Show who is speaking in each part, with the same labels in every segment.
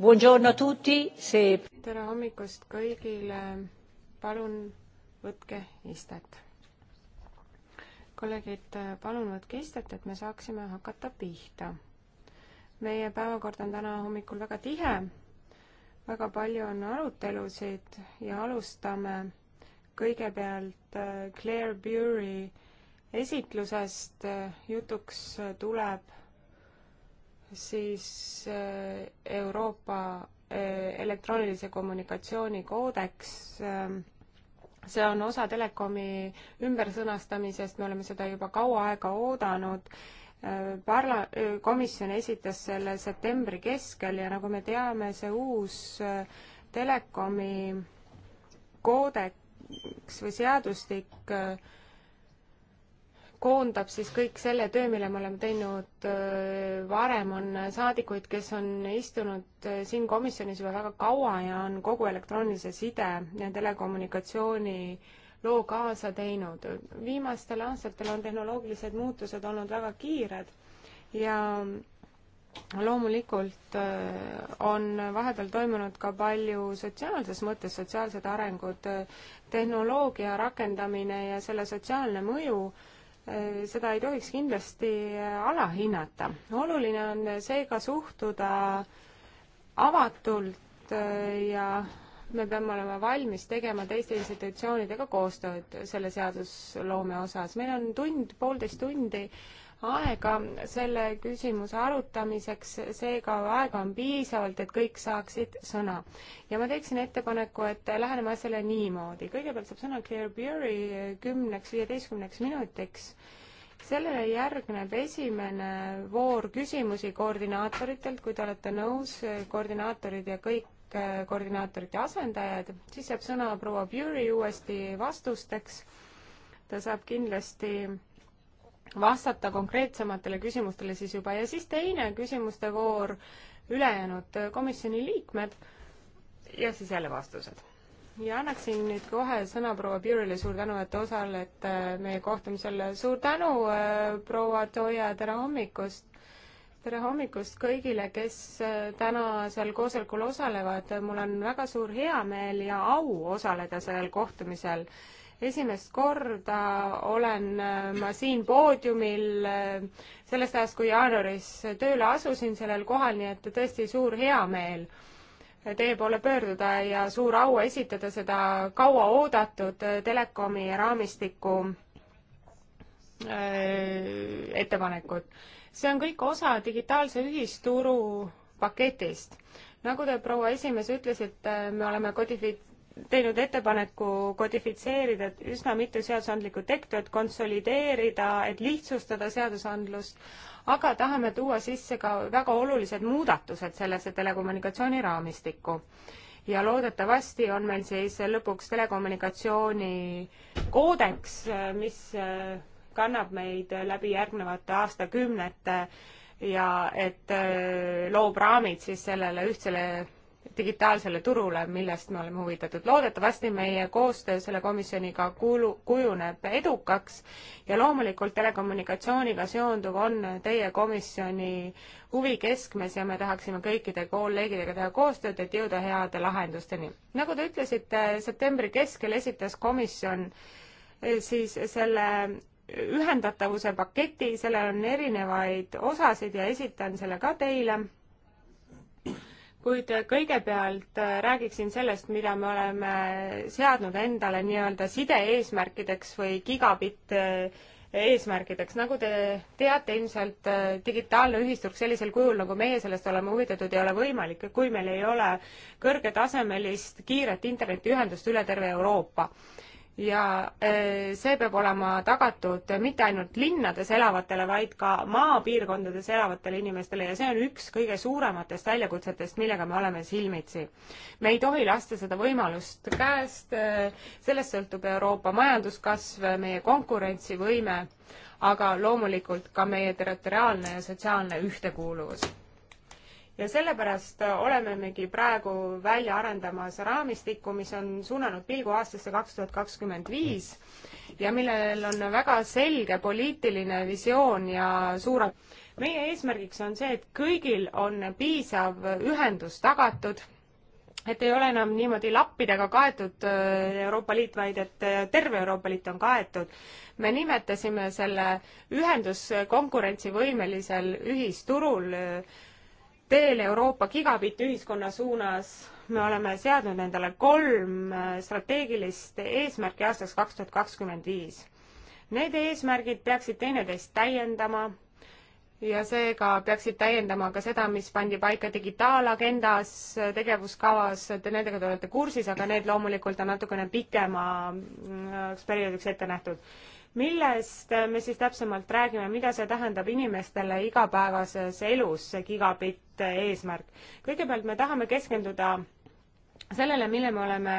Speaker 1: Buongiorno tutti, see
Speaker 2: tere hommikust kõigile, palun võtke istet. kolleegid, palun võtke istet, et me saaksime hakata pihta. meie päevakord on täna hommikul väga tihe, väga palju on arutelusid ja alustame kõigepealt äh, Claire Bury esitlusest, jutuks tuleb siis äh, Euroopa äh, elektroonilise kommunikatsiooni koodeks, ähm, see on osa telekomi ümbersõnastamisest, me oleme seda juba kaua aega oodanud, äh, parla-, komisjon esitas selle septembri keskel ja nagu me teame, see uus telekomi koodeks või seadustik koondab siis kõik selle töö, mille me oleme teinud varem, on saadikuid, kes on istunud siin komisjonis juba väga kaua ja on kogu elektroonilise side ja telekommunikatsiooni loo kaasa teinud. viimastel aastatel on tehnoloogilised muutused olnud väga kiired ja loomulikult on vahepeal toimunud ka palju sotsiaalses mõttes, sotsiaalsed arengud, tehnoloogia rakendamine ja selle sotsiaalne mõju Äh, seda ei tohiks kindlasti äh, alahinnata. oluline on seega suhtuda avatult äh, ja me peame olema valmis tegema teiste institutsioonidega koostööd selle seadusloome osas. meil on tund, poolteist tundi äh, aega selle küsimuse arutamiseks, seega aega on piisavalt, et kõik saaksid sõna. ja ma teeksin ettepaneku, et läheneme asjale niimoodi. kõigepealt saab sõna Claire Berry kümneks-viieteistkümneks minutiks sellele järgneb esimene voor küsimusi koordinaatoritelt, kui te olete nõus, koordinaatorid ja kõik äh, koordinaatorite asendajad, siis saab sõna proua Bury uuesti vastusteks. ta saab kindlasti vastata konkreetsematele küsimustele siis juba ja siis teine küsimuste voor, ülejäänud komisjoni liikmed ja siis jälle vastused. ja annaksin nüüd kohe sõna proua Pirile, suur tänu, et osalete meie kohtumisel, suur tänu, äh, proua Toia, tere hommikust! tere hommikust kõigile, kes äh, täna seal koosolekul osalevad, mul on väga suur heameel ja au osaleda sellel kohtumisel esimest korda olen äh, ma siin poodiumil äh, sellest ajast, kui jaanuaris tööle asusin sellel kohal, nii et tõesti suur heameel teie poole pöörduda ja suur au esitada seda kauaoodatud äh, telekomi raamistiku ettepanekut. see on kõik osa digitaalse ühisturu paketist. nagu te, proua esimees, ütlesite, me oleme kodifi-, teinud ettepaneku kodifitseerida üsna mitu seadusandlikku tekstu, et konsolideerida, et lihtsustada seadusandlust, aga tahame tuua sisse ka väga olulised muudatused sellesse telekommunikatsiooni raamistikku. ja loodetavasti on meil siis lõpuks telekommunikatsiooni koodeks, mis äh, kannab meid läbi järgnevate aastakümnete ja et äh, loob raamid siis sellele ühtsele digitaalsele turule, millest me oleme huvitatud. loodetavasti meie koostöö selle komisjoniga kuulu-, kujuneb edukaks ja loomulikult telekommunikatsiooniga seonduv on teie komisjoni huvi keskmes ja me tahaksime kõikide kolleegidega teha koostööd, et jõuda heade lahendusteni. nagu te ütlesite, septembri keskel esitas komisjon eh, siis selle ühendatavuse paketi, sellel on erinevaid osasid ja esitan selle ka teile kuid kõigepealt äh, räägiksin sellest, mida me oleme seadnud endale nii-öelda sideeesmärkideks või gigabitt äh, eesmärkideks. nagu te teate, ilmselt äh, digitaalne ühisturg sellisel kujul, nagu meie sellest oleme huvitatud, ei ole võimalik, kui meil ei ole kõrgetasemelist kiiret internetiühendust üle terve Euroopa ja äh, see peab olema tagatud mitte ainult linnades elavatele, vaid ka maapiirkondades elavatele inimestele ja see on üks kõige suurematest väljakutsetest, millega me oleme silmitsi. me ei tohi lasta seda võimalust käest, sellest sõltub Euroopa majanduskasv, meie konkurentsivõime, aga loomulikult ka meie territoriaalne ja sotsiaalne ühtekuuluvus ja sellepärast olemegi praegu välja arendamas raamistikku, mis on suunanud pilgu aastasse kaks tuhat kakskümmend viis ja millel on väga selge poliitiline visioon ja suur meie eesmärgiks on see, et kõigil on piisav ühendus tagatud, et ei ole enam niimoodi lappidega kaetud äh, Euroopa Liit, vaid et äh, terve Euroopa Liit on kaetud. me nimetasime selle ühendus konkurentsivõimelisel ühisturul äh, teel Euroopa gigabittühiskonna suunas me oleme seadnud endale kolm äh, strateegilist eesmärki aastaks kaks tuhat kakskümmend viis. Need eesmärgid peaksid teineteist täiendama ja seega peaksid täiendama ka seda, mis pandi paika digitaalagendas, äh, tegevuskavas, te nendega te olete kursis, aga need loomulikult on natukene pikemaks mm, äh, perioodiks ette nähtud. millest me siis täpsemalt räägime, mida see tähendab inimestele igapäevases elus, see gigabitt? mõõte, eesmärk. kõigepealt me tahame keskenduda sellele, mille me oleme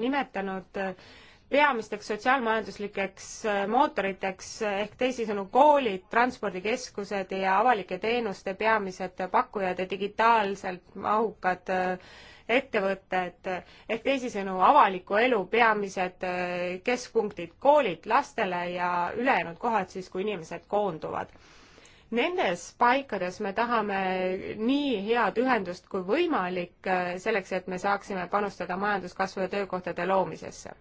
Speaker 2: nimetanud peamisteks sotsiaalmajanduslikeks äh, mootoriteks ehk teisisõnu koolid, transpordikeskused ja avalike teenuste peamised pakkujad ja digitaalselt mahukad äh, ettevõtted ehk teisisõnu avaliku elu peamised äh, keskpunktid, koolid lastele ja ülejäänud kohad siis, kui inimesed koonduvad Nendes paikades me tahame nii head ühendust kui võimalik, äh, selleks et me saaksime panustada majanduskasvu ja töökohtade loomisesse.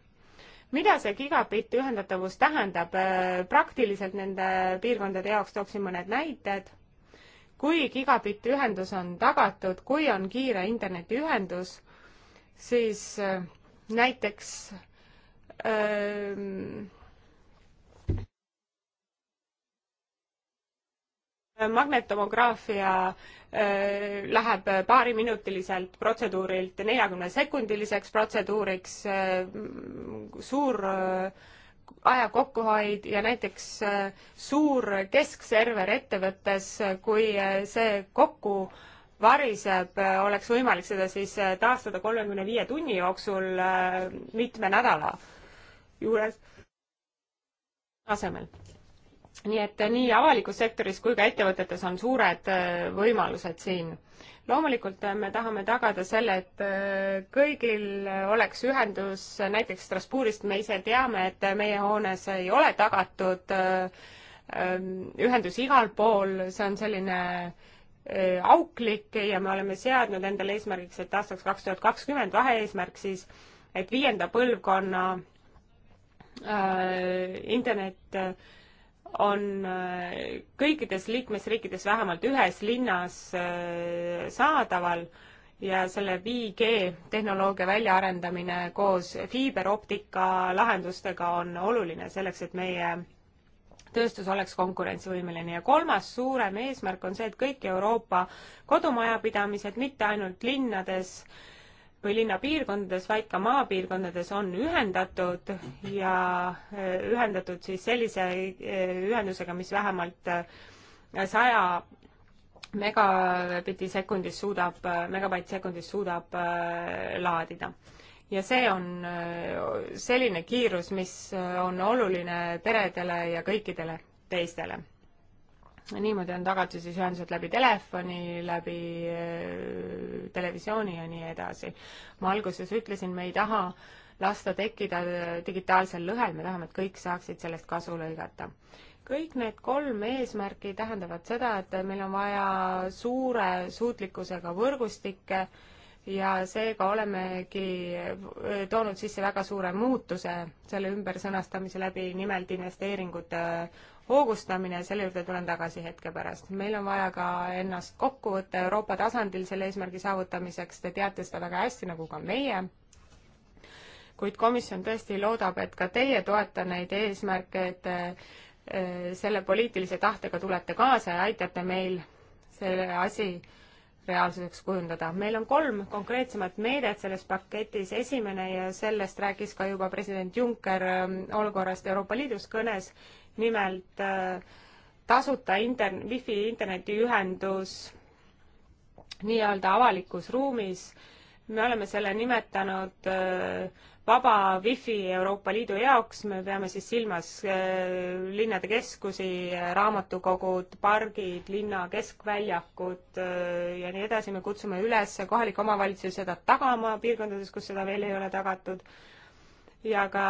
Speaker 2: mida see gigabitti ühendatavus tähendab äh, praktiliselt nende piirkondade jaoks, tooksin mõned näited. kui gigabitti ühendus on tagatud, kui on kiire internetiühendus, siis äh, näiteks öö, magnetomograafia äh, läheb paariminutiliselt protseduurilt neljakümne sekundiliseks protseduuriks, äh, suur äh, aja kokkuhoid ja näiteks suur keskserver ettevõttes, kui see kokku variseb, oleks võimalik seda siis taastada kolmekümne viie tunni jooksul mitme nädala juures asemel nii et nii avalikus sektoris kui ka ettevõtetes on suured äh, võimalused siin. loomulikult äh, me tahame tagada selle, et äh, kõigil oleks ühendus, näiteks Strasbourgist me ise teame, et meie hoones ei ole tagatud ähm, ühendus igal pool, see on selline auklik ja me oleme seadnud endale eesmärgiks, et aastaks kaks tuhat kakskümmend vahe-eesmärk siis, et viienda põlvkonna äh, internet äh, on äh, kõikides liikmesriikides vähemalt ühes linnas äh, saadaval ja selle 5G tehnoloogia väljaarendamine koos fiiberoptika lahendustega on oluline selleks, et meie tööstus oleks konkurentsivõimeline ja kolmas suurem eesmärk on see, et kõik Euroopa kodumajapidamised, mitte ainult linnades äh, või linnapiirkondades, vaid ka maapiirkondades on ühendatud ja eh, ühendatud siis sellise eh, ühendusega, mis vähemalt eh, saja megabitti sekundis suudab, megabait sekundis suudab laadida. ja see on selline kiirus, mis on oluline peredele ja kõikidele teistele niimoodi on tagatud siis ühendused läbi telefoni, läbi äh, televisiooni ja nii edasi. ma alguses ütlesin, me ei taha lasta tekkida äh, digitaalsel lõhel, me tahame, et kõik saaksid sellest kasu lõigata. kõik need kolm eesmärki tähendavad seda, et meil on vaja suure suutlikkusega võrgustikke ja seega olemegi äh, toonud sisse väga suure muutuse selle ümbersõnastamise läbi, nimelt investeeringute hoogustamine, selle juurde tulen tagasi hetke pärast. meil on vaja ka ennast kokku võtta Euroopa tasandil selle eesmärgi saavutamiseks, te teate seda väga hästi, nagu ka meie, kuid komisjon tõesti loodab, et ka teie toeta neid eesmärke, et eh, selle poliitilise tahtega tulete kaasa ja aitate meil selle asi reaalsuseks kujundada. meil on kolm konkreetsemat meedet selles paketis, esimene ja sellest rääkis ka juba president Juncker ähm, olukorrast Euroopa Liidus kõnes, nimelt äh, tasuta intern-, wifi internetiühendus nii-öelda avalikus ruumis. me oleme selle nimetanud äh, vaba wifi Euroopa Liidu jaoks, me peame siis silmas äh, linnade keskusi, raamatukogud, pargid, linna keskväljakud ja nii edasi, me kutsume üles kohalikke omavalitsusi seda tagama piirkondades, kus seda veel ei ole tagatud ja ka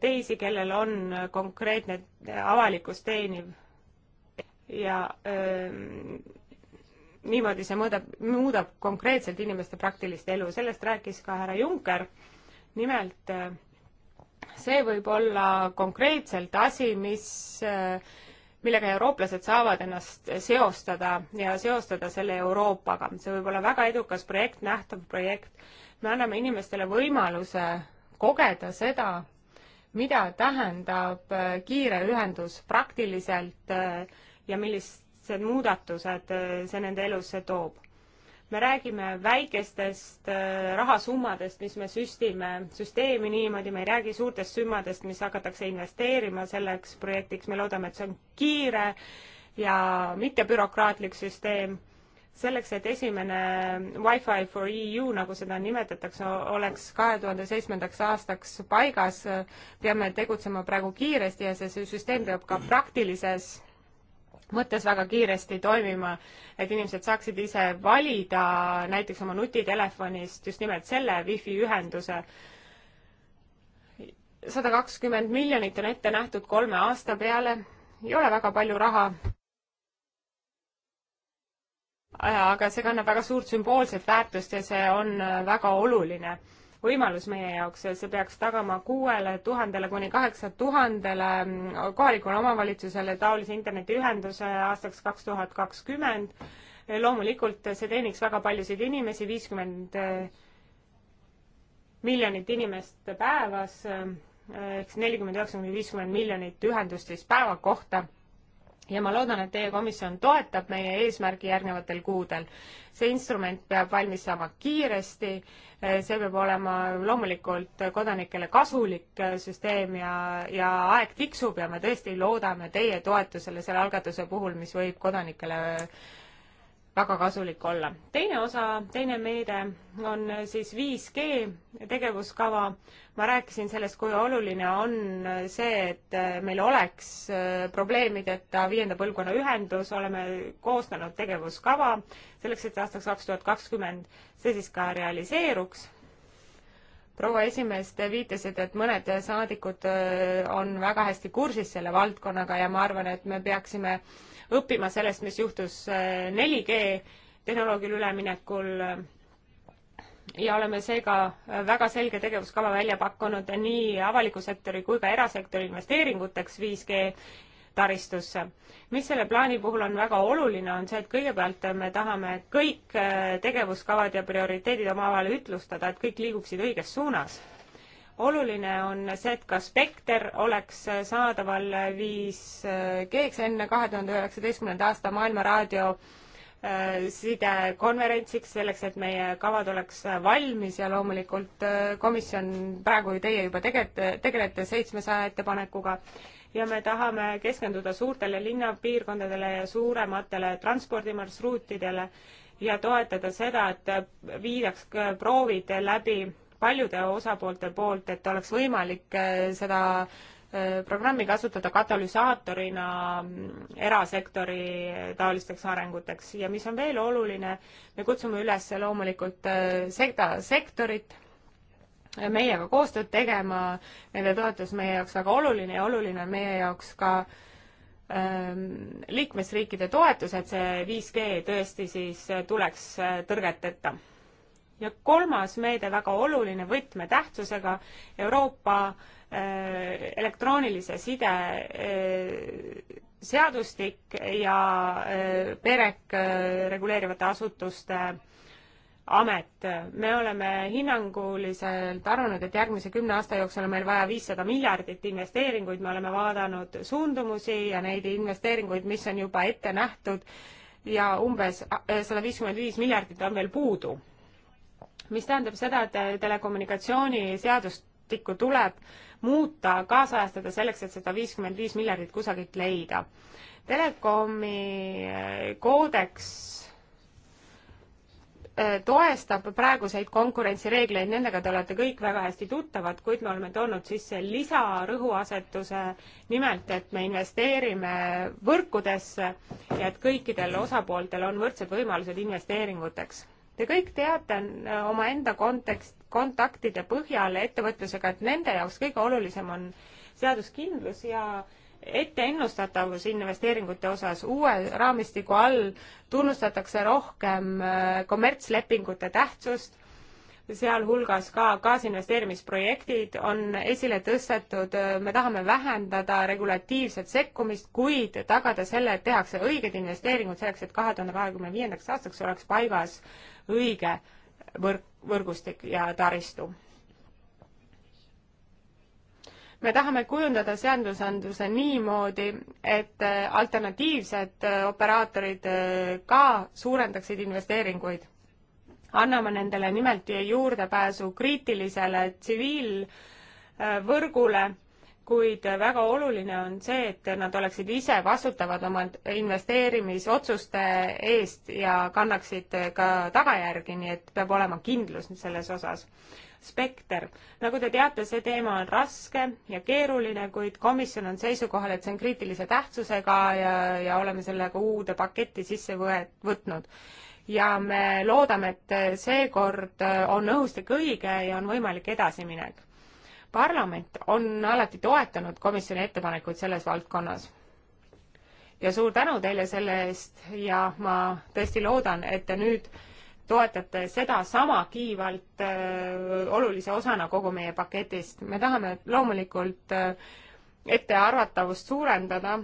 Speaker 2: teisi, kellel on konkreetne avalikkust teeniv ja öö, ähm, niimoodi see mõõdab, muudab konkreetselt inimeste praktilist elu, sellest rääkis ka härra Juncker. nimelt äh, see võib olla konkreetselt asi, mis, äh, millega eurooplased saavad ennast seostada ja seostada selle Euroopaga. see võib olla väga edukas projekt, nähtav projekt. me anname inimestele võimaluse kogeda seda, mida tähendab äh, kiire ühendus praktiliselt äh, ja millised muudatused äh, see nende elusse toob. me räägime väikestest rahasummadest, mis me süstime süsteemi niimoodi, me ei räägi suurtest summadest, mis hakatakse investeerima selleks projektiks, me loodame, et see on kiire ja mittebürokraatlik süsteem selleks, et esimene Wi-Fi for EU, nagu seda nimetatakse, oleks kahe tuhande seitsmendaks aastaks paigas, peame tegutsema praegu kiiresti ja see süsteem peab ka praktilises mõttes väga kiiresti toimima, et inimesed saaksid ise valida näiteks oma nutitelefonist just nimelt selle wifi ühenduse. sada kakskümmend miljonit on ette nähtud kolme aasta peale, ei ole väga palju raha aga see kannab väga suurt sümboolset väärtust ja see on äh, väga oluline võimalus meie jaoks, see peaks tagama kuuele tuhandele kuni kaheksa tuhandele mm, kohalikule omavalitsusele taolise internetiühenduse aastaks kaks tuhat kakskümmend. loomulikult äh, see teeniks väga paljusid inimesi, viiskümmend äh, miljonit inimest päevas ehk siis nelikümmend, üheksakümmend, viiskümmend miljonit ühendust siis päeva kohta ja ma loodan, et teie komisjon toetab meie eesmärgi järgnevatel kuudel. see instrument peab valmis saama kiiresti, see peab olema loomulikult kodanikele kasulik süsteem ja, ja aeg tiksub ja me tõesti loodame teie toetusele selle algatuse puhul, mis võib kodanikele väga kasulik olla. teine osa, teine meede on siis 5G tegevuskava. ma rääkisin sellest, kui oluline on see, et meil oleks probleemideta viienda põlvkonna ühendus, oleme koostanud tegevuskava selleks, et aastaks kaks tuhat kakskümmend see siis ka realiseeruks proua esimees, te viitasite, et mõned saadikud äh, on väga hästi kursis selle valdkonnaga ja ma arvan, et me peaksime äh, õppima sellest, mis juhtus 4G äh, tehnoloogial üleminekul ja oleme seega väga selge tegevuskava välja pakkunud nii avaliku sektori kui ka erasektori investeeringuteks 5G taristusse. mis selle plaani puhul on väga oluline, on see, et kõigepealt me tahame kõik äh, tegevuskavad ja prioriteedid omavahel ütlustada, et kõik liiguksid õiges suunas oluline on see, et ka Spekter oleks saadaval 5G-ks enne kahe tuhande üheksateistkümnenda aasta maailma raadio äh, sidekonverentsiks, selleks et meie kavad oleks valmis ja loomulikult äh, komisjon, praegu ju teie juba tegete, tegelete seitsmesaja ettepanekuga, ja me tahame keskenduda suurtele linnapiirkondadele ja suurematele transpordimarsruutidele ja toetada seda, et viidaks proovid läbi paljude osapoolte poolt, et oleks võimalik äh, seda äh, programmi kasutada katalüsaatorina mm, erasektori äh, taolisteks arenguteks ja mis on veel oluline, me kutsume üles loomulikult seda sektorit meiega koostööd tegema, nende toetus meie jaoks väga oluline ja oluline on meie jaoks ka ähm, liikmesriikide toetus, et see 5G tõesti siis tuleks tõrgeteta ja kolmas meede, väga oluline võtmetähtsusega, Euroopa äh, elektroonilise side äh, seadustik ja äh, PEREK äh, reguleerivate asutuste amet. me oleme hinnanguliselt arvanud, et järgmise kümne aasta jooksul on meil vaja viissada miljardit investeeringuid, me oleme vaadanud suundumusi ja neid investeeringuid, mis on juba ette nähtud ja umbes äh, sada viiskümmend viis miljardit on veel puudu mis tähendab seda, et telekommunikatsiooniseadustikku tuleb muuta, kaasajastada selleks, et seda viiskümmend viis miljardit kusagilt leida. Telekomi eh, koodeks eh, toestab praeguseid konkurentsireegleid, nendega te olete kõik väga hästi tuttavad, kuid me oleme toonud sisse lisarõhuasetuse nimelt, et me investeerime võrkudesse ja et kõikidel osapooltel on võrdsed võimalused investeeringuteks Te kõik teate äh, omaenda kontekst, kontaktide põhjal ettevõtlusega, et nende jaoks kõige olulisem on seaduskindlus ja etteennustatavus investeeringute osas uue raamistiku all tunnustatakse rohkem äh, kommertslepingute tähtsust, sealhulgas ka kaasinvesteerimisprojektid on esile tõstetud, me tahame vähendada regulatiivset sekkumist, kuid tagada selle, et tehakse õiged investeeringud selleks, et kahe tuhande kahekümne viiendaks aastaks oleks paigas õige võrk, võrgustik ja taristu. me tahame kujundada seadusandluse niimoodi, et äh, alternatiivsed äh, operaatorid äh, ka suurendaksid investeeringuid. anname nendele nimelt juurdepääsu kriitilisele tsiviilvõrgule kuid väga oluline on see, et nad oleksid ise vastutavad oma investeerimisotsuste eest ja kannaksid ka tagajärgi, nii et peab olema kindlus selles osas. spekter, nagu te teate, see teema on raske ja keeruline, kuid komisjon on seisukohal, et see on kriitilise tähtsusega ja, ja oleme sellega uude paketti sisse võet-, võtnud ja me loodame, et seekord on õhustik õige ja on võimalik edasiminek parlament on alati toetanud komisjoni ettepanekuid selles valdkonnas. ja suur tänu teile selle eest ja ma tõesti loodan, et te nüüd toetate seda sama kiivalt öö, äh, olulise osana kogu meie paketist. me tahame loomulikult öö, äh, ettearvatavust suurendada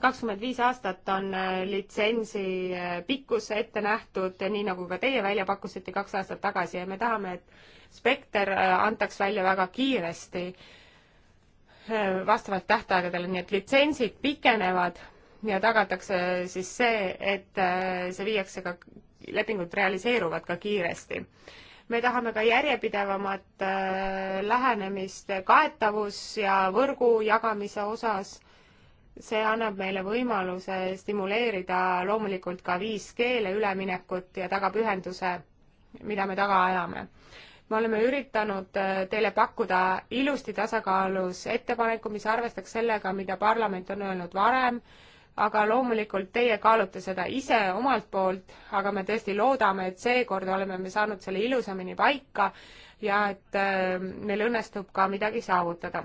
Speaker 2: kakskümmend viis aastat on äh, litsentsi äh, pikkus ette nähtud, nii nagu ka teie välja pakkusite kaks aastat tagasi ja me tahame, et spekter äh, antaks välja väga kiiresti vastavalt tähtaegadele, nii et litsentsid pikenevad ja tagatakse siis see, et see viiakse ka, lepingud realiseeruvad ka kiiresti me tahame ka järjepidevamat lähenemist kaetavus ja võrgu jagamise osas see annab meile võimaluse stimuleerida loomulikult ka 5G-le üleminekut ja tagab ühenduse, mida me taga ajame. me oleme üritanud äh, teile pakkuda ilusti tasakaalus ettepaneku, mis arvestaks sellega, mida parlament on öelnud varem, aga loomulikult teie kaalute seda ise omalt poolt, aga me tõesti loodame, et seekord oleme me saanud selle ilusamini paika ja et äh, meil õnnestub ka midagi saavutada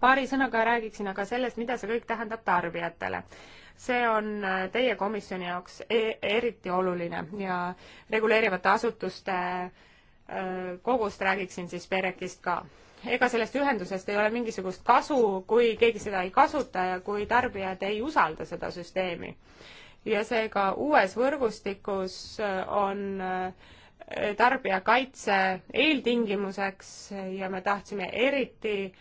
Speaker 2: paari sõnaga räägiksin aga sellest, mida see kõik tähendab tarbijatele. see on äh, teie komisjoni jaoks e eriti oluline ja reguleerivate asutuste äh, kogust räägiksin siis PEREC-ist ka. ega sellest ühendusest ei ole mingisugust kasu, kui keegi seda ei kasuta ja kui tarbijad ei usalda seda süsteemi. ja seega uues võrgustikus äh, on tarbijakaitse eeltingimuseks ja me tahtsime eriti äh,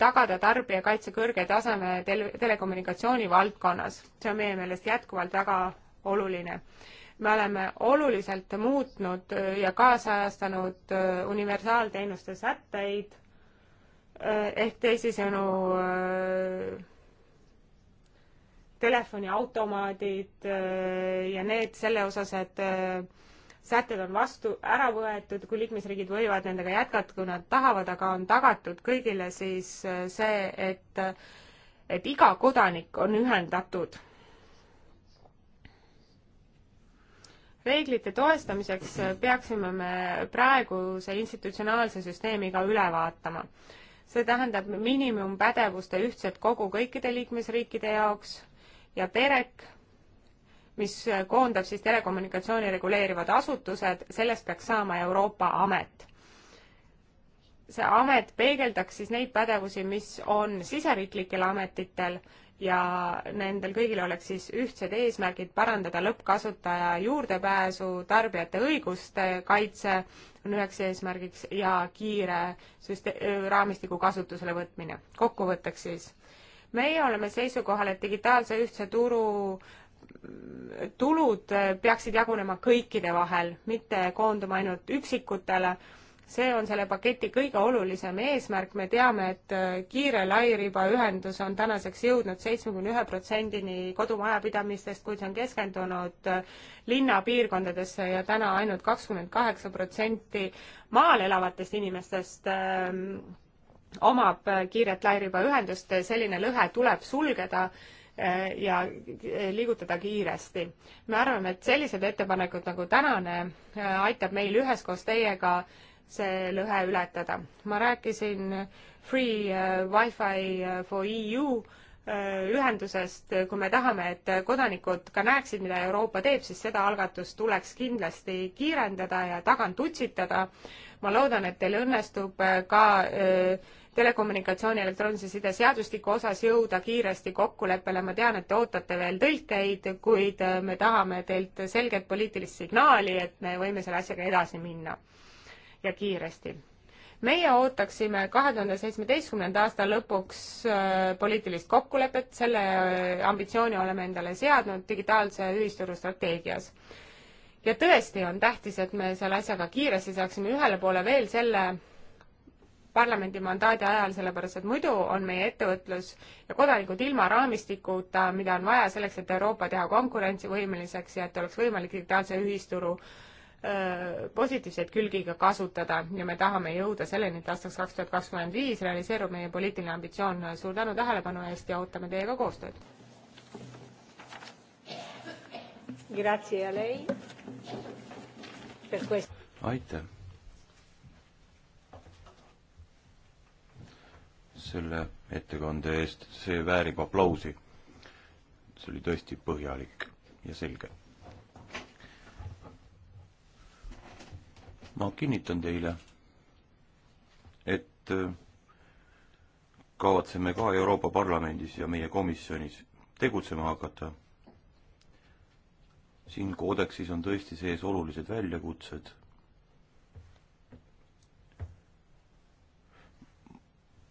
Speaker 2: tagada tarbijakaitse kõrge taseme tele, telekommunikatsiooni valdkonnas. see on meie meelest jätkuvalt väga oluline. me oleme oluliselt muutnud ja kaasajastanud äh, universaalteenuste sätteid, äh, ehk teisisõnu äh, telefoniautomaadid ja need selle osas, et sätted on vastu, ära võetud, kui liikmesriigid võivad nendega jätkata, kui nad tahavad, aga on tagatud kõigile siis äh, see, et, et iga kodanik on ühendatud. reeglite toestamiseks äh, peaksime me praeguse institutsionaalse süsteemi ka üle vaatama. see tähendab miinimumpädevuste ühtset kogu kõikide liikmesriikide jaoks ja PEREK mis koondab siis telekommunikatsiooni reguleerivad asutused, sellest peaks saama Euroopa amet. see amet peegeldaks siis neid pädevusi, mis on siseriiklikel ametitel ja nendel kõigil oleks siis ühtsed eesmärgid parandada lõppkasutaja juurdepääsu, tarbijate õiguste kaitse on üheks eesmärgiks ja kiire süste-, raamistiku kasutusele võtmine. kokkuvõtteks siis, meie oleme seisukohal, et digitaalse ühtse turu tulud peaksid jagunema kõikide vahel, mitte koonduma ainult üksikutele. see on selle paketi kõige olulisem eesmärk, me teame, et kiire lairibaühendus on tänaseks jõudnud seitsmekümne ühe protsendini kodumajapidamistest, kuid see on keskendunud linnapiirkondadesse ja täna ainult kakskümmend kaheksa protsenti maal elavatest inimestest ähm, omab kiiret lairibaühendust, selline lõhe tuleb sulgeda Äh, ja äh, liigutada kiiresti. me arvame, et sellised ettepanekud nagu tänane äh, aitab meil üheskoos teiega see lõhe ületada. ma rääkisin Free Wi-Fi for EU ühendusest, kui me tahame, et kodanikud ka näeksid, mida Euroopa teeb, siis seda algatust tuleks kindlasti kiirendada ja tagant utsitada. ma loodan, et teil õnnestub ka öö, telekommunikatsiooni elektroonilise side seadustiku osas jõuda kiiresti kokkuleppele, ma tean, et te ootate veel tõlkeid, kuid äh, me tahame teilt selget poliitilist signaali, et me võime selle asjaga edasi minna ja kiiresti meie ootaksime kahe tuhande seitsmeteistkümnenda aasta lõpuks äh, poliitilist kokkulepet, selle äh, ambitsiooni oleme endale seadnud digitaalse ühisturu strateegias. ja tõesti on tähtis, et me selle asjaga kiiresti saaksime ühele poole veel selle parlamendi mandaadi ajal, sellepärast et muidu on meie ettevõtlus ja kodanikud ilma raamistikuta, mida on vaja selleks, et Euroopa teha konkurentsivõimeliseks ja et oleks võimalik digitaalse ühisturu positiivseid külgi ka kasutada ja me tahame jõuda selleni, et aastaks kaks tuhat kakskümmend viis realiseerub meie poliitiline ambitsioon. suur tänu tähelepanu eest ja ootame teiega koostööd.
Speaker 3: aitäh selle ettekande eest, see väärib aplausi. see oli tõesti põhjalik ja selge. ma kinnitan teile, et äh, kavatseme ka Euroopa Parlamendis ja meie komisjonis tegutsema hakata. siin koodeksis on tõesti sees olulised väljakutsed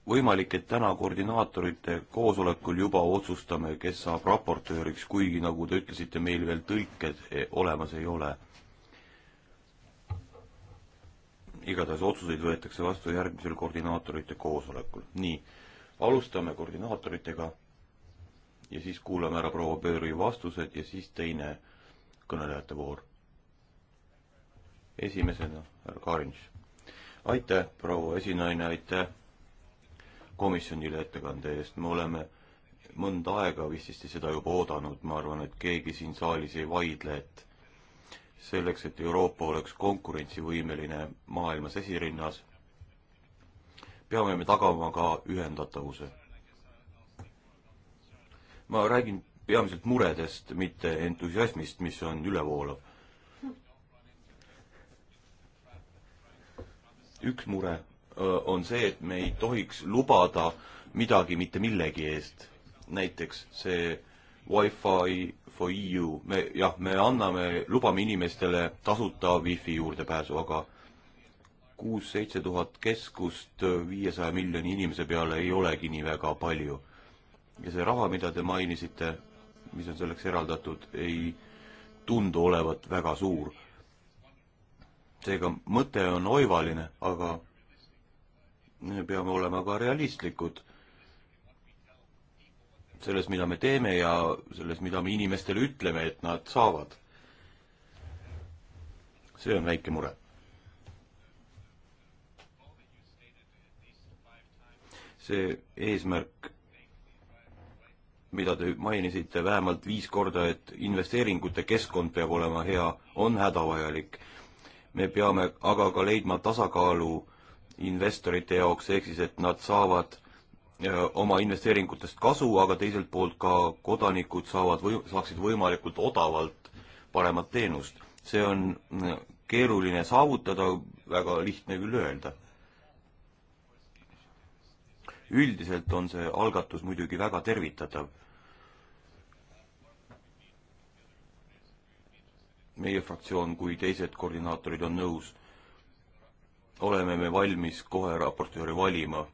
Speaker 3: võimalik, et täna koordinaatorite koosolekul juba otsustame, kes saab raportööriks, kuigi nagu te ütlesite, meil veel tõlked e, olemas ei ole. igatahes otsuseid võetakse vastu järgmisel koordinaatorite koosolekul. nii, alustame koordinaatoritega ja siis kuulame ära proua Pööri vastused ja siis teine kõnelejate voor. esimesena härra Karins. aitäh, proua esinaine, aitäh komisjonile ettekande eest, me oleme mõnda aega vististi seda juba oodanud, ma arvan, et keegi siin saalis ei vaidle, et selleks, et Euroopa oleks konkurentsivõimeline maailmas esirinnas, peame me tagama ka ühendatavuse. ma räägin peamiselt muredest, mitte entusiasmist, mis on ülevoolav. üks mure on see, et me ei tohiks lubada midagi mitte millegi eest. näiteks see Wi-Fi for EU, me jah, me anname, lubame inimestele tasuta wifi juurdepääsu, aga kuus-seitse tuhat keskust viiesaja miljoni inimese peale ei olegi nii väga palju. ja see raha, mida te mainisite, mis on selleks eraldatud, ei tundu olevat väga suur. seega mõte on oivaline, aga me peame olema ka realistlikud selles, mida me teeme ja selles, mida me inimestele ütleme, et nad saavad. see on väike mure. see eesmärk, mida te mainisite vähemalt viis korda, et investeeringute keskkond peab olema hea, on hädavajalik. me peame aga ka leidma tasakaalu investorite jaoks, ehk siis et nad saavad äh, oma investeeringutest kasu, aga teiselt poolt ka kodanikud saavad või saaksid võimalikult odavalt paremat teenust. see on äh, keeruline saavutada, väga lihtne küll öelda. üldiselt on see algatus muidugi väga tervitatav. meie fraktsioon kui teised koordinaatorid on nõus oleme me valmis kohe raportööri valima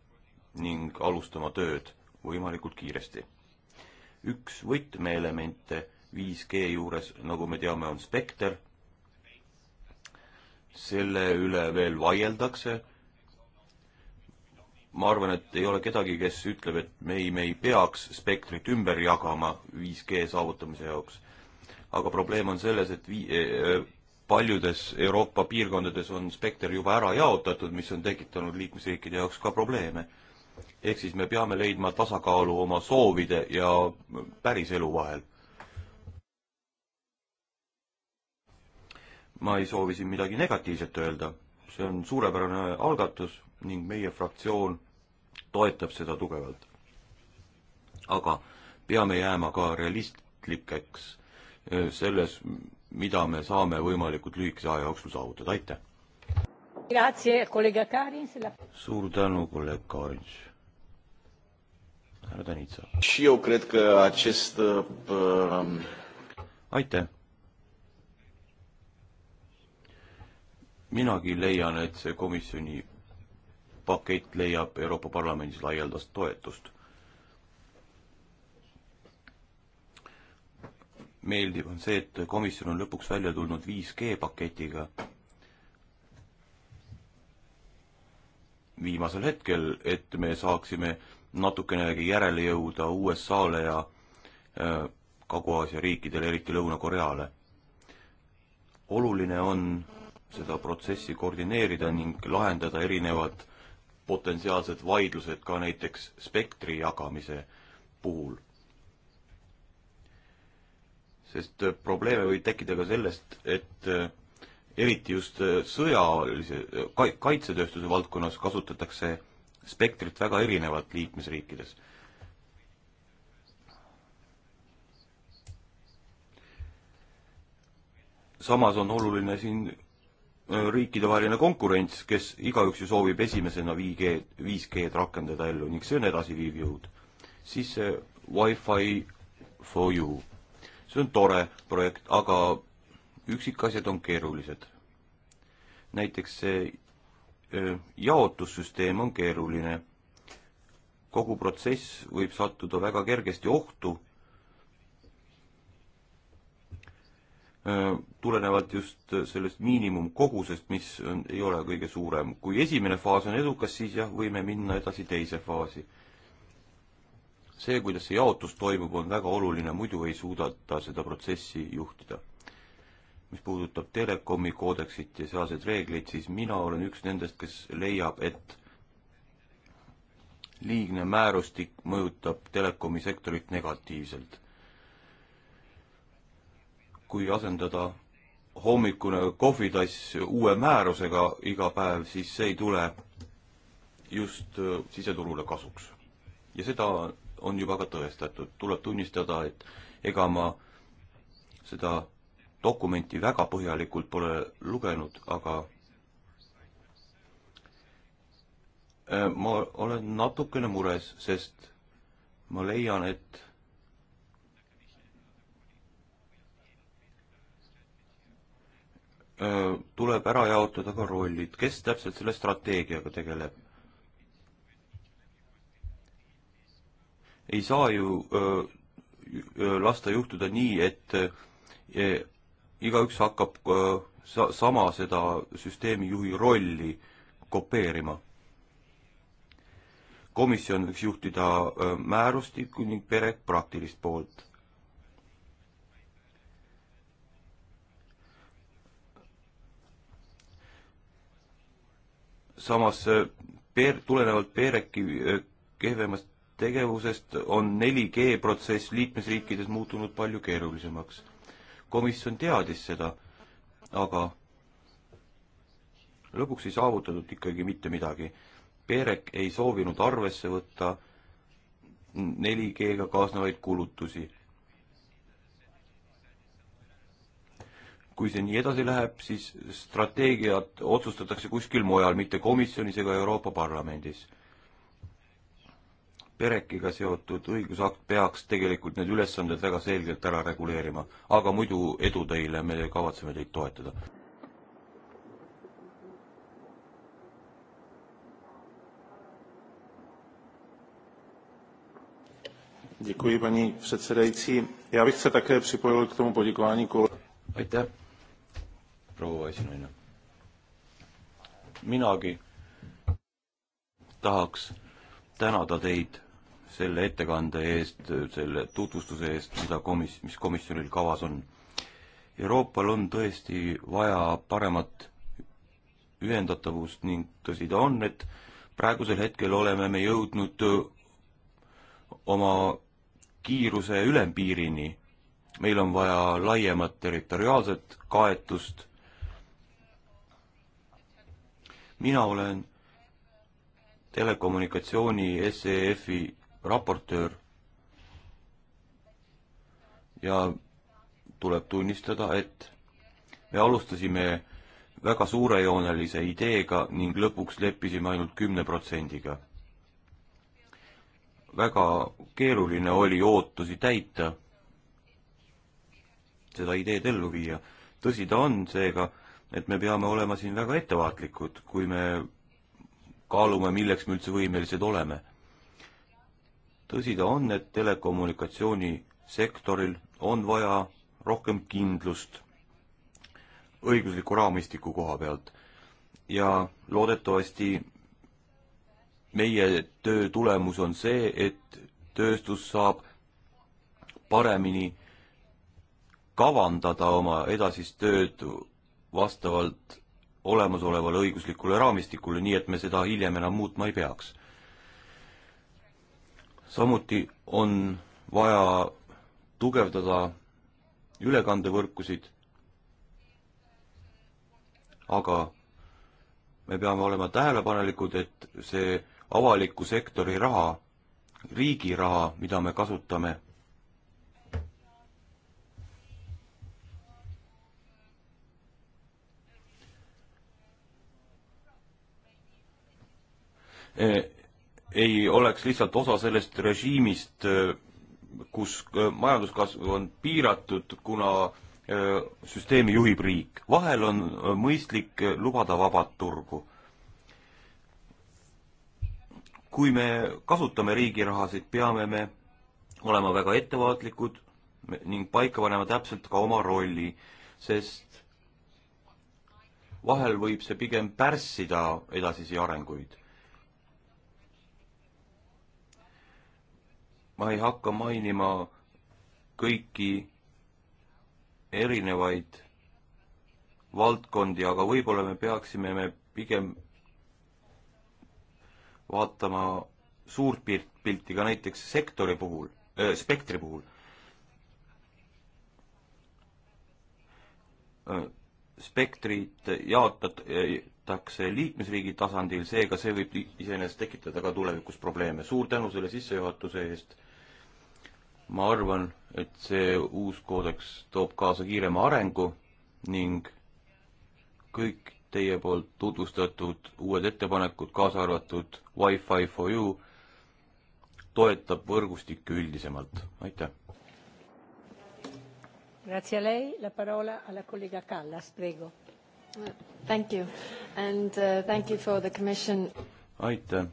Speaker 3: ning alustama tööd võimalikult kiiresti. üks võtmeelemente 5G juures, nagu me teame, on spekter. selle üle veel vaieldakse. ma arvan, et ei ole kedagi, kes ütleb, et me ei, me ei peaks spektrit ümber jagama 5G saavutamise jaoks. aga probleem on selles, et vii-, eh, eh, paljudes Euroopa piirkondades on spekter juba ära jaotatud, mis on tekitanud liikmesriikide jaoks ka probleeme. ehk siis me peame leidma tasakaalu oma soovide ja päriselu vahel. ma ei soovi siin midagi negatiivset öelda, see on suurepärane algatus ning meie fraktsioon toetab seda tugevalt. aga peame jääma ka realistlikeks selles mida me saame võimalikult lühikese aja jooksul saavutada, aitäh! suur tänu, kolleeg Kaarins! härra Danitsa. Um, aitäh! minagi leian, et see komisjoni pakett leiab Euroopa Parlamendis laialdast toetust meeldiv, on see, et komisjon on lõpuks välja tulnud 5G paketiga. viimasel hetkel, et me saaksime natukenegi järele jõuda USA-le ja äh, Kagu-Aasia riikidele, eriti Lõuna-Koreale. oluline on seda protsessi koordineerida ning lahendada erinevad potentsiaalsed vaidlused ka näiteks spektri jagamise puhul sest äh, probleeme võib tekkida ka sellest, et äh, eriti just äh, sõjalise, kaitsetööstuse valdkonnas kasutatakse spektrit väga erinevalt liikmesriikides. samas on oluline siin riikidevaheline konkurents, kes igaüks ju soovib esimesena 5G, 5G-d rakendada ellu ning see on edasiviiv jõud. siis see Wi-Fi for you see on tore projekt, aga üksikasjad on keerulised. näiteks see jaotussüsteem on keeruline. kogu protsess võib sattuda väga kergesti ohtu, tulenevalt just sellest miinimumkogusest, mis on, ei ole kõige suurem. kui esimene faas on edukas, siis jah, võime minna edasi teise faasi see, kuidas see jaotus toimub, on väga oluline, muidu ei suudeta seda protsessi juhtida. mis puudutab telekomi koodeksit ja sealseid reegleid, siis mina olen üks nendest, kes leiab, et liigne määrustik mõjutab telekomi sektorit negatiivselt. kui asendada hommikune kohvitass uue määrusega iga päev, siis see ei tule just siseturule kasuks. ja seda on juba ka tõestatud. tuleb tunnistada, et ega ma seda dokumenti väga põhjalikult pole lugenud, aga äh, ma olen natukene mures, sest ma leian, et äh, tuleb ära jaotada ka rollid, kes täpselt selle strateegiaga tegeleb ei saa ju öö, lasta juhtuda nii, et öö, e, igaüks hakkab öö, sa-, sama seda süsteemijuhi rolli kopeerima. komisjon võiks juhtida öö, määrustikku ning pere praktilist poolt. samas per-, tulenevalt Pereki kehvemast tegevusest on 4G protsess liikmesriikides muutunud palju keerulisemaks. komisjon teadis seda, aga lõpuks ei saavutatud ikkagi mitte midagi. Perek ei soovinud arvesse võtta 4G-ga kaasnevaid kulutusi. kui see nii edasi läheb, siis strateegiat otsustatakse kuskil mujal, mitte komisjonis ega Euroopa Parlamendis perekiga seotud õigusakt peaks tegelikult need ülesanded väga selgelt ära reguleerima, aga muidu edu teile, me kavatseme teid toetada. Děkuji, paní předsedající. Já bych se také připojil k tomu poděkování kolegům. Aitäh, proua esinaine. Minagi tahaks tänada teid selle ettekande eest, selle tutvustuse eest, mida komis-, mis komisjonil kavas on. Euroopal on tõesti vaja paremat ühendatavust ning tõsi ta on, et praegusel hetkel oleme me jõudnud oma kiiruse ülempiirini. meil on vaja laiemat territoriaalset kaetust. mina olen telekommunikatsiooni SEF-i raportöör ja tuleb tunnistada, et me alustasime väga suurejoonelise ideega ning lõpuks leppisime ainult kümne protsendiga. väga keeruline oli ootusi täita, seda ideed ellu viia. tõsi ta on seega, et me peame olema siin väga ettevaatlikud, kui me kaalume, milleks me üldse võimelised oleme tõsi ta on, et telekommunikatsioonisektoril on vaja rohkem kindlust õigusliku raamistiku koha pealt ja loodetavasti meie töö tulemus on see, et tööstus saab paremini kavandada oma edasist tööd vastavalt olemasolevale õiguslikule raamistikule, nii et me seda hiljem enam muutma ei peaks samuti on vaja tugevdada ülekandevõrkusid, aga me peame olema tähelepanelikud, et see avaliku sektori raha, riigi raha, mida me kasutame, ei oleks lihtsalt osa sellest režiimist, kus äh, majanduskasv on piiratud, kuna äh, süsteemi juhib riik. vahel on äh, mõistlik lubada vabat turgu. kui me kasutame riigi rahasid, peame me olema väga ettevaatlikud ning paika panema täpselt ka oma rolli, sest vahel võib see pigem pärssida edasisi arenguid ma ei hakka mainima kõiki erinevaid valdkondi, aga võib-olla me peaksime me pigem vaatama suurt pilt, pilti ka näiteks sektori puhul äh,, spektri puhul äh,. spektrit jaotat- äh,, tehakse liikmesriigi tasandil, seega see võib iseenesest tekitada ka tulevikus probleeme. suur tänu selle sissejuhatuse eest ma arvan, et see uus koodeks toob kaasa kiirema arengu ning kõik teie poolt tutvustatud uued ettepanekud, kaasa arvatud Wi-Fi for you, toetab võrgustikke üldisemalt, aitäh.
Speaker 1: Grazie a lei, la parola alla collega Kallas, prego. Thank you and uh,
Speaker 4: thank you for the commission.
Speaker 3: aitäh,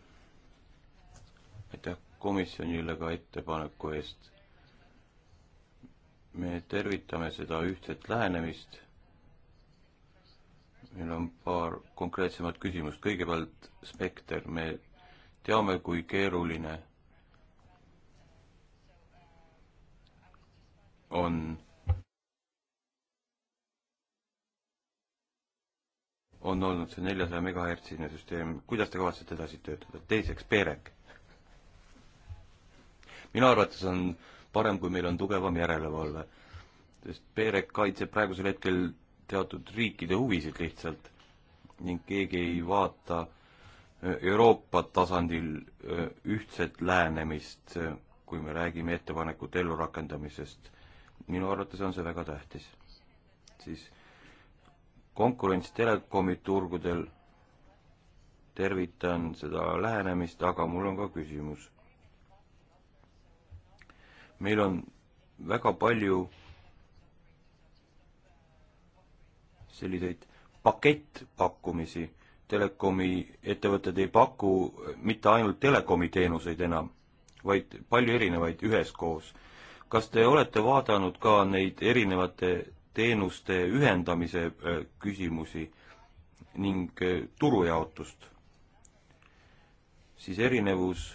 Speaker 3: aitäh komisjonile ka ettepaneku eest me tervitame seda ühtset lähenemist. meil on paar konkreetsemat küsimust, kõigepealt spekter, me teame, kui keeruline on, on olnud see neljasaja megahertsine süsteem, kuidas te kavatsete edasi töötada, teiseks Perek. minu arvates on äh, parem, kui meil on tugevam järelevalve. sest PREK kaitseb praegusel hetkel teatud riikide huvisid lihtsalt ning keegi ei vaata äh, Euroopa tasandil äh, ühtset lähenemist, äh, kui me räägime ettepanekute ellurakendamisest. minu arvates on see väga tähtis. siis konkurents telekomi turgudel, tervitan seda lähenemist, aga mul on ka küsimus meil on väga palju selliseid pakettpakkumisi, telekomi ettevõtted ei paku mitte ainult telekomi teenuseid enam, vaid palju erinevaid üheskoos. kas te olete vaadanud ka neid erinevate teenuste ühendamise äh, küsimusi ning äh, turujaotust? siis erinevus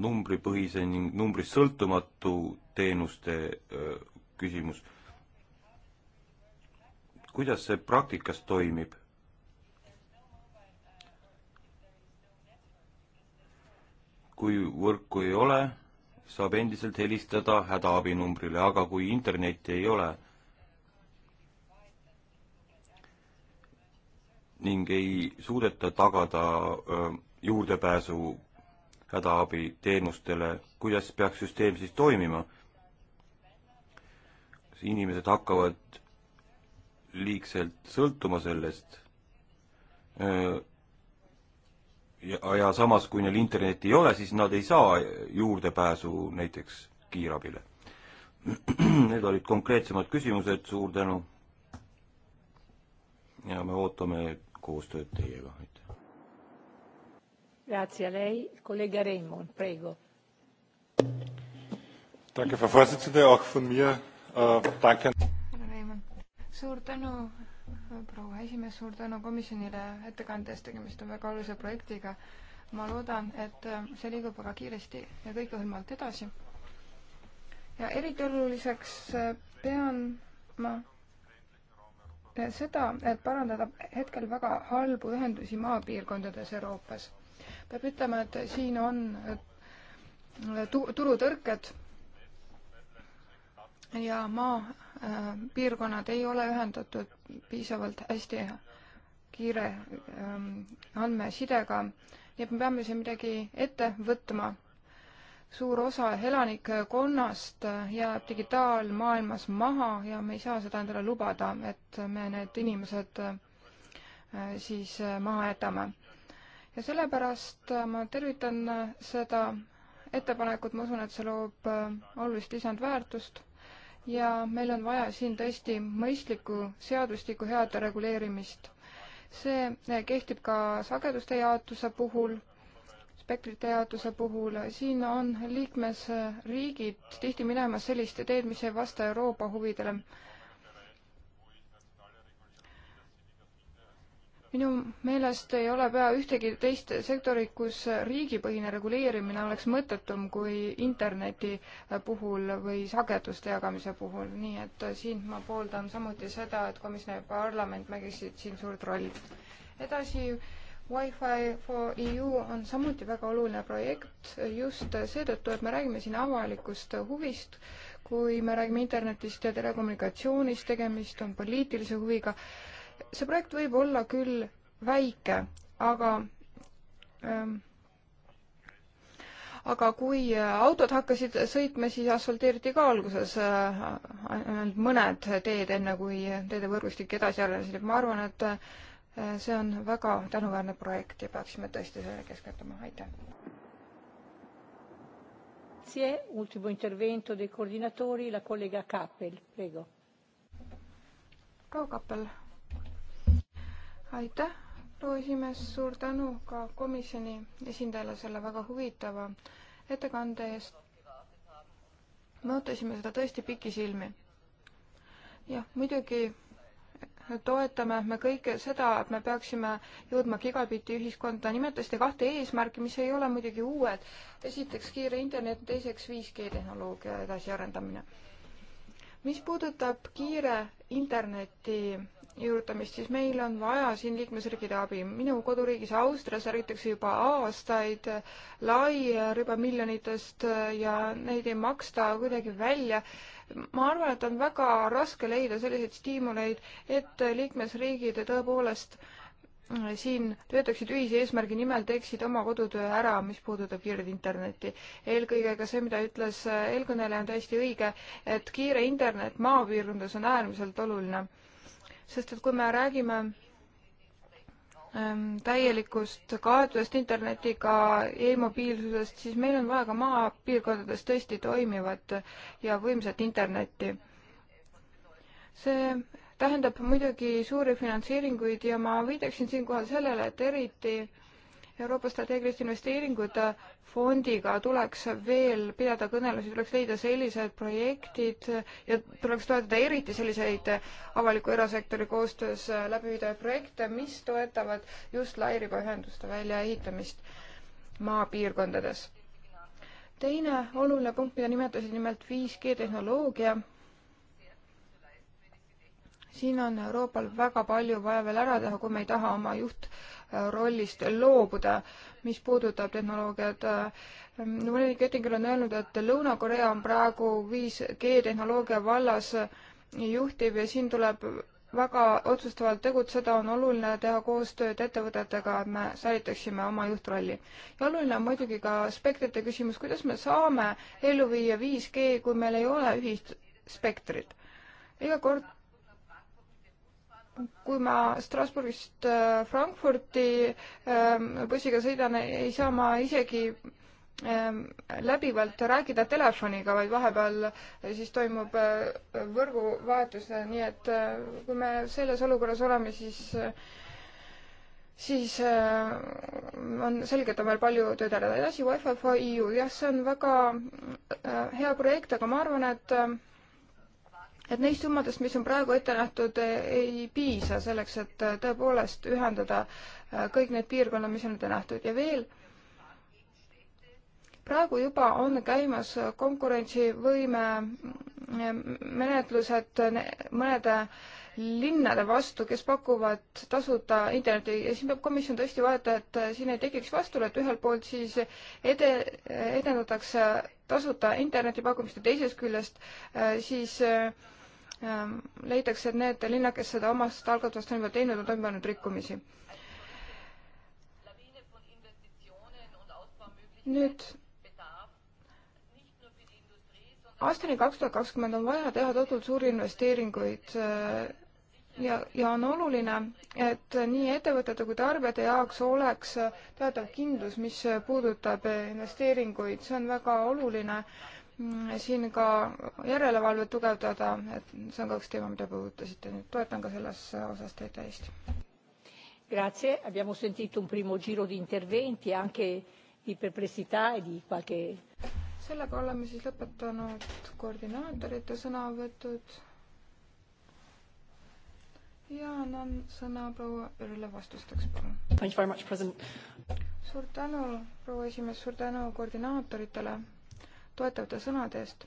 Speaker 3: numbripõhise ning numbrist sõltumatu teenuste öö, küsimus. kuidas see praktikas toimib? kui võrku ei ole, saab endiselt helistada hädaabinumbrile, aga kui internetti ei ole ning ei suudeta tagada öö, juurdepääsu hädaabiteenustele, kuidas peaks süsteem siis toimima? kas inimesed hakkavad liigselt sõltuma sellest? ja, ja samas, kui neil internetti ei ole, siis nad ei saa juurdepääsu näiteks kiirabile. Need olid konkreetsemad küsimused, suur tänu. ja me ootame koostööd teiega.
Speaker 1: Grazie a lei. Kollege
Speaker 4: Raymond, prego.
Speaker 3: Danke, Frau Vorsitzende, auch von mir äh, danke.
Speaker 4: härra Reimann, suur tänu, proua esimees, suur tänu komisjonile ettekande eest, tegemist on väga olulise projektiga. ma loodan, et äh, see liigub väga kiiresti ja kõikehõlmavalt edasi. ja eriti oluliseks äh, pean ma äh, seda, et parandada hetkel väga halbu ühendusi maapiirkondades Euroopas peab ütlema, et siin on tu-, turutõrked ja maapiirkonnad äh, ei ole ühendatud piisavalt hästi kiire ähm, andmesidega, nii et me peame siin midagi ette võtma suur osa elanikkonnast jääb digitaalmaailmas maha ja me ei saa seda endale lubada, et me need inimesed äh, siis äh, maha jätame ja sellepärast äh, ma tervitan äh, seda ettepanekut, ma usun, et see loob äh, olulist lisandväärtust ja meil on vaja siin tõesti mõistlikku seadustikku, head reguleerimist. see kehtib ka sageduste jaotuse puhul spektrite jaotuse puhul, siin on liikmesriigid tihti minemas sellist teed, mis ei vasta Euroopa huvidele. minu meelest ei ole pea ühtegi teist sektorit, kus riigipõhine reguleerimine oleks mõttetum kui interneti puhul või sageduste jagamise puhul, nii et äh, siin ma pooldan samuti seda, et komisjon ja parlament mängisid siin suurt rolli. edasi Wi-Fi for EU on samuti väga oluline projekt just seetõttu, et me räägime siin avalikust huvist, kui me räägime internetist ja telekommunikatsioonist, tegemist on poliitilise huviga see projekt võib olla küll väike, aga ähm, aga kui autod hakkasid sõitma, siis asfalteeriti ka alguses äh, ainult mõned teed, enne kui teedevõrgustik edasi arenes, nii et ma arvan, et äh, see on väga tänuväärne projekt ja peaksime tõesti sellele keskenduma, aitäh.
Speaker 1: Ultimo intervento dei coordinatori, la collega Kappel,
Speaker 4: prego. proua Kappel aitäh, proua esimees, suur tänu ka komisjoni esindajale selle väga huvitava ettekande eest. me ootasime seda tõesti pikisilmi. jah, muidugi toetame me kõike seda, et me peaksime jõudma gigabitti ühiskonda, nimetasite kahte eesmärki, mis ei ole muidugi uued. esiteks kiire internet, teiseks 5G tehnoloogia edasiarendamine. mis puudutab kiire interneti juurutamist, siis meil on vaja siin liikmesriikide abi. minu koduriigis Austrias räägitakse juba aastaid lairüba miljonitest ja neid ei maksta kuidagi välja. ma arvan, et on väga raske leida selliseid stiimuleid, et liikmesriigid tõepoolest siin töötaksid ühise eesmärgi nimel, teeksid oma kodutöö ära, mis puudutab kiiret internetti. eelkõige ka see, mida ütles eelkõneleja, on täiesti õige, et kiire internet maapiirkondades on äärmiselt oluline sest et kui me räägime ähm, täielikust kaetusest internetiga e, e-mobiilsusest, siis meil on vaja ka maapiirkondades tõesti toimivat ja võimsat internetti. see tähendab muidugi suuri finantseeringuid ja ma viitaksin siinkohal sellele, et eriti Euroopa strateegiliste investeeringute äh, fondiga tuleks veel pidada kõnelusi, tuleks leida sellised projektid äh, ja tuleks toetada eriti selliseid äh, avaliku erasektori koostöös läbi viidavaid projekte, mis toetavad just lairibaühenduste väljaehitamist maapiirkondades. teine oluline punkt, mida nimetasid nimelt 5G tehnoloogia siin on Euroopal väga palju vaja veel ära teha, kui me ei taha oma juhtrollist äh, loobuda, mis puudutab tehnoloogiat. Äh, Valerik Göttinger on öelnud, et Lõuna-Korea on praegu 5G tehnoloogia vallas äh, juhtiv ja siin tuleb väga otsustavalt tegutseda, on oluline teha koostööd ettevõtetega, et me säilitaksime oma juhtrolli. ja oluline on muidugi ka spektrite küsimus, kuidas me saame ellu viia 5G, kui meil ei ole ühist spektrit. iga kord kui ma Strasbourgist äh, Frankfurti ähm, bussiga sõidan, ei saa ma isegi ähm, läbivalt rääkida telefoniga, vaid vahepeal äh, siis toimub äh, võrguvahetus, nii et kui me selles olukorras oleme, siis siis on selge, et on veel palju tööd ära teha. asi Wi-Fi for EU, jah, see on väga hea projekt, aga ma arvan, et et neist summadest, mis on praegu ette nähtud, ei piisa selleks, et äh, tõepoolest ühendada äh, kõik need piirkonnad, mis on ette nähtud ja veel praegu juba on käimas konkurentsivõime mm, menetlused mõnede linnade vastu, kes pakuvad tasuta interneti ja siin peab komisjon tõesti vaadata, et äh, siin ei tekiks vastuolu, et ühelt poolt siis ede-, edendatakse tasuta interneti pakkumist ja teisest küljest siis äh, Ehm, leitakse, et need linnad, kes seda omast algatust on juba teinud, on toime pannud rikkumisi. nüüd aastani kaks tuhat kakskümmend on vaja teha tohutult suuri investeeringuid eh, ja, ja on oluline, et nii ettevõtete kui tarbijate jaoks oleks teatav kindlus, mis puudutab eh, investeeringuid, see on väga oluline siin ka järelevalvet tugevdada, et see on ka üks teema, mida puudutasite, nii et toetan ka selles osas teid täiesti.
Speaker 1: Grazie, abbiamo sentito un primo giro di interventi anche di perplessità e di qualche
Speaker 4: sellega oleme siis lõpetanud koordinaatorite sõnavõtud ja annan sõna proua Jürile vastusteks, palun. suur tänu, proua esimees, suur tänu koordinaatoritele toetavate sõnade eest.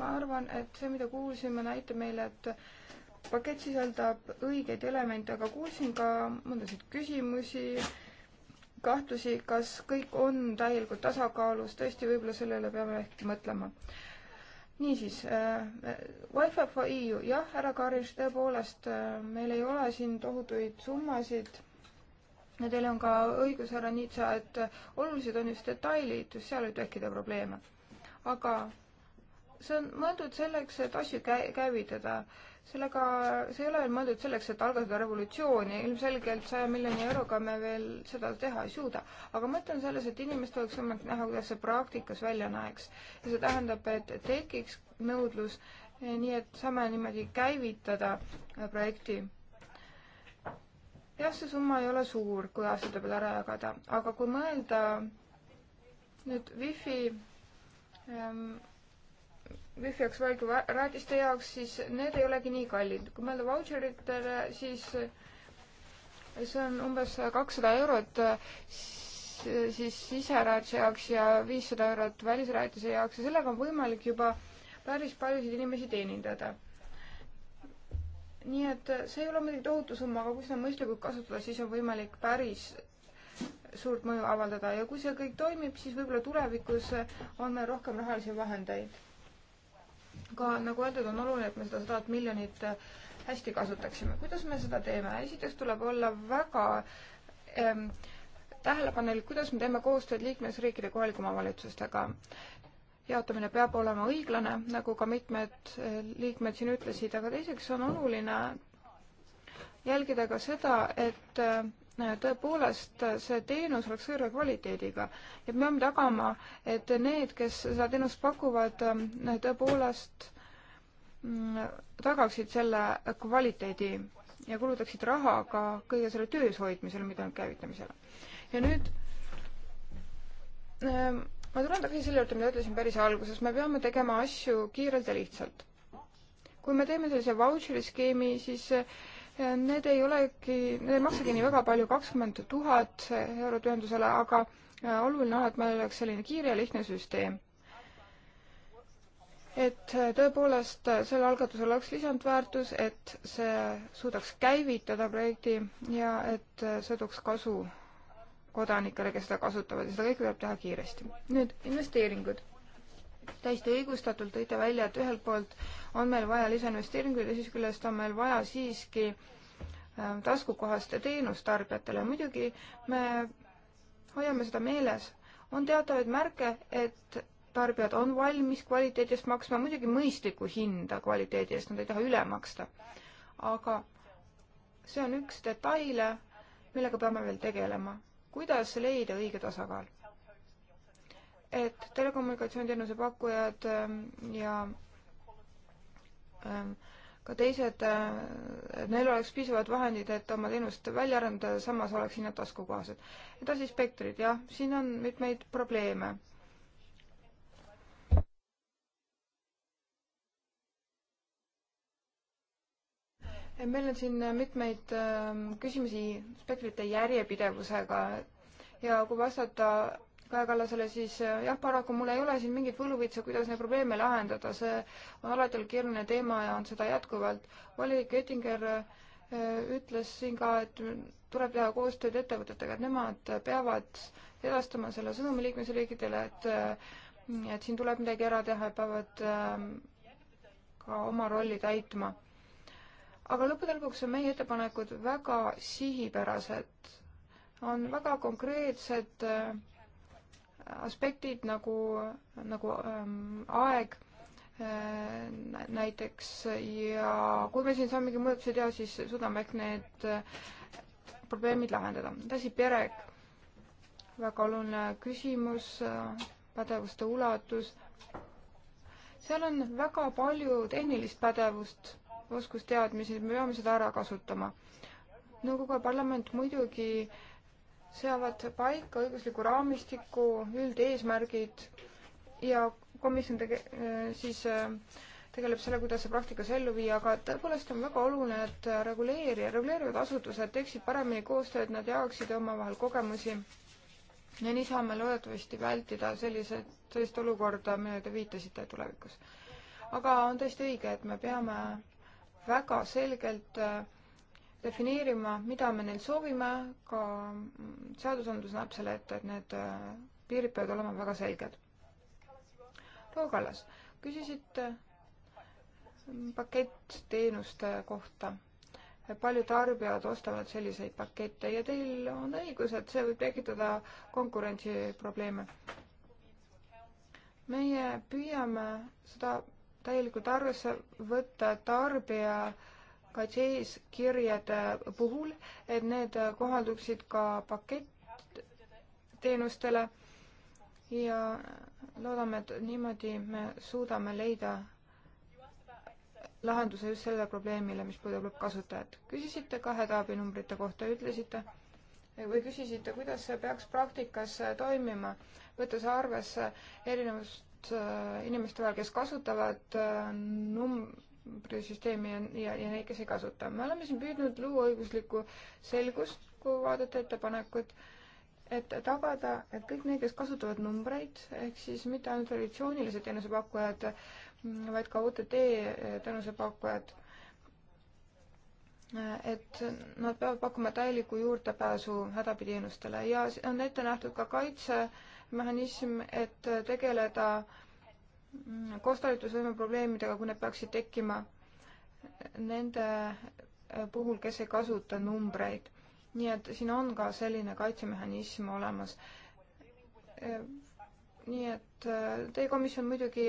Speaker 4: ma arvan, et see, mida kuulsime, näitab meile, et pakett sisaldab õigeid elemente, aga kuulsin ka mõndasid küsimusi, kahtlusi, kas kõik on täielikult tasakaalus, tõesti, võib-olla selle üle peame ehk mõtlema niisiis äh,, Wi-Fi for EU, jah, härra Karis, tõepoolest äh, meil ei ole siin tohutuid summasid ja teil on ka õigus, härra Nietzsche, et olulised on just detailid, just seal võib tekkida probleeme. aga see on mõeldud selleks, et asju käi-, käivitada. sellega, see ei ole veel mõeldud selleks, et algatada revolutsiooni, ilmselgelt saja miljoni euroga me veel seda teha ei suuda. aga mõte on selles, et inimesed oleks võimalik näha, kuidas see praktikas välja näeks. ja see tähendab, et tekiks nõudlus, eh, nii et saame niimoodi käivitada eh, projekti jah, see summa ei ole suur, kui aastate peale ära jagada, aga kui mõelda nüüd wifi ähm, wifi jaoks valgu raadiste jaoks, siis need ei olegi nii kallid. kui mõelda vautšeritele, siis see on umbes kakssada eurot äh, siis siseraadise jaoks ja viissada eurot välisraadise jaoks ja sellega on võimalik juba päris paljusid inimesi teenindada nii et äh, see ei ole muidugi tohutu summa, aga kui seda mõistlikult kasutada, siis on võimalik päris suurt mõju avaldada ja kui see kõik toimib, siis võib-olla tulevikus äh, on meil rohkem rahalisi vahendeid. ka nagu öeldud, on oluline, et me seda sadat miljonit äh, hästi kasutaksime. kuidas me seda teeme? esiteks tuleb olla väga ähm, tähelepanelik, kuidas me teeme koostööd liikmesriikide kohalike omavalitsustega jaotamine peab olema õiglane, nagu ka mitmed eh, liikmed siin ütlesid, aga teiseks on oluline jälgida ka seda, et eh, tõepoolest eh, see teenus oleks kõrge kvaliteediga ja me peame tagama, et need, kes seda teenust pakuvad, tõepoolest mm, tagaksid selle kvaliteedi ja kulutaksid raha ka kõige selle töös hoidmisele, mitte ainult käivitamisele. ja nüüd ma tulen tagasi selle juurde, mida ütlesin päris alguses, me peame tegema asju kiirelt ja lihtsalt. kui me teeme sellise vautšeri skeemi, siis eh, need ei olegi, need ei maksagi nii väga palju, kakskümmend tuhat eurot ühendusele, aga eh, oluline on, et meil oleks selline kiire ja lihtne süsteem. et eh, tõepoolest sellel algatusel oleks lisandväärtus, et see suudaks käivitada projekti ja et see tooks kasu kodanikele, kes seda kasutavad ja seda kõike tuleb teha kiiresti. nüüd investeeringud. täiesti õigustatult tõite välja, et ühelt poolt on meil vaja lisainvesteeringuid ja siis küljest on meil vaja siiski ähm, taskukohast teenust tarbijatele. muidugi me hoiame seda meeles. on teatavaid märke, et tarbijad on valmis kvaliteedi eest maksma muidugi mõistlikku hinda kvaliteedi eest, nad ei taha üle maksta. aga see on üks detaile, millega peame veel tegelema kuidas leida õige tasakaal? et telekommunikatsiooniteenuse pakkujad ähm, ja ähm, ka teised, äh, et neil oleks piisavad vahendid, et oma teenust välja arendada, samas oleks hinnad taskukohased. edasi spektrid, jah, siin on mitmeid probleeme Äh, meil on siin äh, mitmeid ähm, küsimusi spektrite järjepidevusega ja kui vastata Kaja Kallasele, siis äh, jah, paraku mul ei ole siin mingit võluvitsa, kuidas neid probleeme lahendada, see on alati olnud keeruline teema ja on seda jätkuvalt. volinik Oettinger ütles siin ka, et tuleb teha koostööd ettevõtetega, et nemad peavad edastama selle sõnumi liikmesriikidele, et et siin tuleb midagi ära teha ja peavad ähm, ka oma rolli täitma aga lõppude lõpuks on meie ettepanekud väga sihipärased, on väga konkreetsed äh, aspektid nagu, nagu ähm, aeg äh, näiteks ja kui me siin saamegi muudatused teha, siis suudame ehk need äh, probleemid lahendada. edasi pereg, väga oluline küsimus äh,, pädevuste ulatus. seal on väga palju tehnilist pädevust oskusteadmisi, me peame seda ära kasutama. nõukogu ja parlament muidugi seavad paika õigusliku raamistiku üldeesmärgid ja komisjon tege-, äh, siis äh, tegeleb selle, kuidas see praktikas ellu viia, aga tõepoolest on väga oluline, et reguleerija, reguleerivad asutused teeksid paremini koostööd, nad jagaksid omavahel kogemusi ja nii saame loodetavasti vältida sellised, sellist olukorda, millele te viitasite tulevikus. aga on täiesti õige, et me peame väga selgelt äh, defineerima, mida me neil soovime, ka mm, seadusandlus näeb selle ette, et need äh, piirid peavad olema väga selged. proua Kallas, küsisite mm, pakett-teenuste kohta. paljud tarbijad ostavad selliseid pakette ja teil on õigus, et see võib tekitada konkurentsiprobleeme. meie püüame seda täielikult arvesse võtta tarbijakaitse-eeskirjade puhul, et need kohalduksid ka pakett-teenustele ja loodame, et niimoodi me suudame leida lahenduse just sellele probleemile, mis puudutab kasutajat. küsisite ka hädaabinumbrite kohta, ütlesite või küsisite, kuidas see peaks praktikas toimima, võttes arvesse erinevust Äh, inimeste vahel, kes kasutavad äh, numbrisüsteemi ja, ja, ja neid, kes ei kasuta. me oleme siin püüdnud luua õiguslikku selgust, kui vaadata ettepanekut, et tagada, et kõik need, kes kasutavad numbreid, ehk siis mitte ainult traditsioonilised teenusepakkujad, mm, vaid ka OTT teenusepakkujad et nad peavad pakkuma täielikku juurdepääsu hädaabiteenustele ja on ette nähtud ka kaitsemehhanism, et tegeleda koostalitusvõime probleemidega, kui need peaksid tekkima nende puhul, kes ei kasuta numbreid. nii et siin on ka selline kaitsemehhanism olemas. nii et teie komisjon muidugi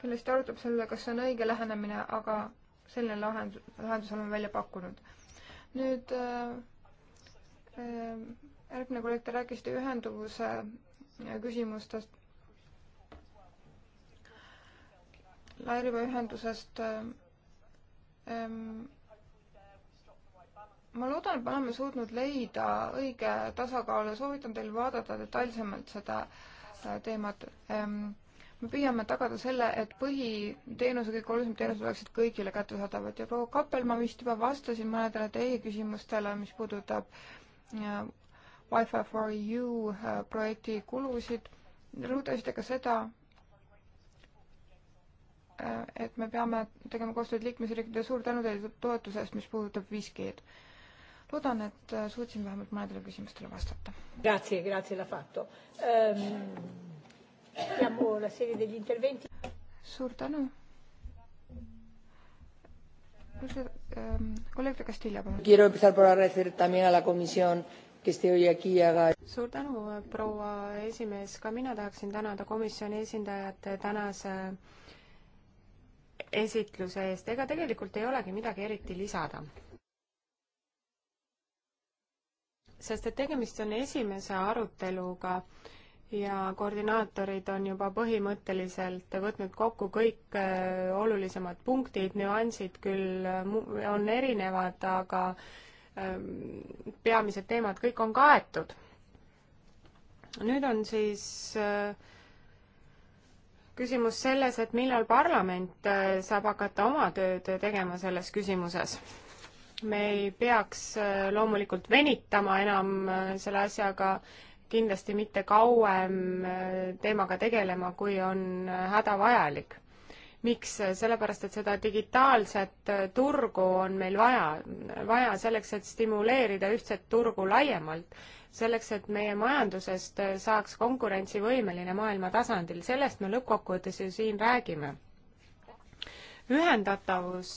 Speaker 4: kindlasti arutab selle, kas see on õige lähenemine, aga selle lahend-, lahenduse oleme välja pakkunud. nüüd äh, äh, järgmine kolleeg, te rääkisite ühenduvuse äh, küsimustest, lairibaühendusest ähm, ma loodan, et me oleme suutnud leida õige tasakaalu ja soovitan teil vaadata detailsemalt seda teemat. Ähm, me püüame tagada selle, et põhiteenuse, kõige olulisemad teenused oleksid kõigile kättesaadavad ja proua Kappel, ma vist juba vastasin mõnedele teie küsimustele, mis puudutab Wi-Fi for you äh, projekti kulusid. rõhutasite ka seda, äh, et me peame tegema koostööd liikmesriikidele, suur tänu teile toetuse eest, mis puudutab 5G-d loodan, et äh, suutsin vähemalt mõnedele küsimustele vastata.
Speaker 1: Grazie, grazie la fatto um... Ähm suur tänu.
Speaker 4: Ehm, kolleeg Castillo, palun
Speaker 2: suur tänu, proua esimees, ka mina tahaksin tänada komisjoni esindajat tänase esitluse eest, ega tegelikult ei olegi midagi eriti lisada. sest et tegemist on esimese aruteluga äh, ja koordinaatorid on juba põhimõtteliselt võtnud kokku kõik äh, olulisemad punktid, nüansid küll äh, on erinevad, aga ähm, peamised teemad kõik on kaetud. nüüd on siis äh, küsimus selles, et millal parlament saab hakata oma tööd tegema selles küsimuses me ei peaks loomulikult venitama enam selle asjaga, kindlasti mitte kauem äh, teemaga tegelema, kui on äh, hädavajalik. miks? sellepärast, et seda digitaalset äh, turgu on meil vaja, vaja selleks, et stimuleerida ühtset turgu laiemalt, selleks, et meie majandusest saaks konkurentsivõimeline maailma tasandil, sellest me lõppkokkuvõttes ju siin räägime ühendatavus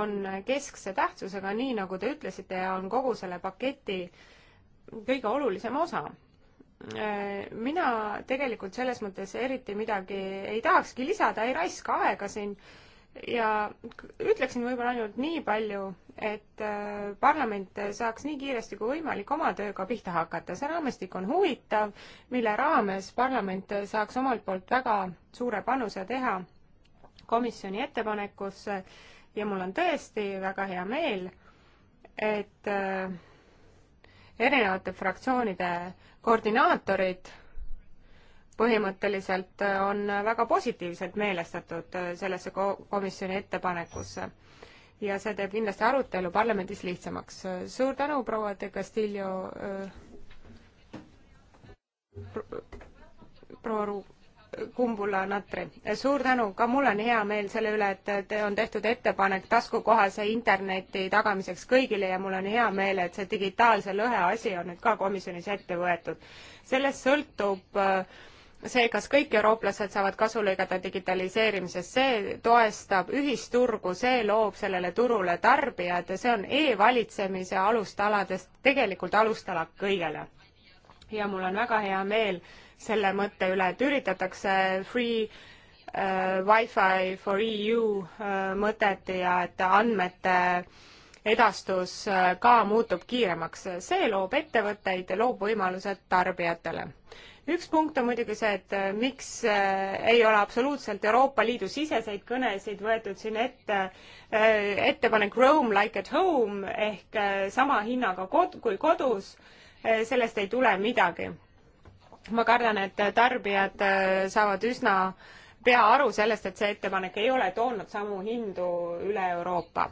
Speaker 2: on keskse tähtsusega, nii nagu te ütlesite, ja on kogu selle paketi äh, kõige olulisem osa. mina tegelikult selles mõttes eriti midagi ei tahakski lisada, ei raiska aega siin ja ütleksin võib-olla ainult nii palju, et äh, parlament saaks nii kiiresti kui võimalik oma tööga pihta hakata. see raamistik on huvitav, mille raames parlament saaks omalt poolt väga suure panuse teha komisjoni ettepanekusse ja mul on tõesti väga hea meel, et äh, erinevate fraktsioonide koordinaatorid põhimõtteliselt äh, on väga positiivselt meelestatud äh, sellesse komisjoni ettepanekusse ja see teeb kindlasti arutelu parlamendis lihtsamaks. suur tänu, proua de Castillo äh, pro,. proua Ruuk Kumbula Natri. suur tänu, ka mul on hea meel selle üle, et te on tehtud ettepanek taskukohase interneti tagamiseks kõigile ja mul on hea meel, et see digitaalse lõhe asi on nüüd ka komisjonis ette võetud. sellest sõltub äh, see, kas kõik eurooplased saavad kasu lõigata digitaliseerimisest, see toestab ühisturgu, see loob sellele turule tarbijad ja see on e-valitsemise alustaladest tegelikult alustala kõigele. ja mul on väga hea meel, selle mõtte üle, et üritatakse free äh, Wi-Fi for EU äh, mõtet ja et andmete edastus äh, ka muutub kiiremaks. see loob ettevõtteid, loob võimalused tarbijatele üks punkt on muidugi see, et äh, miks äh, ei ole absoluutselt Euroopa Liidu siseseid kõnesid võetud siin ette, äh, ettepanek roam like at home ehk sama hinnaga kod-, kui kodus, sellest ei tule midagi ma kardan, et tarbijad äh, saavad üsna pea aru sellest, et see ettepanek ei ole toonud samu hindu üle Euroopa.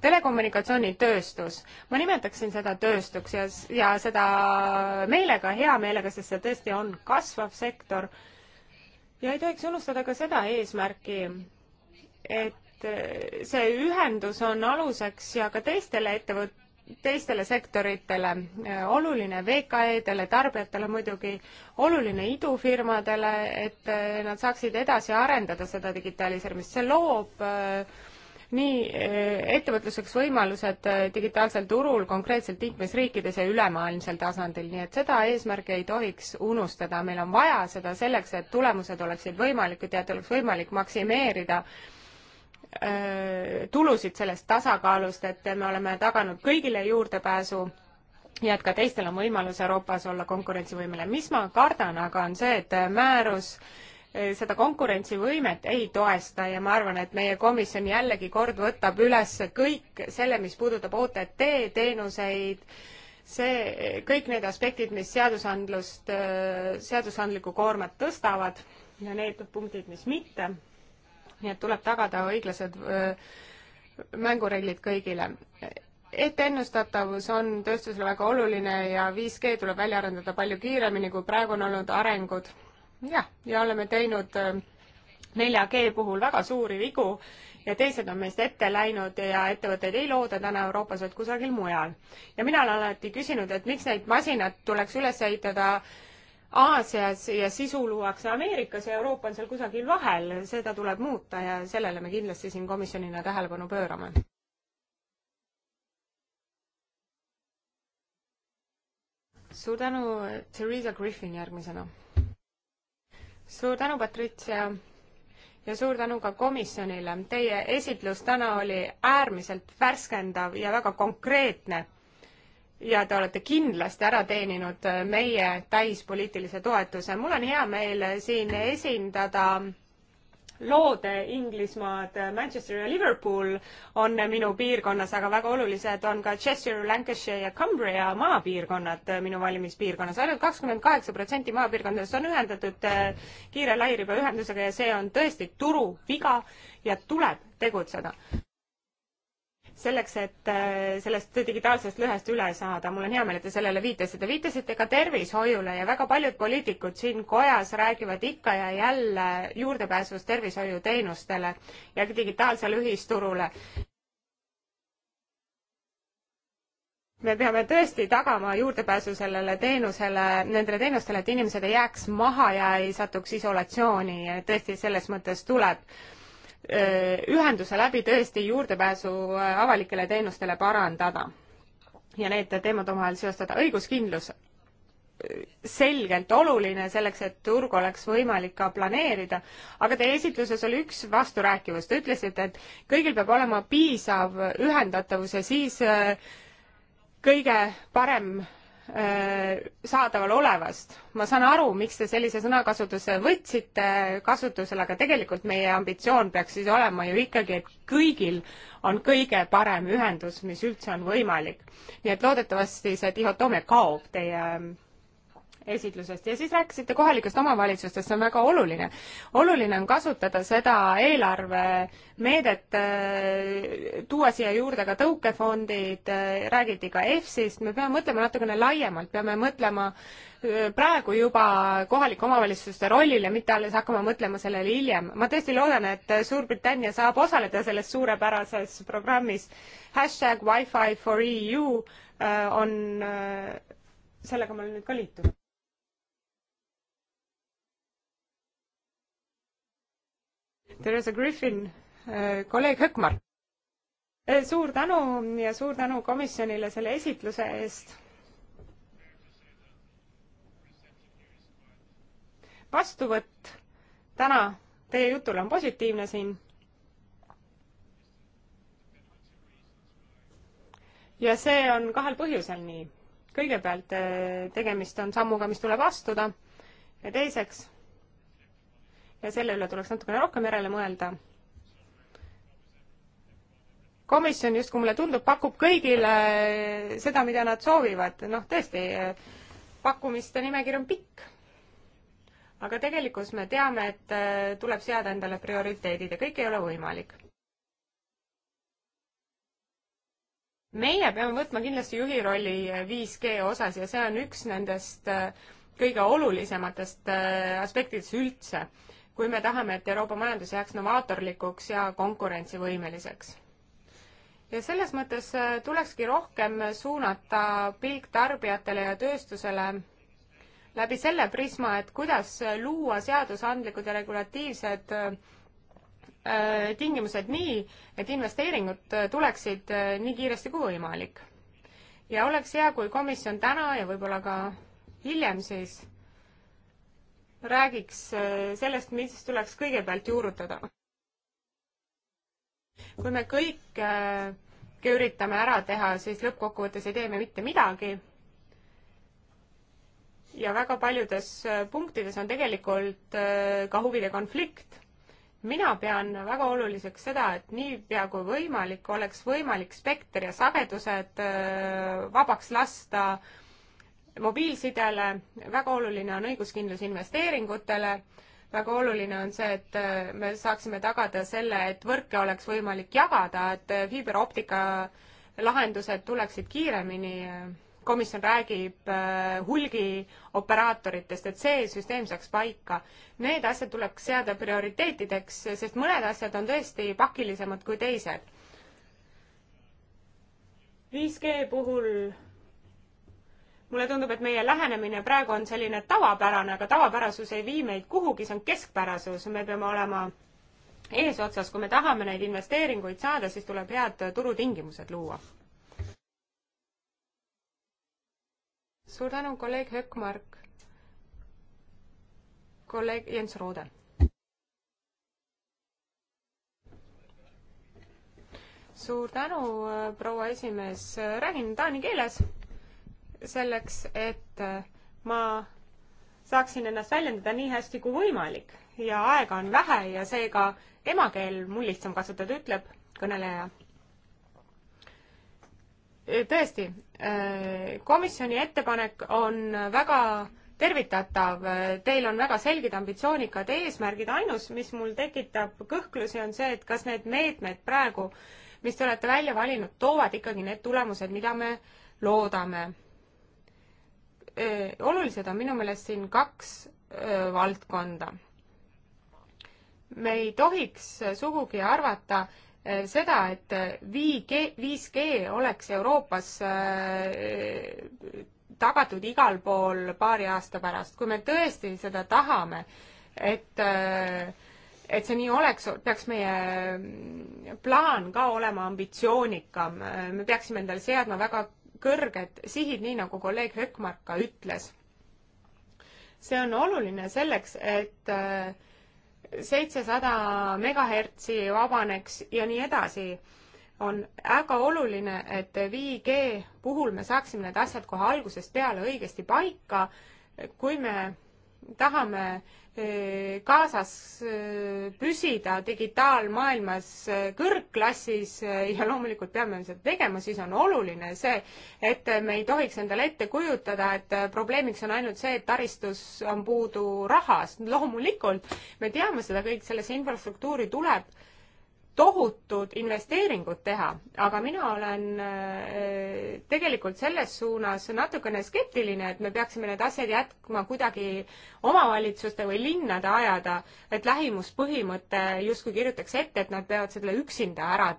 Speaker 2: telekommunikatsioonitööstus, ma nimetaksin seda tööstuks ja, ja seda meelega, hea meelega, sest see tõesti on kasvav sektor. ja ei tohiks unustada ka seda eesmärki, et äh, see ühendus on aluseks ja ka teistele ettevõt-, teistele sektoritele, oluline VKE-dele, tarbijatele muidugi, oluline idufirmadele, et eh, nad saaksid edasi arendada seda digitaliseerimist, see loob eh, nii eh, ettevõtluseks võimalused digitaalsel turul konkreetselt liikmesriikides ja ülemaailmsel tasandil, nii et seda eesmärki ei tohiks unustada, meil on vaja seda selleks, et tulemused oleksid võimalikud ja et oleks võimalik maksimeerida äh, Äh, tulusid sellest tasakaalust, et me oleme taganud kõigile juurdepääsu ja et ka teistel on võimalus Euroopas olla konkurentsivõimeline. mis ma kardan aga, on see, et määrus äh, seda konkurentsivõimet ei toesta ja ma arvan, et meie komisjon jällegi kord võtab üles kõik selle, mis puudutab OTT teenuseid, see, kõik need aspektid, mis seadusandlust, äh, seadusandlikku koormat tõstavad ja need punktid, mis mitte nii et tuleb tagada õiglased mängureeglid kõigile. etteennustatavus on tööstusele väga oluline ja 5G tuleb välja arendada palju kiiremini, kui praegu on olnud arengud. jah, ja oleme teinud 4G puhul väga suuri vigu ja teised on meist ette läinud ja ettevõtteid ei looda täna Euroopas, vaid kusagil mujal. ja mina olen alati küsinud, et miks need masinad tuleks üles ehitada äh, Aasias ja sisu luuakse Ameerikas ja Euroopa on seal kusagil vahel, seda tuleb muuta ja sellele me kindlasti siin komisjonina tähelepanu pöörame. suur tänu, Theresa Griffin järgmisena. suur tänu, Patricia ja suur tänu ka komisjonile. Teie esitlus täna oli äärmiselt värskendav ja väga konkreetne ja te olete kindlasti ära teeninud äh, meie täispoliitilise toetuse. mul on hea meel äh, siin esindada loode Inglismaad, äh, Manchester ja Liverpool on minu piirkonnas, aga väga olulised on ka Cheshire, Lancashire ja Cumbria maapiirkonnad minu valimispiirkonnas. ainult kakskümmend kaheksa protsenti maapiirkondadest on ühendatud kiire lairibaühendusega ja see on tõesti turuviga ja tuleb tegutseda selleks, et äh, sellest digitaalsest lõhest üle saada. mul on hea meel, et te sellele viitasite. Te viitasite ka tervishoiule ja väga paljud poliitikud siin kojas räägivad ikka ja jälle juurdepääsust tervishoiuteenustele ja digitaalsele ühisturule. me peame tõesti tagama juurdepääsu sellele teenusele, nendele teenustele, et inimesed ei jääks maha ja ei satuks isolatsiooni. tõesti, selles mõttes tuleb äh, Äh, ühenduse läbi tõesti juurdepääsu äh, avalikele teenustele parandada ja need teemad omavahel seostada. õiguskindlus, äh, selgelt oluline selleks, et turgu oleks võimalik ka planeerida, aga teie esitluses oli üks vasturääkivus, te ütlesite, et kõigil peab olema piisav ühendatavus ja siis kõige parem Äh, saadaval olevast. ma saan aru, miks te sellise sõnakasutuse võtsite kasutusele, aga tegelikult meie ambitsioon peaks siis olema ju ikkagi, et kõigil on kõige parem ühendus, mis üldse on võimalik. nii et loodetavasti see dihhotoomia kaob teie esitlusest ja siis rääkisite kohalikest omavalitsustest, see on väga oluline. oluline on kasutada seda eelarvemeedet, äh, tuua siia juurde ka tõukefondid, äh, räägiti ka EFSist, me peame mõtlema natukene laiemalt, peame mõtlema äh, praegu juba kohalike omavalitsuste rollile, mitte alles hakkama mõtlema sellele hiljem. ma tõesti loodan, et Suurbritannia saab osaleda selles suurepärases programmis. hashtag Wi-Fi for EU on, sellega ma olen nüüd ka liitunud. Theresa Griffin, äh, kolleeg Hökmar. Äh, suur tänu ja suur tänu komisjonile selle esitluse eest vastuvõtt täna teie jutule on positiivne siin. ja see on kahel põhjusel nii. kõigepealt äh, tegemist on sammuga, mis tuleb astuda ja teiseks ja selle üle tuleks natukene rohkem järele mõelda. komisjon justkui mulle tundub, pakub kõigile seda, mida nad soovivad, noh tõesti, pakkumiste nimekiri on pikk aga tegelikkus me teame, et äh, tuleb seada endale prioriteedid ja kõik ei ole võimalik. meie peame võtma kindlasti juhi rolli 5G osas ja see on üks nendest äh, kõige olulisematest äh, aspektidest üldse kui me tahame, et Euroopa majandus jääks novaatorlikuks ja konkurentsivõimeliseks. ja selles mõttes äh, tulekski rohkem suunata pilk tarbijatele ja tööstusele läbi selle prisma, et kuidas luua seadusandlikud ja regulatiivsed äh, tingimused nii, et investeeringud äh, tuleksid nii kiiresti kui võimalik. ja oleks hea, kui komisjon täna ja võib-olla ka hiljem siis räägiks äh, sellest, mis tuleks kõigepealt juurutada. kui me kõike äh, üritame ära teha, siis lõppkokkuvõttes ei tee me mitte midagi. ja väga paljudes äh, punktides on tegelikult ka huvide konflikt. mina pean väga oluliseks seda, et niipea kui võimalik, oleks võimalik spekter ja sagedused vabaks lasta äh, mobiilsidele, väga oluline on õiguskindlus investeeringutele, väga oluline on see, et äh, me saaksime tagada selle, et võrke oleks võimalik jagada, et äh, fiiberoptika lahendused tuleksid kiiremini. komisjon räägib äh, hulgioperaatoritest, et see süsteem saaks paika. Need asjad tuleks seada prioriteetideks, sest mõned asjad on tõesti pakilisemad kui teised. 5G puhul mulle tundub, et meie lähenemine praegu on selline tavapärane, aga tavapärasus ei vii meid kuhugi, see on keskpärasus, me peame olema eesotsas, kui me tahame neid investeeringuid saada, siis tuleb head turutingimused luua. suur tänu, kolleeg Höökmark. kolleeg Jens Roode. suur tänu, proua esimees, räägin taani keeles selleks, et äh, ma saaksin ennast väljendada nii hästi kui võimalik ja aega on vähe ja seega emakeel mul lihtsam kasutada, ütleb kõneleja. Äh, tõesti, äh, komisjoni ettepanek on väga tervitatav, teil on väga selged ambitsioonikad eesmärgid, ainus, mis mul tekitab kõhklusi, on see, et kas need meetmed praegu, mis te olete välja valinud, toovad ikkagi need tulemused, mida me loodame olulised on minu meelest siin kaks öö, valdkonda. me ei tohiks sugugi arvata öö, seda, et 5G, 5G oleks Euroopas öö, tagatud igal pool paari aasta pärast, kui me tõesti seda tahame, et et see nii oleks, peaks meie plaan ka olema ambitsioonikam, me peaksime endale seadma väga kõrged sihid, nii nagu kolleeg Hökmark ka ütles. see on oluline selleks, et äh, seitsesada megahertsi vabaneks ja nii edasi. on väga oluline, et 5G puhul me saaksime need asjad kohe algusest peale õigesti paika, kui me tahame eh, kaasas eh, püsida digitaalmaailmas eh, kõrgklassis ja loomulikult peame seda tegema, siis on oluline see, et me ei tohiks endale ette kujutada, et probleemiks on ainult see, et taristus on puudu rahast. loomulikult me teame seda kõik, sellesse infrastruktuuri tuleb tohutud investeeringud teha, aga mina olen äh, tegelikult selles suunas natukene skeptiline, et me peaksime need asjad jätkma kuidagi omavalitsuste või linnade ajada, et lähimuspõhimõte justkui kirjutaks ette, et nad peavad selle üksinda ära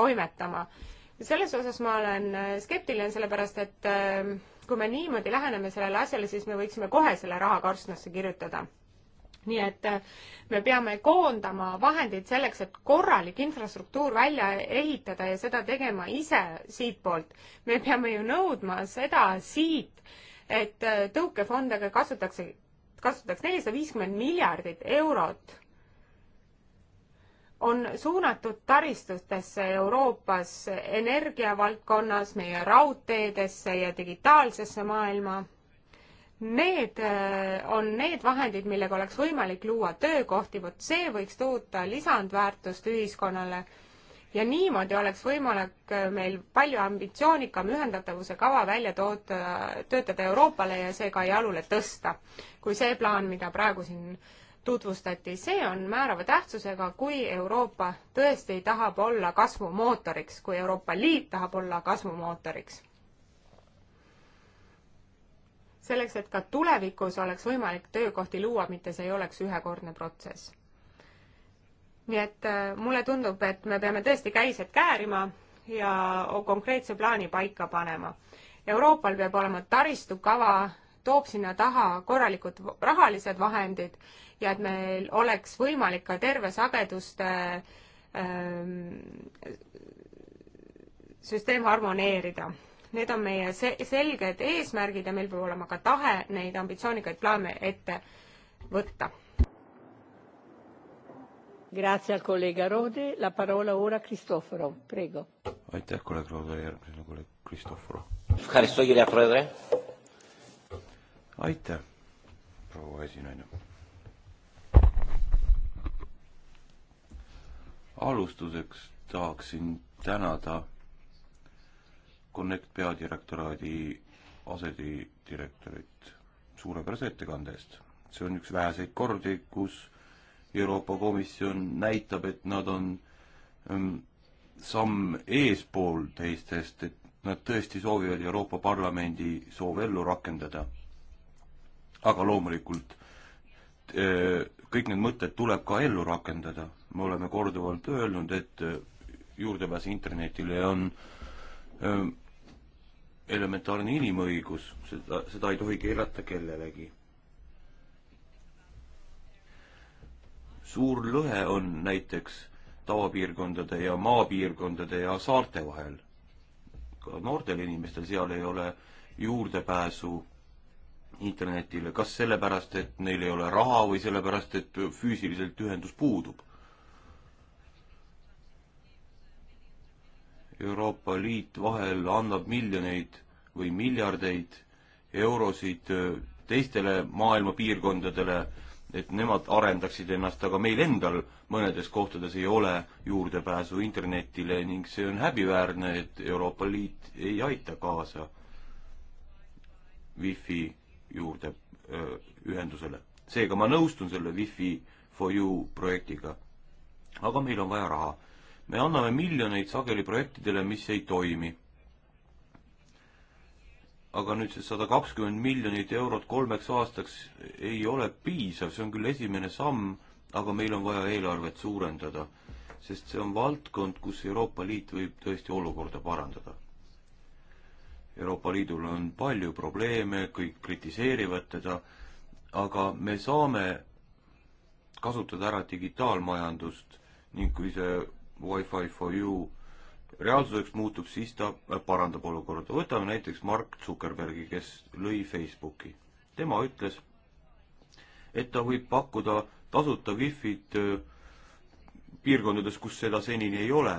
Speaker 2: toimetama. selles osas ma olen äh, skeptiline, sellepärast et äh, kui me niimoodi läheneme sellele asjale, siis me võiksime kohe selle raha korstnasse kirjutada nii et äh, me peame koondama vahendid selleks, et korralik infrastruktuur välja ehitada ja seda tegema ise siitpoolt. me peame ju nõudma seda siit, et äh, tõukefondadega kasutatakse, kasutatakse nelisada viiskümmend miljardit eurot on suunatud taristutesse Euroopas energiavaldkonnas, meie raudteedesse ja digitaalsesse maailma Need äh, on need vahendid, millega oleks võimalik luua töökohti, vot see võiks toota lisandväärtust ühiskonnale ja niimoodi oleks võimalik äh, meil palju ambitsioonikam ühendatavuse kava välja toota, töötada Euroopale ja see ka jalule tõsta, kui see plaan, mida praegu siin tutvustati, see on määrava tähtsusega, kui Euroopa tõesti tahab olla kasvumootoriks, kui Euroopa Liit tahab olla kasvumootoriks selleks, et ka tulevikus oleks võimalik töökohti luua, mitte see ei oleks ühekordne protsess. nii et äh, mulle tundub, et me peame tõesti käised käärima ja konkreetse plaani paika panema. Euroopal peab olema taristukava, toob sinna taha korralikud rahalised vahendid ja et meil oleks võimalik ka terve sageduste ähm, süsteem harmoneerida Need on meie se-, selged eesmärgid ja meil peab olema ka tahe neid ambitsioonikaid plaane ette võtta. Grazie al collega Rode, la
Speaker 1: parola ora Cristoforo, prego.
Speaker 3: aitäh, kolleeg Rode, järgmisena kolleeg Cristoforo. aitäh, proua esinaine. alustuseks tahaksin tänada Connect peadirektoraadi asedirektorit suurepärase ettekande eest. see on üks väheseid kordi, kus Euroopa Komisjon näitab, et nad on ähm, samm eespool teistest, et nad tõesti soovivad Euroopa Parlamendi soove ellu rakendada. aga loomulikult äh, kõik need mõtted tuleb ka ellu rakendada. me oleme korduvalt öelnud, et äh, juurdepääs internetile on ähm, elementaarne inimõigus, seda, seda ei tohi keelata kellelegi. suur lõhe on näiteks tavapiirkondade ja maapiirkondade ja saarte vahel. ka noortel inimestel seal ei ole juurdepääsu internetile, kas sellepärast, et neil ei ole raha või sellepärast, et füüsiliselt ühendus puudub Euroopa Liit vahel annab miljoneid või miljardeid eurosid äh, teistele maailma piirkondadele, et nemad arendaksid ennast, aga meil endal mõnedes kohtades ei ole juurdepääsu internetile ning see on häbiväärne, et Euroopa Liit ei aita kaasa wifi juurde öö, äh, ühendusele. seega ma nõustun selle Wifi for you projektiga. aga meil on vaja raha me anname miljoneid sageli projektidele, mis ei toimi. aga nüüd see sada kakskümmend miljonit eurot kolmeks aastaks ei ole piisav, see on küll esimene samm, aga meil on vaja eelarvet suurendada, sest see on valdkond, kus Euroopa Liit võib tõesti olukorda parandada. Euroopa Liidul on palju probleeme, kõik kritiseerivad teda, aga me saame kasutada ära digitaalmajandust ning kui see Wi-Fi for you reaalsuseks muutub, siis ta äh, parandab olukorda. võtame näiteks Mark Zuckerbergi, kes lõi Facebooki. tema ütles, et ta võib pakkuda tasuta wifi'd äh, piirkondades, kus seda senini ei ole.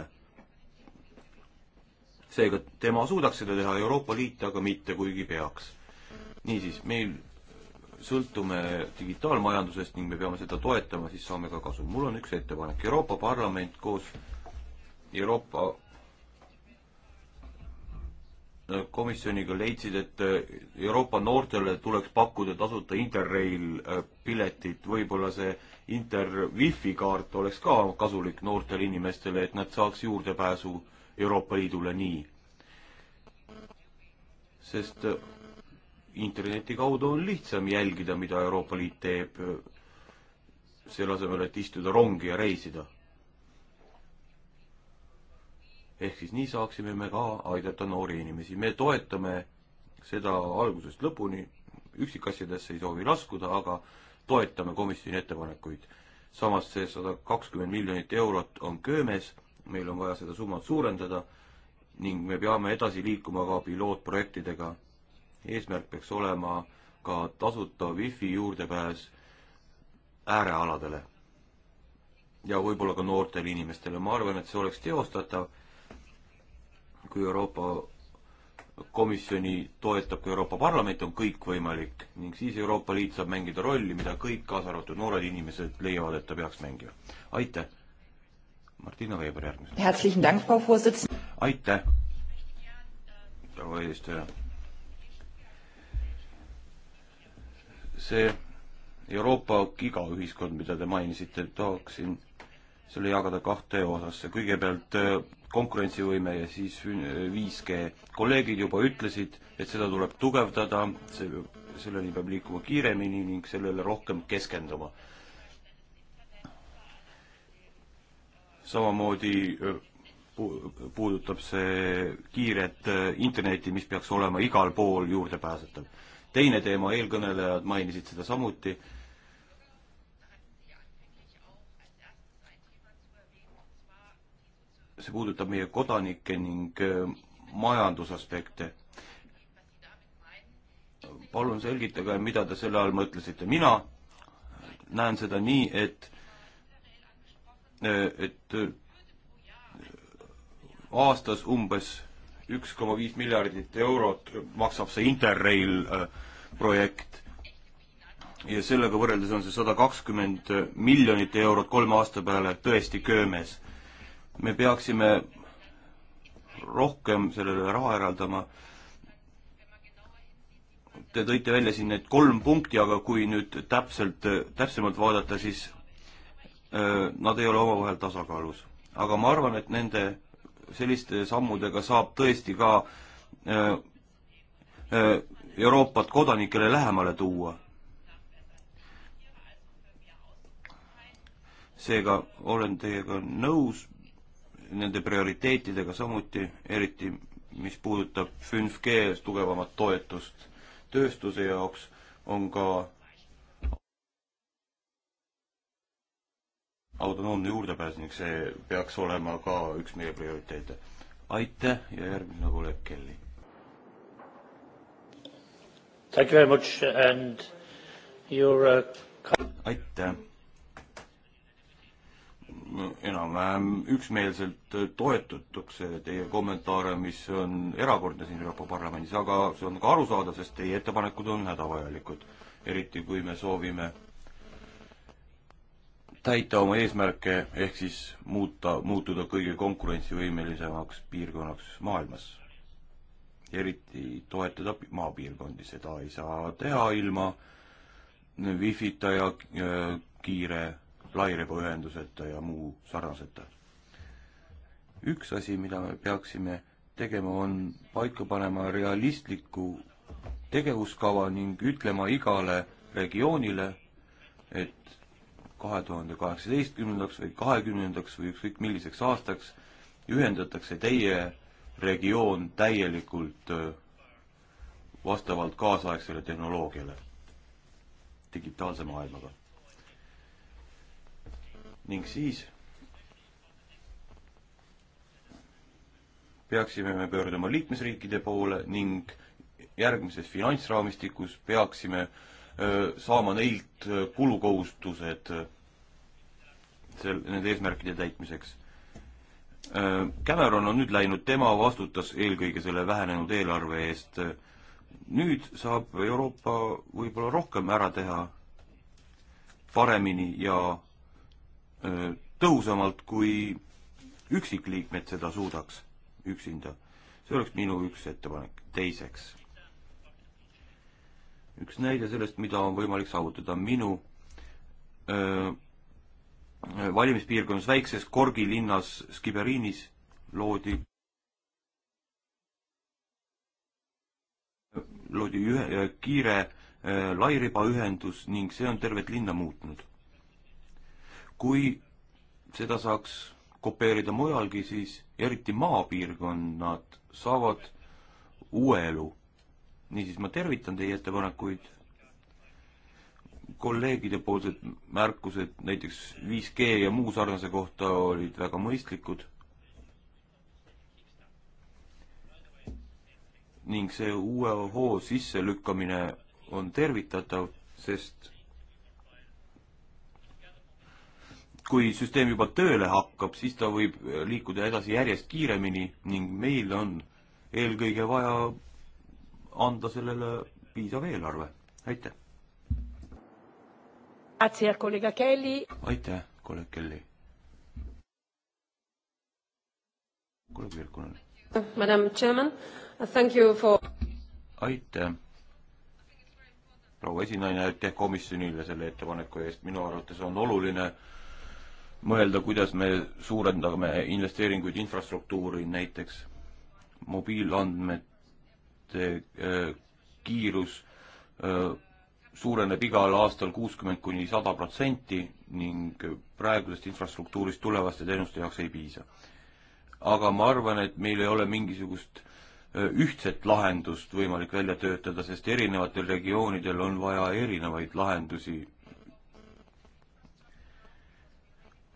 Speaker 3: seega tema suudaks seda teha, Euroopa Liit aga mitte, kuigi peaks. niisiis, meil sõltume digitaalmajandusest ning me peame seda toetama, siis saame ka kasu. mul on üks ettepanek, Euroopa Parlament koos Euroopa komisjoniga leidsid, et äh, Euroopa noortele tuleks pakkuda tasuta Interrail äh, piletit, võib-olla see Inter wifi kaart oleks ka kasulik noortele inimestele, et nad saaks juurdepääsu Euroopa Liidule nii. sest äh, interneti kaudu on lihtsam jälgida, mida Euroopa Liit teeb, selle asemel, et istuda rongi ja reisida ehk siis nii saaksime me ka aidata noori inimesi. me toetame seda algusest lõpuni, üksikasjadesse ei soovi laskuda, aga toetame komisjoni ettepanekuid. samas see sada kakskümmend miljonit eurot on köömes, meil on vaja seda summat suurendada ning me peame edasi liikuma ka pilootprojektidega. eesmärk peaks olema ka tasuta wifi juurdepääs äärealadele ja võib-olla ka noortele inimestele. ma arvan, et see oleks teostatav kui Euroopa Komisjoni toetab ka Euroopa Parlament, on kõik võimalik ning siis Euroopa Liit saab mängida rolli, mida kõik, kaasa arvatud noored inimesed, leiavad, et ta peaks mängima. aitäh! Martina Veber
Speaker 4: järgmisena.
Speaker 3: aitäh, proua eesistuja! see Euroopa gigaühiskond, mida te mainisite, tahaksin selle jagada kahte osasse, kõigepealt äh, konkurentsivõime ja siis 5G. Äh, kolleegid juba ütlesid, et seda tuleb tugevdada, see, selleni peab liikuma kiiremini ning sellele rohkem keskenduma. samamoodi äh, puudutab see kiiret internetti, mis peaks olema igal pool juurdepääsetav. teine teema, eelkõnelejad mainisid seda samuti see puudutab meie kodanikke ning äh, majandusaspekte. palun selgitage, mida te selle all mõtlesite. mina näen seda nii, et, äh, et äh, aastas umbes üks koma viis miljardit eurot maksab see Interrail projekt ja sellega võrreldes on see sada kakskümmend miljonit eurot kolme aasta peale tõesti köömes me peaksime rohkem sellele raha eraldama. Te tõite välja siin need kolm punkti, aga kui nüüd täpselt, täpsemalt vaadata, siis äh, nad ei ole omavahel tasakaalus. aga ma arvan, et nende selliste sammudega saab tõesti ka äh, äh, Euroopat kodanikele lähemale tuua. seega olen teiega nõus, nende prioriteetidega samuti, eriti mis puudutab FÜNFG tugevamat toetust tööstuse jaoks, on ka autonoomne juurdepääs ning see peaks olema ka üks meie prioriteete. aitäh ja järgmisena kolleeg Kelly. Uh, aitäh enam-vähem üksmeelselt toetatakse teie kommentaare, mis on erakordne siin Euroopa Parlamendis, aga see on ka arusaadav, sest teie ettepanekud on hädavajalikud. eriti kui me soovime täita oma eesmärke, ehk siis muuta, muutuda kõige konkurentsivõimelisemaks piirkonnaks maailmas. eriti toetada maapiirkondi, seda ei saa teha ilma wifi'ta ja kiire lairibaühenduseta ja muu sarnaseta. üks asi, mida me peaksime tegema, on paika panema realistliku tegevuskava ning ütlema igale regioonile, et kahe tuhande kaheksateistkümnendaks või kahekümnendaks või ükskõik milliseks aastaks ühendatakse teie regioon täielikult äh, vastavalt kaasaegsele tehnoloogiale, digitaalse maailmaga ning siis peaksime me pöörduma liikmesriikide poole ning järgmises finantsraamistikus peaksime öö, saama neilt kulukohustused sel-, nende eesmärkide täitmiseks. Cameron on nüüd läinud, tema vastutas eelkõige selle vähenenud eelarve eest. nüüd saab Euroopa võib-olla rohkem ära teha, paremini ja tõhusamalt, kui üksikliikmed seda suudaks üksinda. see oleks minu üks ettepanek. teiseks, üks näide sellest, mida on võimalik saavutada minu öö, valimispiirkonnas väikses Korgi linnas Skiberinis loodi loodi ühe, kiire lairibaühendus ning see on tervet linna muutnud kui seda saaks kopeerida mujalgi, siis eriti maapiirkonnad saavad uue elu. niisiis, ma tervitan teie ettepanekuid, kolleegide poolsed märkused näiteks 5G ja muu sarnase kohta olid väga mõistlikud ning see uue hoo sisselükkamine on tervitatav, sest kui süsteem juba tööle hakkab, siis ta võib liikuda edasi järjest kiiremini ning meil on eelkõige vaja anda sellele piisav eelarve. aitäh!
Speaker 1: aitäh, kolleeg Kelly!
Speaker 3: kolleeg Virkunen.
Speaker 2: Madam Chairman, thank you for
Speaker 3: aitäh! proua esinaine, aitäh komisjonile selle ettepaneku eest, minu arvates on oluline äh, mõelda, kuidas me suurendame investeeringuid infrastruktuuri, näiteks mobiilandmete äh, kiirus äh, suureneb igal aastal kuuskümmend kuni sada protsenti ning praegusest infrastruktuurist tulevaste teenuste jaoks ei piisa. aga ma arvan, et meil ei ole mingisugust äh, ühtset lahendust võimalik välja töötada, sest erinevatel regioonidel on vaja erinevaid lahendusi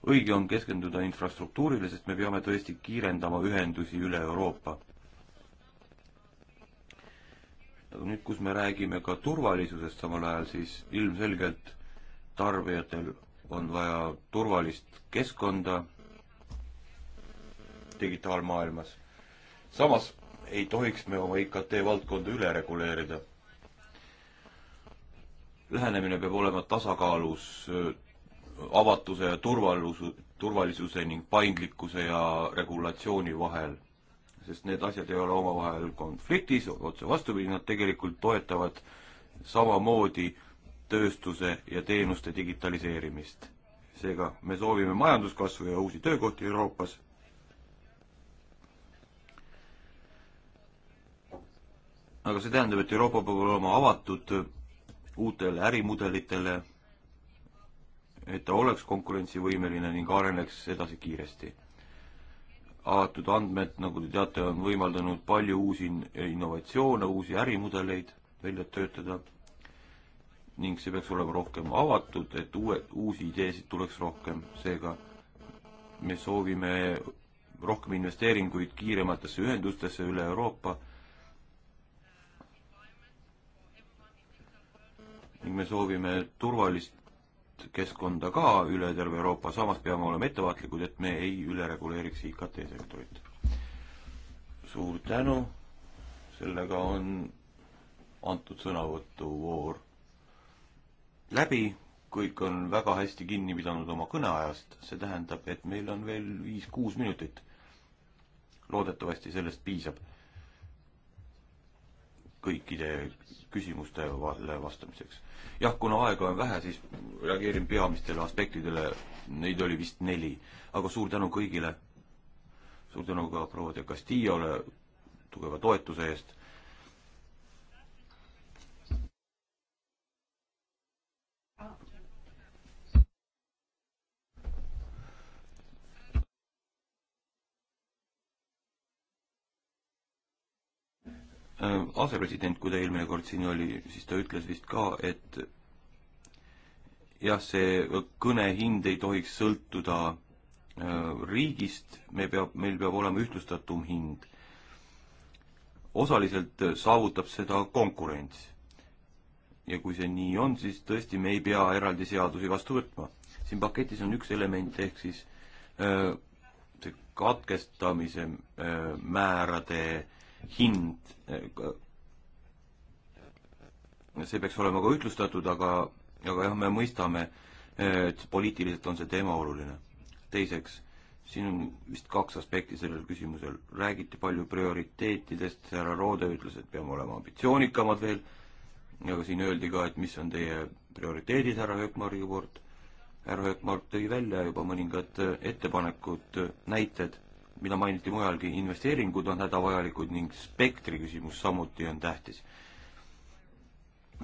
Speaker 3: õige on keskenduda infrastruktuurile, sest me peame tõesti kiirendama ühendusi üle Euroopa. aga nüüd, kus me räägime ka turvalisusest samal ajal, siis ilmselgelt tarbijatel on vaja turvalist keskkonda digitaalmaailmas. samas ei tohiks me oma IKT valdkonda üle reguleerida lähenemine peab olema tasakaalus avatuse ja turvalisuse, turvalisuse ning paindlikkuse ja regulatsiooni vahel, sest need asjad ei ole omavahel konfliktis, otse vastupidi, nad tegelikult toetavad samamoodi tööstuse ja teenuste digitaliseerimist. seega me soovime majanduskasvu ja uusi töökohti Euroopas. aga see tähendab, et Euroopa peab olema avatud uutele ärimudelitele et ta oleks konkurentsivõimeline ning areneks edasi kiiresti. avatud andmed, nagu te teate, on võimaldanud palju uusi innovatsioone, uusi ärimudeleid välja töötada ning see peaks olema rohkem avatud, et uue, uusi ideesid tuleks rohkem, seega me soovime rohkem investeeringuid kiirematesse ühendustesse üle Euroopa ning me soovime turvalist keskkonda ka üle terve Euroopa, samas peame olema ettevaatlikud, et me ei ülereguleeriks IKT sektorit. suur tänu, sellega on antud sõnavõtuvoor läbi, kõik on väga hästi kinni pidanud oma kõneajast, see tähendab, et meil on veel viis-kuus minutit. loodetavasti sellest piisab kõikide küsimustele vastamiseks. jah, kuna aega on vähe, siis reageerin peamistele aspektidele, neid oli vist neli, aga suur tänu kõigile, suur tänu ka proua de Castillole tugeva toetuse eest Äh, asepresident, kui ta eelmine kord siin oli, siis ta ütles vist ka, et jah, see kõne hind ei tohiks sõltuda äh, riigist, me peab, meil peab olema ühtlustatum hind. osaliselt saavutab seda konkurents. ja kui see nii on, siis tõesti me ei pea eraldi seadusi vastu võtma. siin paketis on üks element, ehk siis äh, see katkestamise määrade hind, eh, see peaks olema ka ütlustatud, aga, aga jah, me mõistame, et poliitiliselt on see teema oluline. teiseks, siin on vist kaks aspekti sellel küsimusel, räägiti palju prioriteetidest, härra Roode ütles, et peame olema ambitsioonikamad veel, aga siin öeldi ka, et mis on teie prioriteedid härra Höökmari poolt, härra Höökmark tõi välja juba mõningad ettepanekud, näited mida mainiti mujalgi, investeeringud on hädavajalikud ning spektri küsimus samuti on tähtis.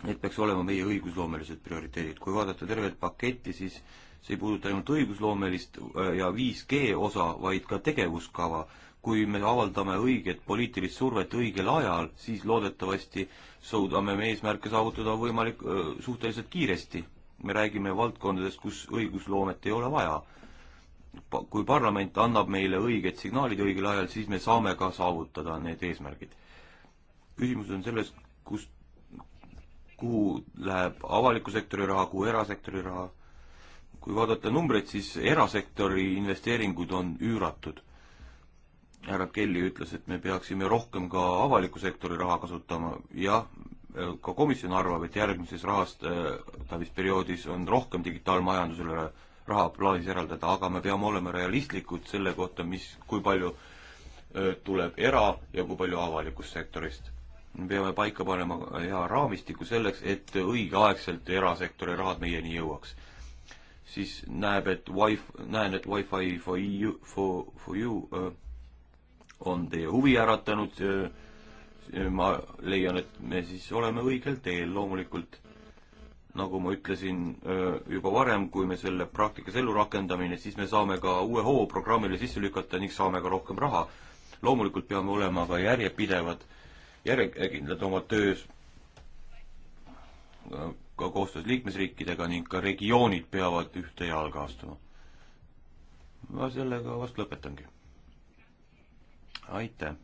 Speaker 3: Need peaks olema meie õigusloomelised prioriteedid. kui vaadata tervet paketti, siis see ei puuduta ainult õigusloomelist äh, ja 5G osa, vaid ka tegevuskava. kui me avaldame õiget poliitilist survet õigel ajal, siis loodetavasti suudame me eesmärke saavutada võimalik, äh, suhteliselt kiiresti. me räägime valdkondadest, kus õigusloomet ei ole vaja kui parlament annab meile õiged signaalid õigel ajal, siis me saame ka saavutada need eesmärgid. küsimus on selles, kust, kuhu läheb avaliku sektori raha, kuhu erasektori raha. kui vaadata numbreid, siis erasektori investeeringud on üüratud. härra Kelly ütles, et me peaksime rohkem ka avaliku sektori raha kasutama, jah, ka komisjon arvab, et järgmises rahastamisperioodis äh, on rohkem digitaalmajandusele äh, raha plaanis eraldada, aga me peame olema realistlikud selle kohta, mis, kui palju tuleb era- ja kui palju avalikust sektorist. me peame paika panema hea raamistiku selleks, et õigeaegselt erasektori rahad meieni jõuaks. siis näeb, et Wi-Fi, näen, et Wi-Fi for you, for, for you on teie huvi äratanud, ma leian, et me siis oleme õigel teel loomulikult nagu ma ütlesin äh, juba varem, kui me selle praktikas ellu rakendamine, siis me saame ka uue hoo programmile sisse lükata ning saame ka rohkem raha. loomulikult peame olema ka järjepidevad, järjekindlad oma töös, äh, ka koostöös liikmesriikidega ning ka regioonid peavad ühte jalga astuma. ma sellega vast lõpetangi. aitäh!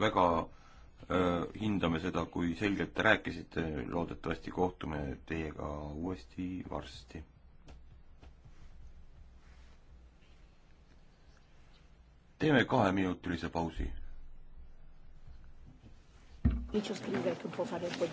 Speaker 3: väga äh, hindame seda, kui selgelt te rääkisite, loodetavasti kohtume teiega uuesti varsti. teeme kaheminutilise pausi.
Speaker 1: Dichos que liberto por favor.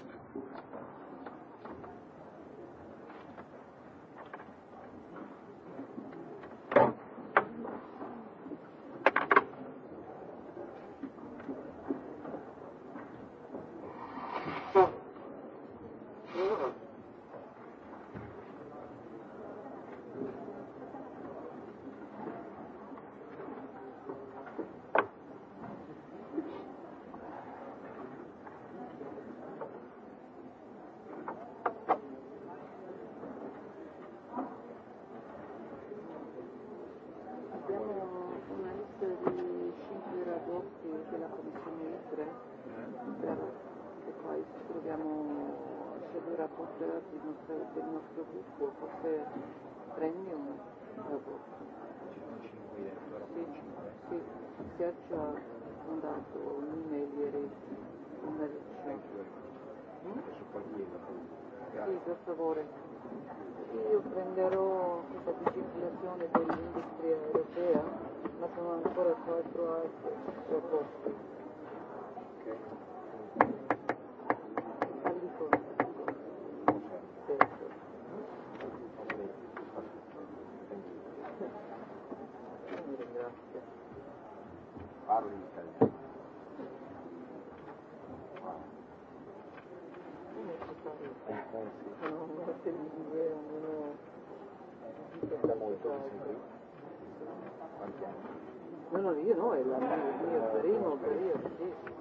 Speaker 1: No, no, io no, è la mia, il mio primo periodo, sì.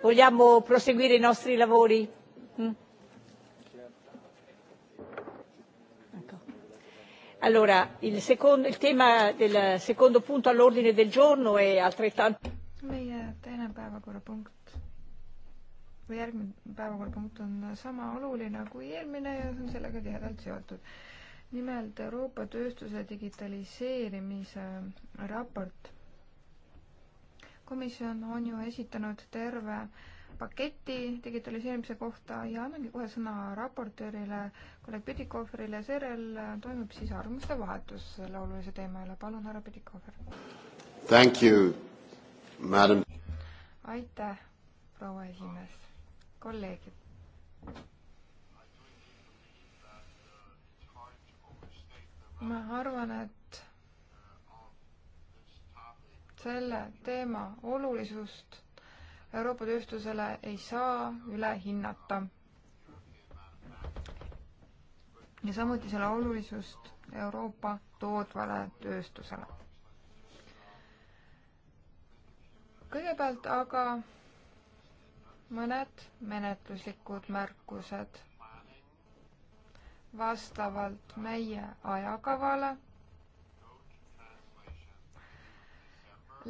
Speaker 1: Vogliamo proseguire i nostri lavori? Mm? Allora, il, secondo, il tema del secondo punto all'ordine del giorno è altrettanto.
Speaker 4: meie teine päevakorrapunkt või järgmine päevakorrapunkt on sama oluline kui eelmine ja see on sellega tihedalt seotud. nimelt Euroopa tööstuse digitaliseerimise raport. komisjon on ju esitanud terve paketi digitaliseerimise kohta ja annangi kohe sõna raportöörile, kolleeg Pidikohverile, seejärel toimub siis arvamuste vahetus selle olulise teema üle. palun, härra Pidikohver.
Speaker 1: Thank you,
Speaker 2: madam.
Speaker 4: aitäh, proua esimees kolleegid. ma arvan, et selle teema olulisust Euroopa tööstusele ei saa üle hinnata. ja samuti selle olulisust Euroopa toodvale tööstusele. kõigepealt aga mõned menetluslikud märkused vastavalt meie ajakavale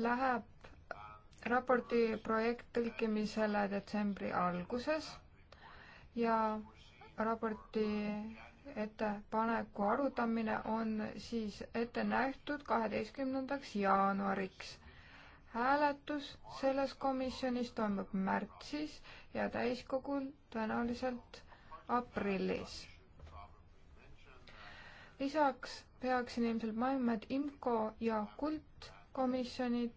Speaker 4: läheb raporti projekt tõlkimisele detsembri alguses ja raporti ettepaneku arutamine on siis ette nähtud kaheteistkümnendaks jaanuariks hääletus selles komisjonis toimub märtsis ja täiskogul tõenäoliselt aprillis. lisaks peaksin ilmselt mainima, et IMCO ja KULT komisjonid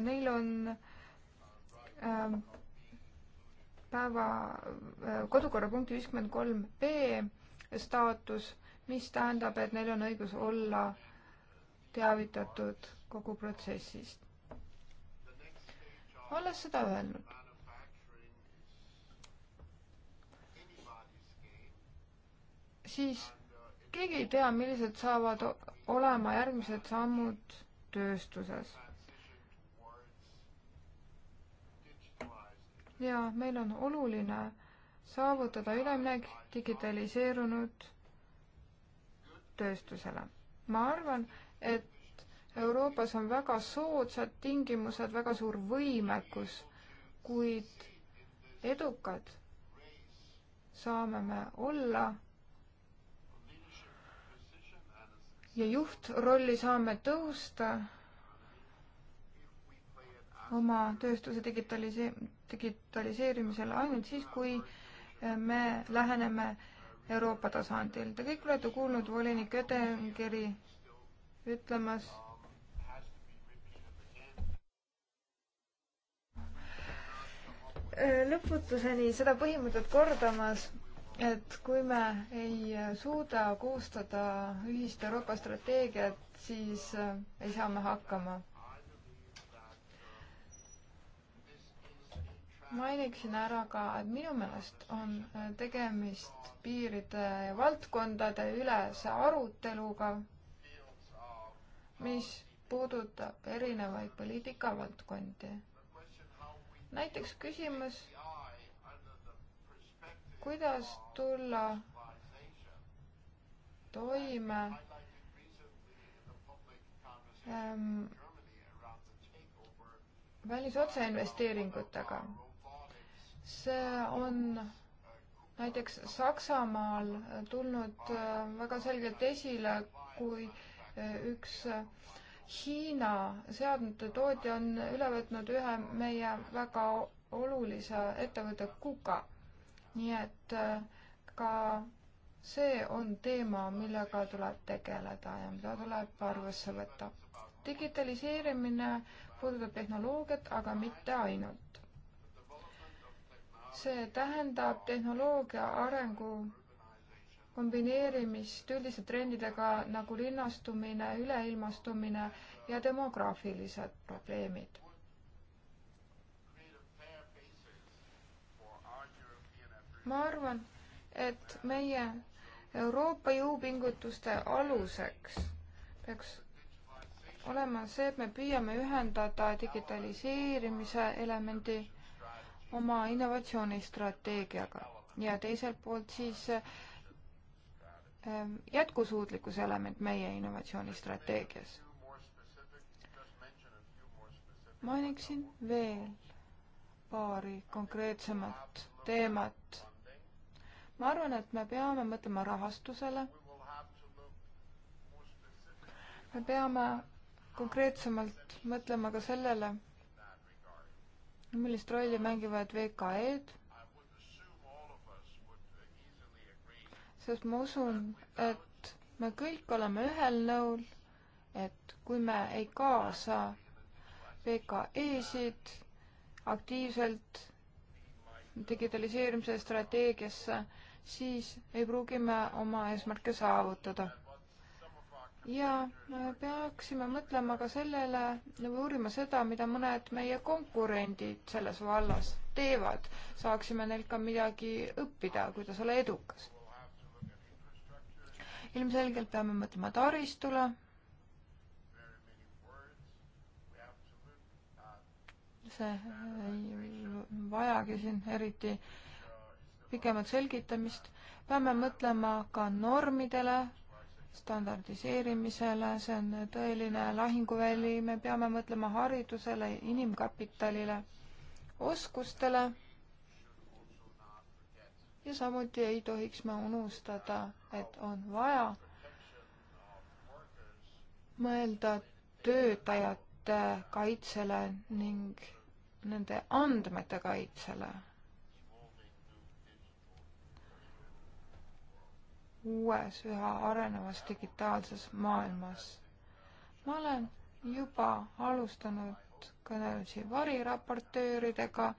Speaker 4: neil on äh, päeva äh,, kodukorrapunkti viiskümmend kolm B staatus mis tähendab, et neil on õigus olla teavitatud kogu protsessist. olles seda öelnud, siis keegi ei tea, millised saavad olema järgmised sammud tööstuses. ja meil on oluline saavutada üleminek digitaliseerunud tööstusele. ma arvan, et Euroopas on väga soodsad tingimused, väga suur võimekus, kuid edukad saame me olla ja juhtrolli saame tõusta oma tööstuse digitalise-, digitaliseerimisele ainult siis, kui me läheneme äh, Euroopa tasandil. Te kõik olete kuulnud volinik Ödengeri ütlemas, äh, lõputuseni seda põhimõtet kordamas, et kui me ei suuda koostada ühist Euroopa strateegiat, siis äh, ei saa me hakkama mainiksin ära ka, et minu meelest on äh, tegemist piiride ja valdkondade ülese aruteluga, mis puudutab erinevaid poliitikavaldkondi. näiteks küsimus, kuidas tulla toime ähm, välisotseinvesteeringutega see on näiteks Saksamaal tulnud äh, väga selgelt esile, kui äh, üks äh, Hiina seadmete tootja on üle võtnud ühe meie väga olulise ettevõtte Kuka. nii et ka see on teema, millega tuleb tegeleda ja mida tuleb arvesse võtta. digitaliseerimine puudutab tehnoloogiat, aga mitte ainult see tähendab tehnoloogia arengu kombineerimist üldiste trendidega nagu linnastumine, üleilmastumine ja demograafilised probleemid. ma arvan, et meie Euroopa jõupingutuste aluseks peaks olema see, et me püüame ühendada digitaliseerimise elemendi oma innovatsioonistrateegiaga ja teiselt poolt siis ähm, jätkusuutlikkuse element meie innovatsioonistrateegias. mainiksin veel paari konkreetsemat teemat. ma arvan, et me peame mõtlema rahastusele. me peame konkreetsemalt mõtlema ka sellele, millist rolli mängivad VKE-d? sest ma usun, et me kõik oleme ühel nõul, et kui me ei kaasa VKE-sid aktiivselt digitaliseerimise strateegiasse, siis ei pruugi me oma eesmärke saavutada ja peaksime mõtlema ka sellele või uurima seda, mida mõned meie konkurendid selles vallas teevad. saaksime neilt ka midagi õppida, kuidas olla edukas. ilmselgelt peame mõtlema taristule. see ei vajagi siin eriti pikemat selgitamist. peame mõtlema ka normidele standardiseerimisele, see on tõeline lahinguväli, me peame mõtlema haridusele, inimkapitalile, oskustele. ja samuti ei tohiks me unustada, et on vaja mõelda töötajate kaitsele ning nende andmete kaitsele uues, üha arenevas digitaalses maailmas. ma olen juba alustanud kõnelusi variraportööridega,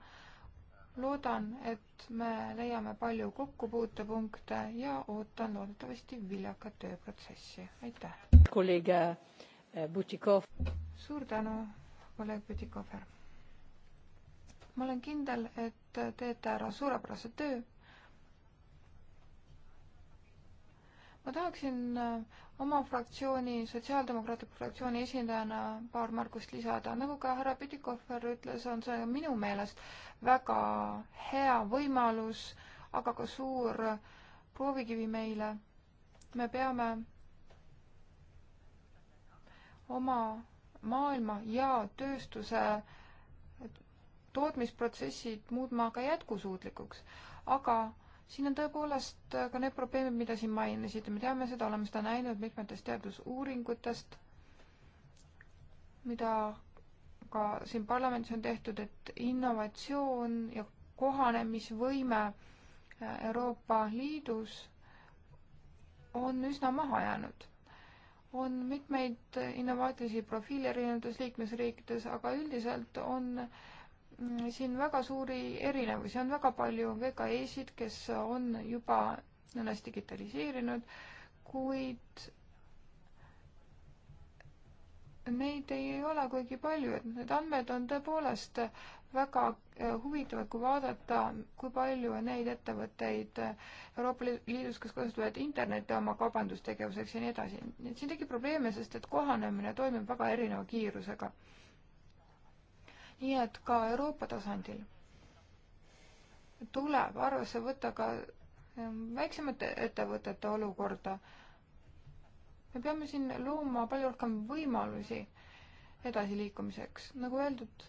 Speaker 4: loodan, et me leiame palju kokkupuutepunkte ja ootan loodetavasti viljakat tööprotsessi, aitäh! kolleeg eh, Butikov. suur tänu, kolleeg Butikover! ma olen kindel, et teete ära suurepärase töö ma tahaksin äh, oma fraktsiooni, Sotsiaaldemokraatliku fraktsiooni esindajana paar märkust lisada. nagu ka härra Pidikohver ütles, on see minu meelest väga hea võimalus, aga ka suur proovikivi meile. me peame oma maailma ja tööstuse tootmisprotsessid muutma ka jätkusuutlikuks, aga siin on tõepoolest ka need probleemid, mida siin mainisid ja me teame seda, oleme seda näinud mitmetest teadusuuringutest, mida ka siin parlamendis on tehtud, et innovatsioon ja kohanemisvõime äh, Euroopa Liidus on üsna maha jäänud. on mitmeid innovaatilisi profiile erinevates liikmesriikides, aga üldiselt on äh, siin väga suuri erinevusi, on väga palju VKE-sid, kes on juba ennast digitaliseerinud, kuid neid ei ole kuigi palju, et need andmed on tõepoolest väga äh, huvitavad, kui vaadata, kui palju on neid ettevõtteid Euroopa Liidus, kes kasutavad Internetti oma kaubandustegevuseks ja nii edasi. nii et siin tekib probleeme, sest et kohanemine toimub väga erineva kiirusega nii et ka Euroopa tasandil tuleb arvesse võtta ka ähm, väiksemate ettevõtete olukorda. me peame siin looma palju rohkem võimalusi edasiliikumiseks, nagu öeldud,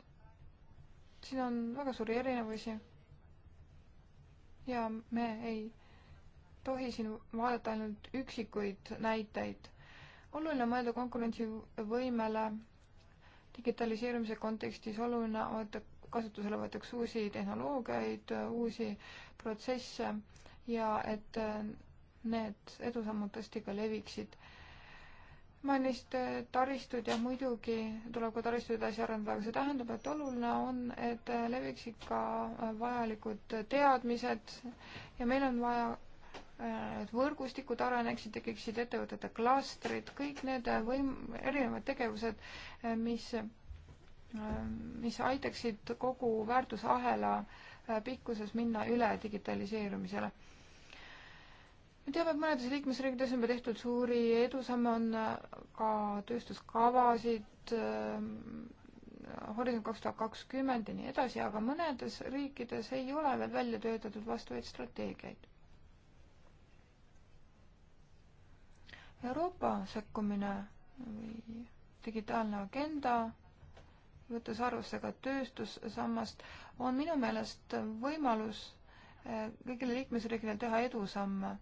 Speaker 4: siin on väga suuri erinevusi. ja me ei tohi siin vaadata ainult üksikuid näiteid. oluline on mõelda konkurentsivõimele digitaliseerimise kontekstis oluline vaadata kasutusele võetakse uusi tehnoloogiaid, uusi protsesse ja et need edusammud tõesti ka leviksid. mainisite taristud, jah muidugi tuleb ka taristut edasi arendada, aga see tähendab, et oluline on, et leviksid ka vajalikud teadmised ja meil on vaja et võrgustikud areneksid, tekiksid ettevõtete klastrid, kõik need võim-, erinevad tegevused, mis, mis aitaksid kogu väärtusahela pikkuses minna üle digitaliseerumisele. me teame, et mõnedes liikmesriikides on juba tehtud suuri edusamme, on ka tööstuskavasid, Horisont kaks tuhat kakskümmend ja nii edasi, aga mõnedes riikides ei ole veel välja töötatud vastavaid strateegiaid Euroopa sekkumine või digitaalne agenda, võttes arvesse ka tööstussammast, on minu meelest võimalus eh, kõigile liikmesriigile teha edusamme,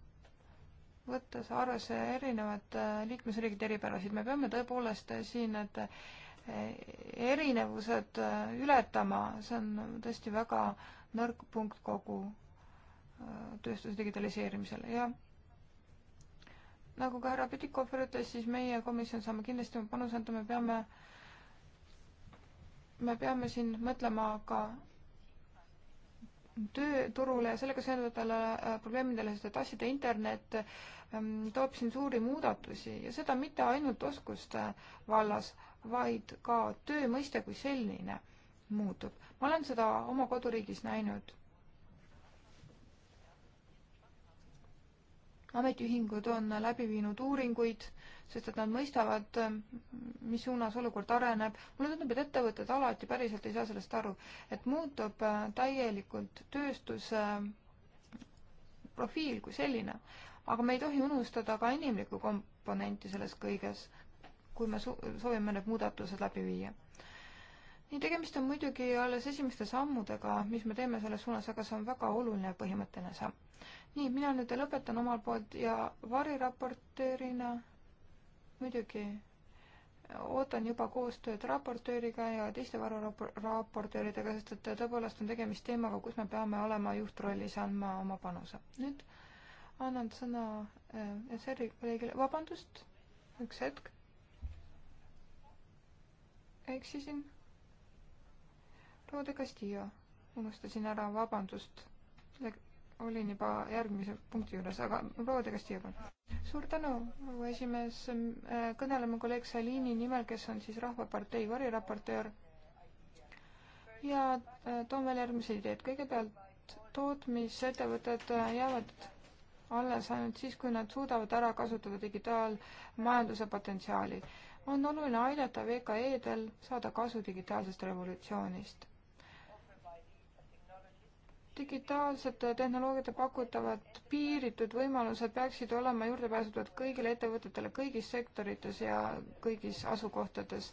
Speaker 4: võttes arvesse erinevad liikmesriigid eripärasid. me peame tõepoolest siin need eh, erinevused eh, ületama, see on tõesti väga nõrk punkt kogu tööstuse digitaliseerimisel ja nagu ka härra Pidikofer ütles, siis meie komisjon saame kindlasti oma panuse anda, me peame, me peame siin mõtlema ka tööturule ja sellega seonduvatele äh, probleemidele, sest et asjade internet ähm, toob siin suuri muudatusi ja seda mitte ainult oskuste vallas, vaid ka töö mõiste kui selline muutub. ma olen seda oma koduriigis näinud ametiühingud on läbi viinud uuringuid, sest et nad mõistavad, mis suunas olukord areneb. mulle tundub, et ettevõtted alati päriselt ei saa sellest aru, et muutub äh, täielikult tööstuse äh, profiil kui selline, aga me ei tohi unustada ka inimlikku komponenti selles kõiges, kui me soovime need muudatused läbi viia nii, tegemist on muidugi alles esimeste sammudega, mis me teeme selles suunas, aga see on väga oluline põhimõtteline samm nii, mina nüüd lõpetan omalt poolt ja variraportöörina muidugi ootan juba koostööd raportööriga ja teiste varuraportööridega, sest et tõepoolest on tegemist teemaga, kus me peame olema juhtrollis, andma oma panuse. nüüd annan sõna eh, SR-i kolleegile, vabandust, üks hetk. eksisin. Rode Castillo, unustasin ära, vabandust olin juba järgmise punkti juures, aga proua de Castillo. suur tänu, proua esimees. Äh, kõneleme kolleeg Salini nimel, kes on siis Rahvapartei variraportöör. ja äh, toon veel järgmised ideed. kõigepealt tootmisettevõtted äh, jäävad alles ainult siis, kui nad suudavad ära kasutada digitaalmajanduse potentsiaali. on oluline aidata VKE-del saada kasu digitaalsest revolutsioonist digitaalsete tehnoloogiate pakutavad piiritud võimalused peaksid olema juurdepääsetavad kõigile ettevõtetele kõigis sektorites ja kõigis asukohtades.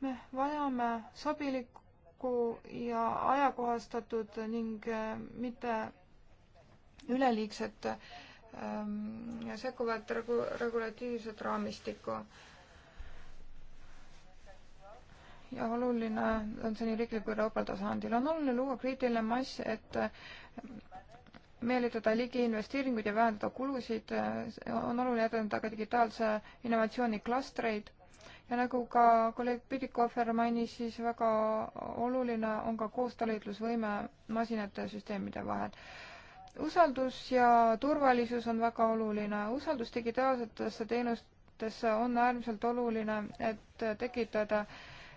Speaker 4: me vajame sobilikku ja ajakohastatud ning ähm, mitte üleliigset ähm, sekkuvat regu-, regulatiivset raamistikku ja oluline on see nii riiklikul kui Euroopa tasandil. on oluline luua kriitiline mass, et meelitada ligi investeeringuid ja vähendada kulusid. on oluline edendada ka digitaalse innovatsiooni klastreid ja nagu ka kolleeg Pidikofer mainis, siis väga oluline on ka koostalitlusvõime masinate ja süsteemide vahel usaldus ja turvalisus on väga oluline. usaldus digitaalsetesse teenustesse on äärmiselt oluline, et tekitada äh,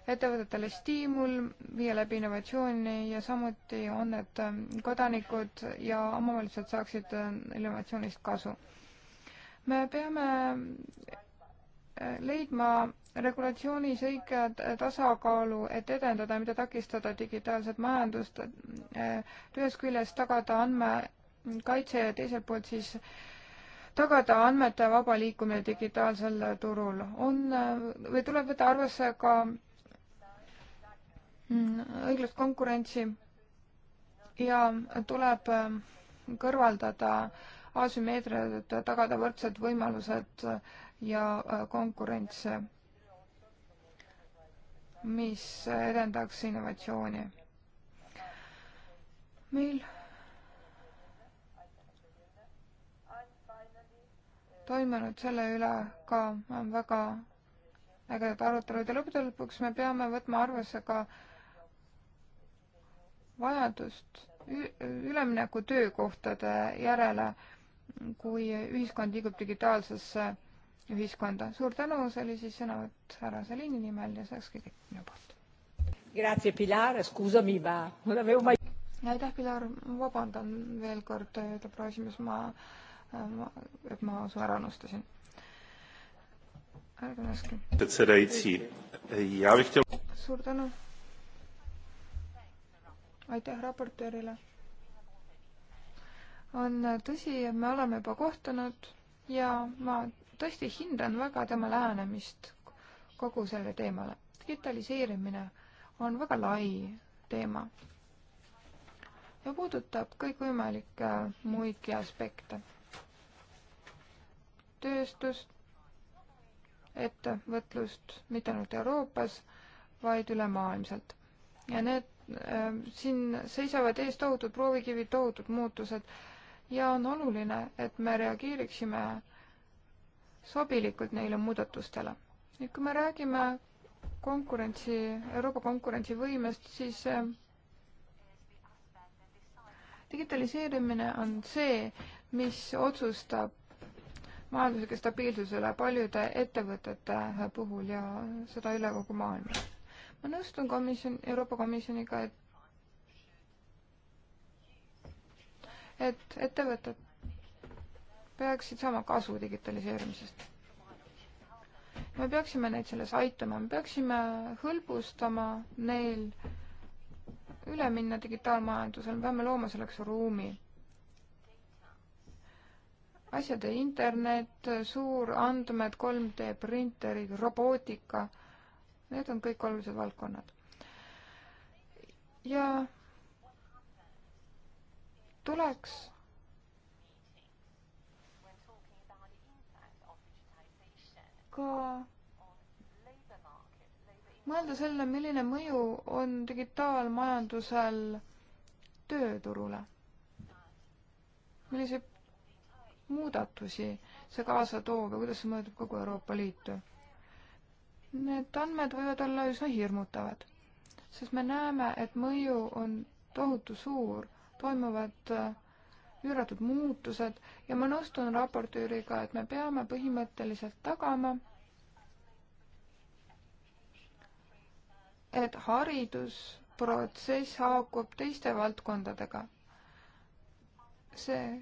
Speaker 4: ettevõtetele stiimul viia läbi innovatsiooni ja samuti on need ähm, kodanikud ja omavalitsused saaksid äh, innovatsioonist kasu. me peame äh, leidma regulatsioonis õige äh, tasakaalu, et edendada ja mitte takistada digitaalset majandust, ühest küljest tagada andmekaitse ja teiselt poolt siis tagada andmete vaba liikumine digitaalsel turul. on või tuleb võtta arvesse ka Mm, õiglast konkurentsi ja tuleb ähm, kõrvaldada asümmeetriad, et tagada võrdsed võimalused ja äh, konkurents, mis edendaks innovatsiooni. meil toimunud selle üle ka väga ägedad arutelud ja lõppude lõpuks me peame võtma arvesse ka äh, vajadust ülemineku töökohtade järele, kui ühiskond liigub digitaalsesse ühiskonda. suur tänu, see oli siis sõnavõtt härra Salini nimel ja see olekski kõik minu poolt.
Speaker 1: Grazie Pilar, scusami ma, ma avevo mai.
Speaker 4: aitäh, Pilar, vabandan veel kord, ütleb proua esimees, ma, ma, et ma su ära unustasin. ärge laske. suur tänu aitäh raportöörile. on tõsi, et me oleme juba kohtunud ja ma tõesti hindan väga tema lähenemist kogu selle teemale. digitaliseerimine on väga lai teema ja puudutab kõikvõimalikke äh, muidki aspekte. tööstust, ettevõtlust mitte ainult Euroopas, vaid ülemaailmselt. ja need Äh, siin seisavad ees tohutud proovikivid, tohutud muutused ja on oluline, et me reageeriksime sobilikult neile muudatustele. nüüd, kui me räägime konkurentsi, Euroopa konkurentsivõimest, siis äh, digitaliseerimine on see, mis otsustab majandusliku stabiilsuse üle paljude ettevõtete puhul ja seda üle kogu maailma ma nõustun komisjon, Euroopa Komisjoniga, et et ettevõtted peaksid saama kasu digitaliseerimisest. me peaksime neid selles aitama, me peaksime hõlbustama neil üle minna digitaalmajandusele, me peame looma selleks ruumi. asjade internet, suurandmed, 3D printerid, robootika Need on kõik olulised valdkonnad. ja tuleks ka mõelda sellele, milline mõju on digitaalmajandusel tööturule. milliseid muudatusi see kaasa toob ja kuidas see mõjutab kogu Euroopa Liitu? Need andmed võivad olla üsna hirmutavad, sest me näeme, et mõju on tohutu suur, toimuvad äh, üüratud muutused ja ma nõustun raportööriga, et me peame põhimõtteliselt tagama, et haridusprotsess haakub teiste valdkondadega. see,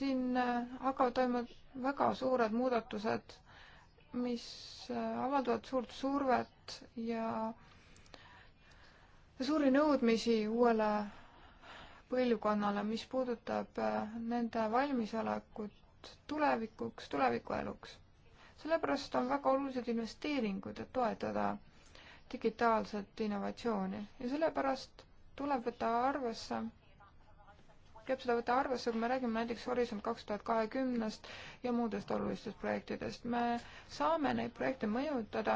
Speaker 4: siin hakkavad äh, toimuma väga suured muudatused mis äh, avaldavad suurt survet ja suuri nõudmisi uuele põlvkonnale, mis puudutab äh, nende valmisolekut tulevikuks, tulevikueluks. sellepärast on väga olulised investeeringud, et toetada digitaalset innovatsiooni ja sellepärast tuleb võtta arvesse tuleb seda võtta arvesse, kui me räägime näiteks Horisont kaks tuhat kahekümnest ja muudest olulistest projektidest. me saame neid projekte mõjutada,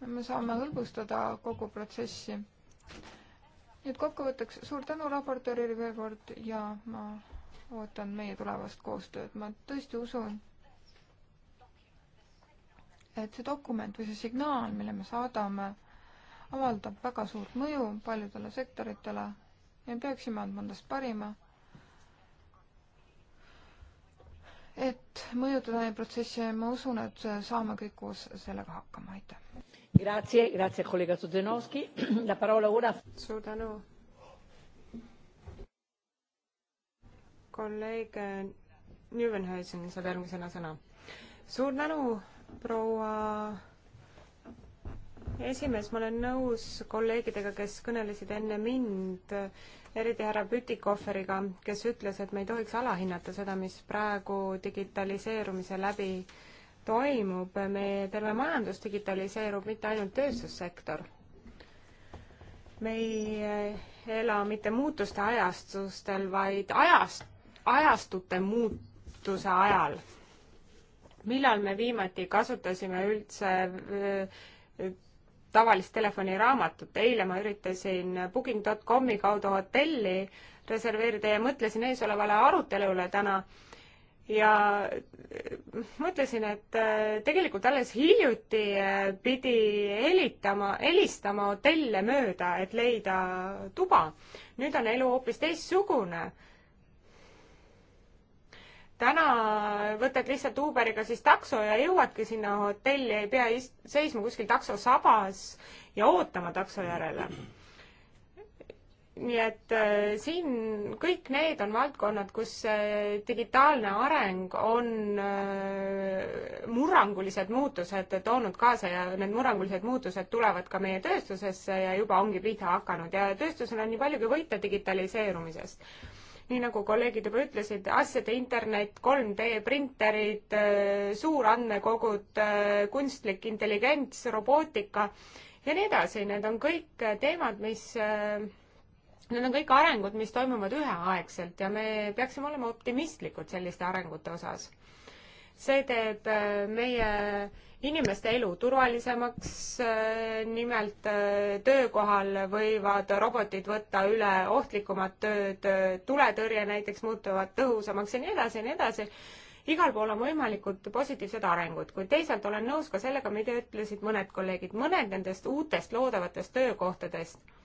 Speaker 4: me saame hõlbustada kogu protsessi. nii et kokkuvõtteks suur tänu raportöörile veel kord ja ma ootan meie tulevast koostööd, ma tõesti usun, et see dokument või see signaal, mille me saadame, avaldab väga suurt mõju paljudele sektoritele me peaksime andma endast parima, et mõjutada neid protsesse ja ma usun, et saame kõik koos sellega hakkama, aitäh.
Speaker 1: Grazie,
Speaker 2: grazie kolleeg Studenovski,
Speaker 1: la parola ora. suur tänu.
Speaker 2: kolleeg Nüüvenhäusen saab järgmisena sõna. suur tänu, proua esimees, ma olen nõus kolleegidega, kes kõnelesid enne mind, eriti härra Pütikoferiga, kes ütles, et me ei tohiks alahinnata seda, mis praegu digitaliseerumise läbi toimub, meie terve majandus digitaliseerub, mitte ainult tööstussektor. me ei ela mitte muutuste ajastustel, vaid ajast, ajastute muutuse ajal. millal me viimati kasutasime üldse tavalist telefoniraamatut. eile ma üritasin booking.com-i kaudu hotelli reserveerida ja mõtlesin eesolevale arutelule täna ja äh, mõtlesin, et äh, tegelikult alles hiljuti äh, pidi helitama, helistama hotelle mööda, et leida tuba. nüüd on elu hoopis teistsugune täna võtad lihtsalt Uberiga siis takso ja jõuadki sinna hotelli, ei pea ist-, seisma kuskil takso sabas ja ootama takso järele. nii et äh, siin kõik need on valdkonnad, kus äh, digitaalne areng on äh, murrangulised muutused toonud kaasa ja need murrangulised muutused tulevad ka meie tööstusesse ja juba ongi pihta hakanud ja tööstusel on nii palju kui võita digitaliseerumisest nii nagu kolleegid juba ütlesid, asjade internet, 3D printerid, äh, suurandmekogud, äh, kunstlik intelligents, robootika ja nii edasi, need on kõik äh, teemad, mis Need on kõik arengud, mis toimuvad üheaegselt ja me peaksime olema optimistlikud selliste arengute osas see teeb äh, meie inimeste elu turvalisemaks, äh, nimelt äh, töökohal võivad robotid võtta üle ohtlikumad tööd, tuletõrje näiteks muutuvad tõhusamaks ja nii edasi ja nii edasi. igal pool on võimalikud positiivsed arengud, kuid teisalt olen nõus ka sellega, mida ütlesid mõned kolleegid, mõned nendest uutest loodavatest töökohtadest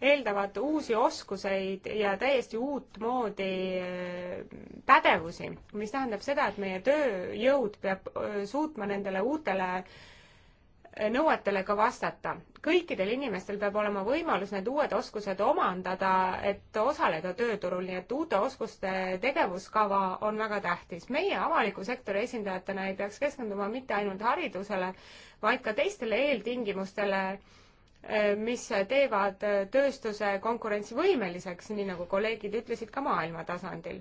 Speaker 2: eeldavad uusi oskuseid ja täiesti uutmoodi äh, pädevusi, mis tähendab seda, et meie tööjõud peab äh, suutma nendele uutele äh, nõuetele ka vastata. kõikidel inimestel peab olema võimalus need uued oskused omandada, et osaleda tööturul, nii et uute oskuste tegevuskava on väga tähtis. meie avaliku sektori esindajatena ei peaks keskenduma mitte ainult haridusele, vaid ka teistele eeltingimustele Äh, mis teevad tööstuse konkurentsivõimeliseks, nii nagu kolleegid ütlesid ka maailma tasandil.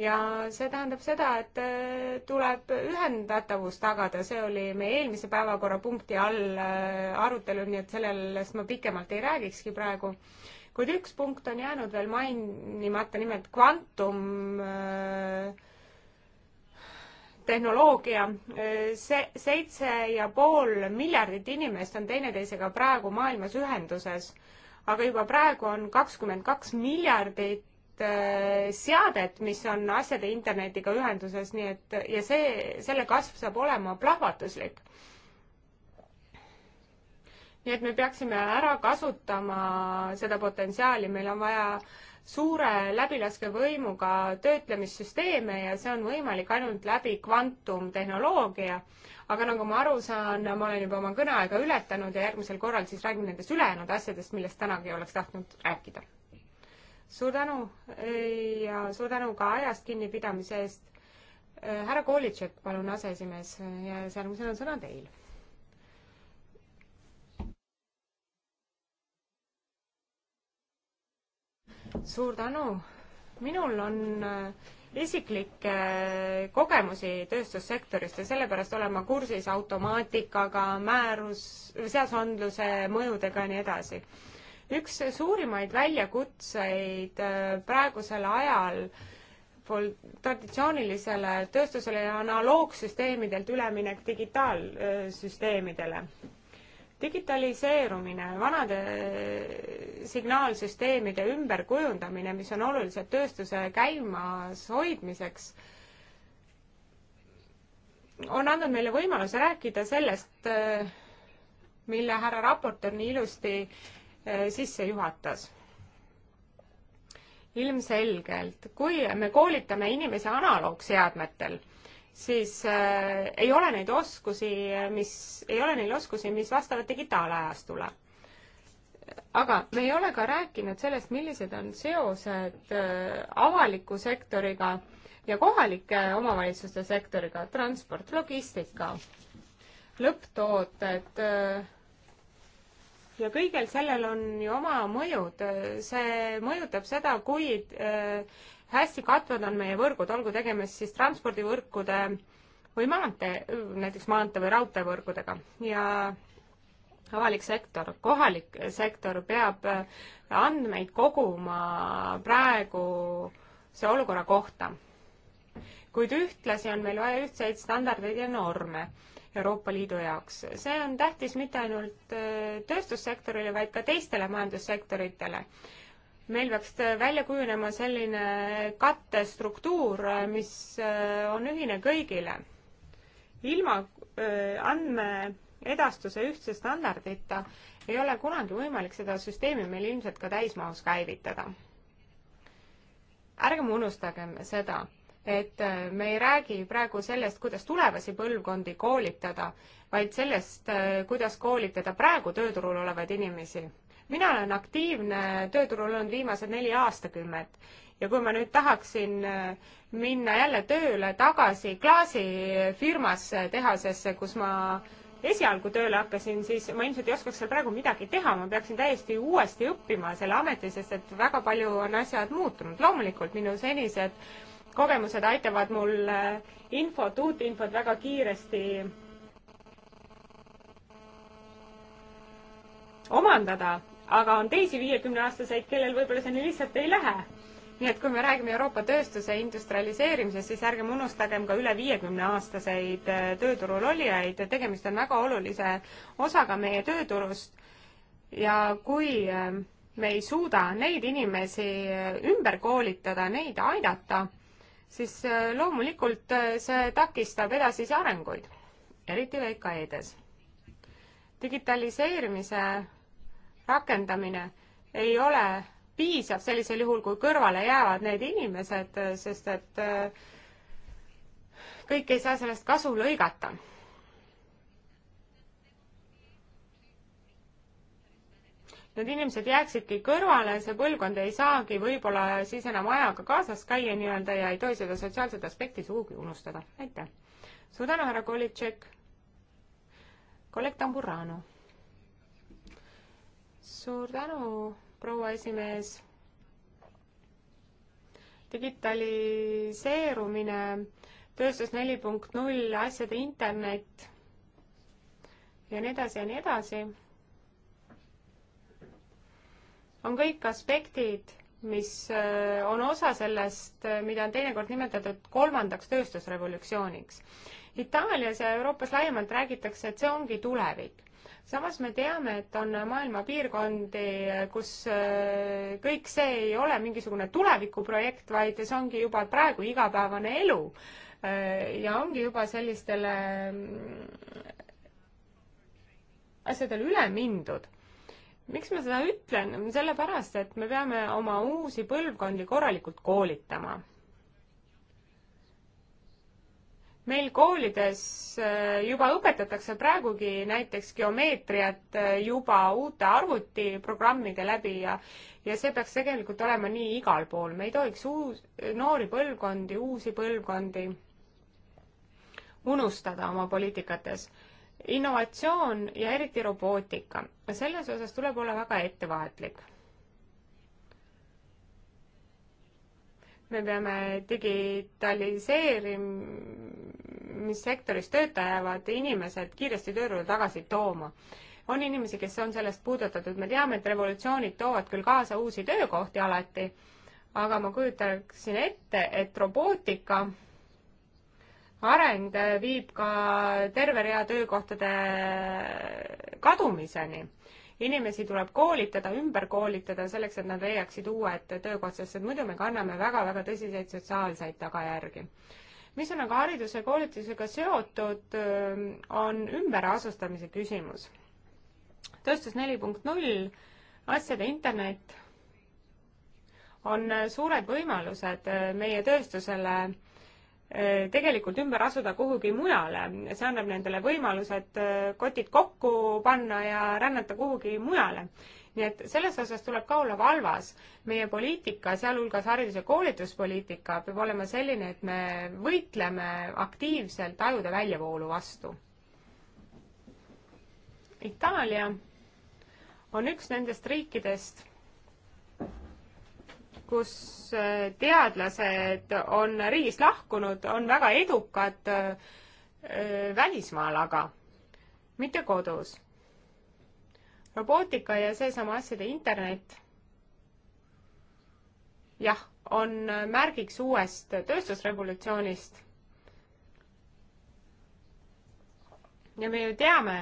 Speaker 2: ja see tähendab seda, et äh, tuleb ühendatavus tagada, see oli meie eelmise päevakorrapunkti all äh, arutelu, nii et sellest ma pikemalt ei räägikski praegu. kuid üks punkt on jäänud veel mainimata, nimelt kvantum äh, tehnoloogia, see seitse ja pool miljardit inimest on teineteisega praegu maailmas ühenduses, aga juba praegu on kakskümmend kaks miljardit äh, seadet, mis on asjade internetiga ühenduses, nii et ja see, selle kasv saab olema plahvatuslik. nii et me peaksime ära kasutama seda potentsiaali, meil on vaja äh, suure läbilaskevõimuga töötlemissüsteeme ja see on võimalik ainult läbi kvantumtehnoloogia. aga nagu ma aru saan, ma olen juba oma kõneaega ületanud ja järgmisel korral siis räägin nendest ülejäänud asjadest, millest tänagi oleks tahtnud rääkida. suur tänu eh, ja suur tänu ka ajast kinnipidamise eest. Eh, härra Kolitšek, palun, aseesimees ja järgmisena on sõna teil suur tänu. minul on äh, isiklikke äh, kogemusi tööstussektorist ja sellepärast olen ma kursis automaatikaga, määrus, seadusandluse mõjudega ja nii edasi. üks suurimaid väljakutseid äh, praegusel ajal pool traditsioonilisele tööstusele ja analoogsüsteemidelt üleminek digitaalsüsteemidele äh, digitaliseerumine, vanade signaalsüsteemide ümberkujundamine, mis on olulised tööstuse käimas hoidmiseks, on andnud meile võimaluse rääkida sellest, mille härra raportöör nii ilusti eh, sisse juhatas. ilmselgelt, kui me koolitame inimesi analoogseadmetel siis äh, ei ole neid oskusi, mis, ei ole neil oskusi, mis vastavad digitaalajastule. aga me ei ole ka rääkinud sellest, millised on seosed äh, avaliku sektoriga ja kohalike omavalitsuste sektoriga, transport, logistika, lõpptooted äh, ja kõigel sellel on ju oma mõjud, äh, see mõjutab seda, kui äh, hästi katvad on meie võrgud, olgu tegemist siis transpordivõrkude või maantee, näiteks maantee või raudteevõrgudega ja avalik sektor, kohalik sektor peab andmeid koguma praeguse olukorra kohta. kuid ühtlasi on meil vaja ühtseid standardeid ja norme Euroopa Liidu jaoks. see on tähtis mitte ainult tööstussektorile, vaid ka teistele majandussektoritele meil peaks välja kujunema selline kattestruktuur, mis äh, on ühine kõigile. ilma äh, andmeedastuse ühtse standardita ei ole kunagi võimalik seda süsteemi meil ilmselt ka täismahus käivitada. ärgem unustagem seda, et äh, me ei räägi praegu sellest, kuidas tulevasi põlvkondi koolitada, vaid sellest, kuidas koolitada praegu tööturul olevaid inimesi mina olen aktiivne tööturul olnud viimased neli aastakümmet ja kui ma nüüd tahaksin äh, minna jälle tööle tagasi klaasifirmasse, tehasesse, kus ma esialgu tööle hakkasin, siis ma ilmselt ei oskaks seal praegu midagi teha, ma peaksin täiesti uuesti õppima selle ameti, sest et väga palju on asjad muutunud. loomulikult minu senised kogemused aitavad mul äh, infot, uut infot väga kiiresti omandada aga on teisi viiekümneaastaseid, kellel võib-olla see nii lihtsalt ei lähe. nii et kui me räägime Euroopa tööstuse industrialiseerimisest, siis ärgem unustagem ka üle viiekümneaastaseid äh, tööturul olijaid, tegemist on väga olulise osaga meie tööturust ja kui äh, me ei suuda neid inimesi äh, ümber koolitada, neid aidata, siis loomulikult see takistab edasisi arenguid, eriti VKE-des. digitaliseerimise rakendamine ei ole piisav sellisel juhul, kui kõrvale jäävad need inimesed, äh, sest et äh, kõik ei saa sellest kasu lõigata. Need inimesed jääksidki kõrvale, see põlvkond ei saagi võib-olla siis enam ajaga kaasas käia nii-öelda ja ei tohi seda sotsiaalset aspekti sugugi unustada. aitäh! suur tänu, härra Kolitšek! kolleeg Tamburano suur tänu, proua esimees. digitaliseerumine, tööstus neli punkt null, asjade internet ja nii edasi ja nii edasi, on kõik aspektid mis äh, on osa sellest, äh, mida on teinekord nimetatud kolmandaks tööstusrevolutsiooniks. Itaalias ja Euroopas laiemalt räägitakse, et see ongi tulevik. samas me teame, et on maailma piirkondi, äh, kus kõik see ei ole mingisugune tulevikuprojekt, vaid see ongi juba praegu igapäevane elu. ja ongi juba sellistele mm, asjadele üle mindud miks ma seda ütlen, sellepärast et me peame oma uusi põlvkondi korralikult koolitama. meil koolides äh, juba õpetatakse praegugi näiteks geomeetriat äh, juba uute arvutiprogrammide läbi ja ja see peaks tegelikult olema nii igal pool, me ei tohiks uus, noori põlvkondi, uusi põlvkondi unustada oma poliitikates innovatsioon ja eriti robootika, selles osas tuleb olla väga ettevaatlik. me peame digitaliseerimissektoris töötavad inimesed kiiresti tööturule tagasi tooma. on inimesi, kes on sellest puudutatud, me teame, et revolutsioonid toovad küll kaasa uusi töökohti alati, aga ma kujutaksin ette, et robootika areng viib ka terve rea töökohtade kadumiseni. inimesi tuleb koolitada, ümber koolitada selleks, et nad leiaksid uued töökohad, sest et muidu me kanname väga-väga tõsiseid sotsiaalseid tagajärgi mis on aga hariduse ja koolitusega seotud, on ümberasustamise küsimus. tööstus neli punkt null, asjade internet on suured võimalused meie tööstusele Äh, tegelikult ümber asuda kuhugi mujale, see annab nendele võimalused äh, kotid kokku panna ja rännata kuhugi mujale. nii et selles osas tuleb ka olla valvas. meie poliitika, sealhulgas haridus- ja koolituspoliitika, peab olema selline, et me võitleme aktiivselt ajude väljavoolu vastu. Itaalia on üks nendest riikidest kus äh, teadlased on riigist lahkunud, on väga edukad äh, välismaal aga, mitte kodus. robootika ja seesama asjade internet, jah, on märgiks uuest tööstusrevolutsioonist. ja me ju teame,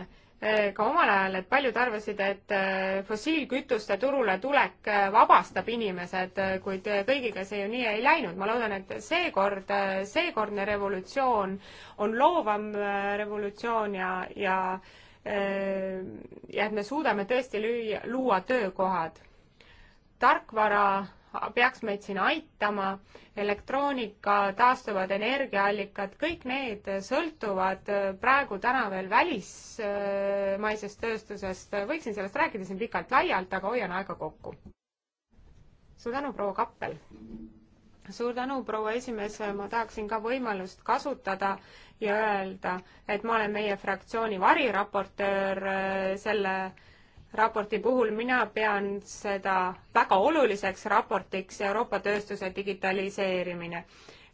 Speaker 2: Eh, ka omal ajal, et paljud arvasid, et eh, fossiilkütuste turule tulek eh, vabastab inimesed, kuid kõigiga see ju nii ei läinud. ma loodan, et seekord, seekordne revolutsioon on loovam revolutsioon ja, ja ja et me suudame tõesti lüüa, luua töökohad. tarkvara peaks meid siin aitama, elektroonika, taastuvad energiaallikad, kõik need sõltuvad äh, praegu täna veel välismaisest äh, tööstusest. võiksin sellest rääkida siin pikalt-laialt, aga hoian aega kokku. suur tänu, proua Kappel! suur tänu, proua esimees, ma tahaksin ka võimalust kasutada ja öelda, et ma olen meie fraktsiooni variraportöör äh, selle äh, raporti puhul mina pean seda väga oluliseks raportiks Euroopa tööstuse digitaliseerimine.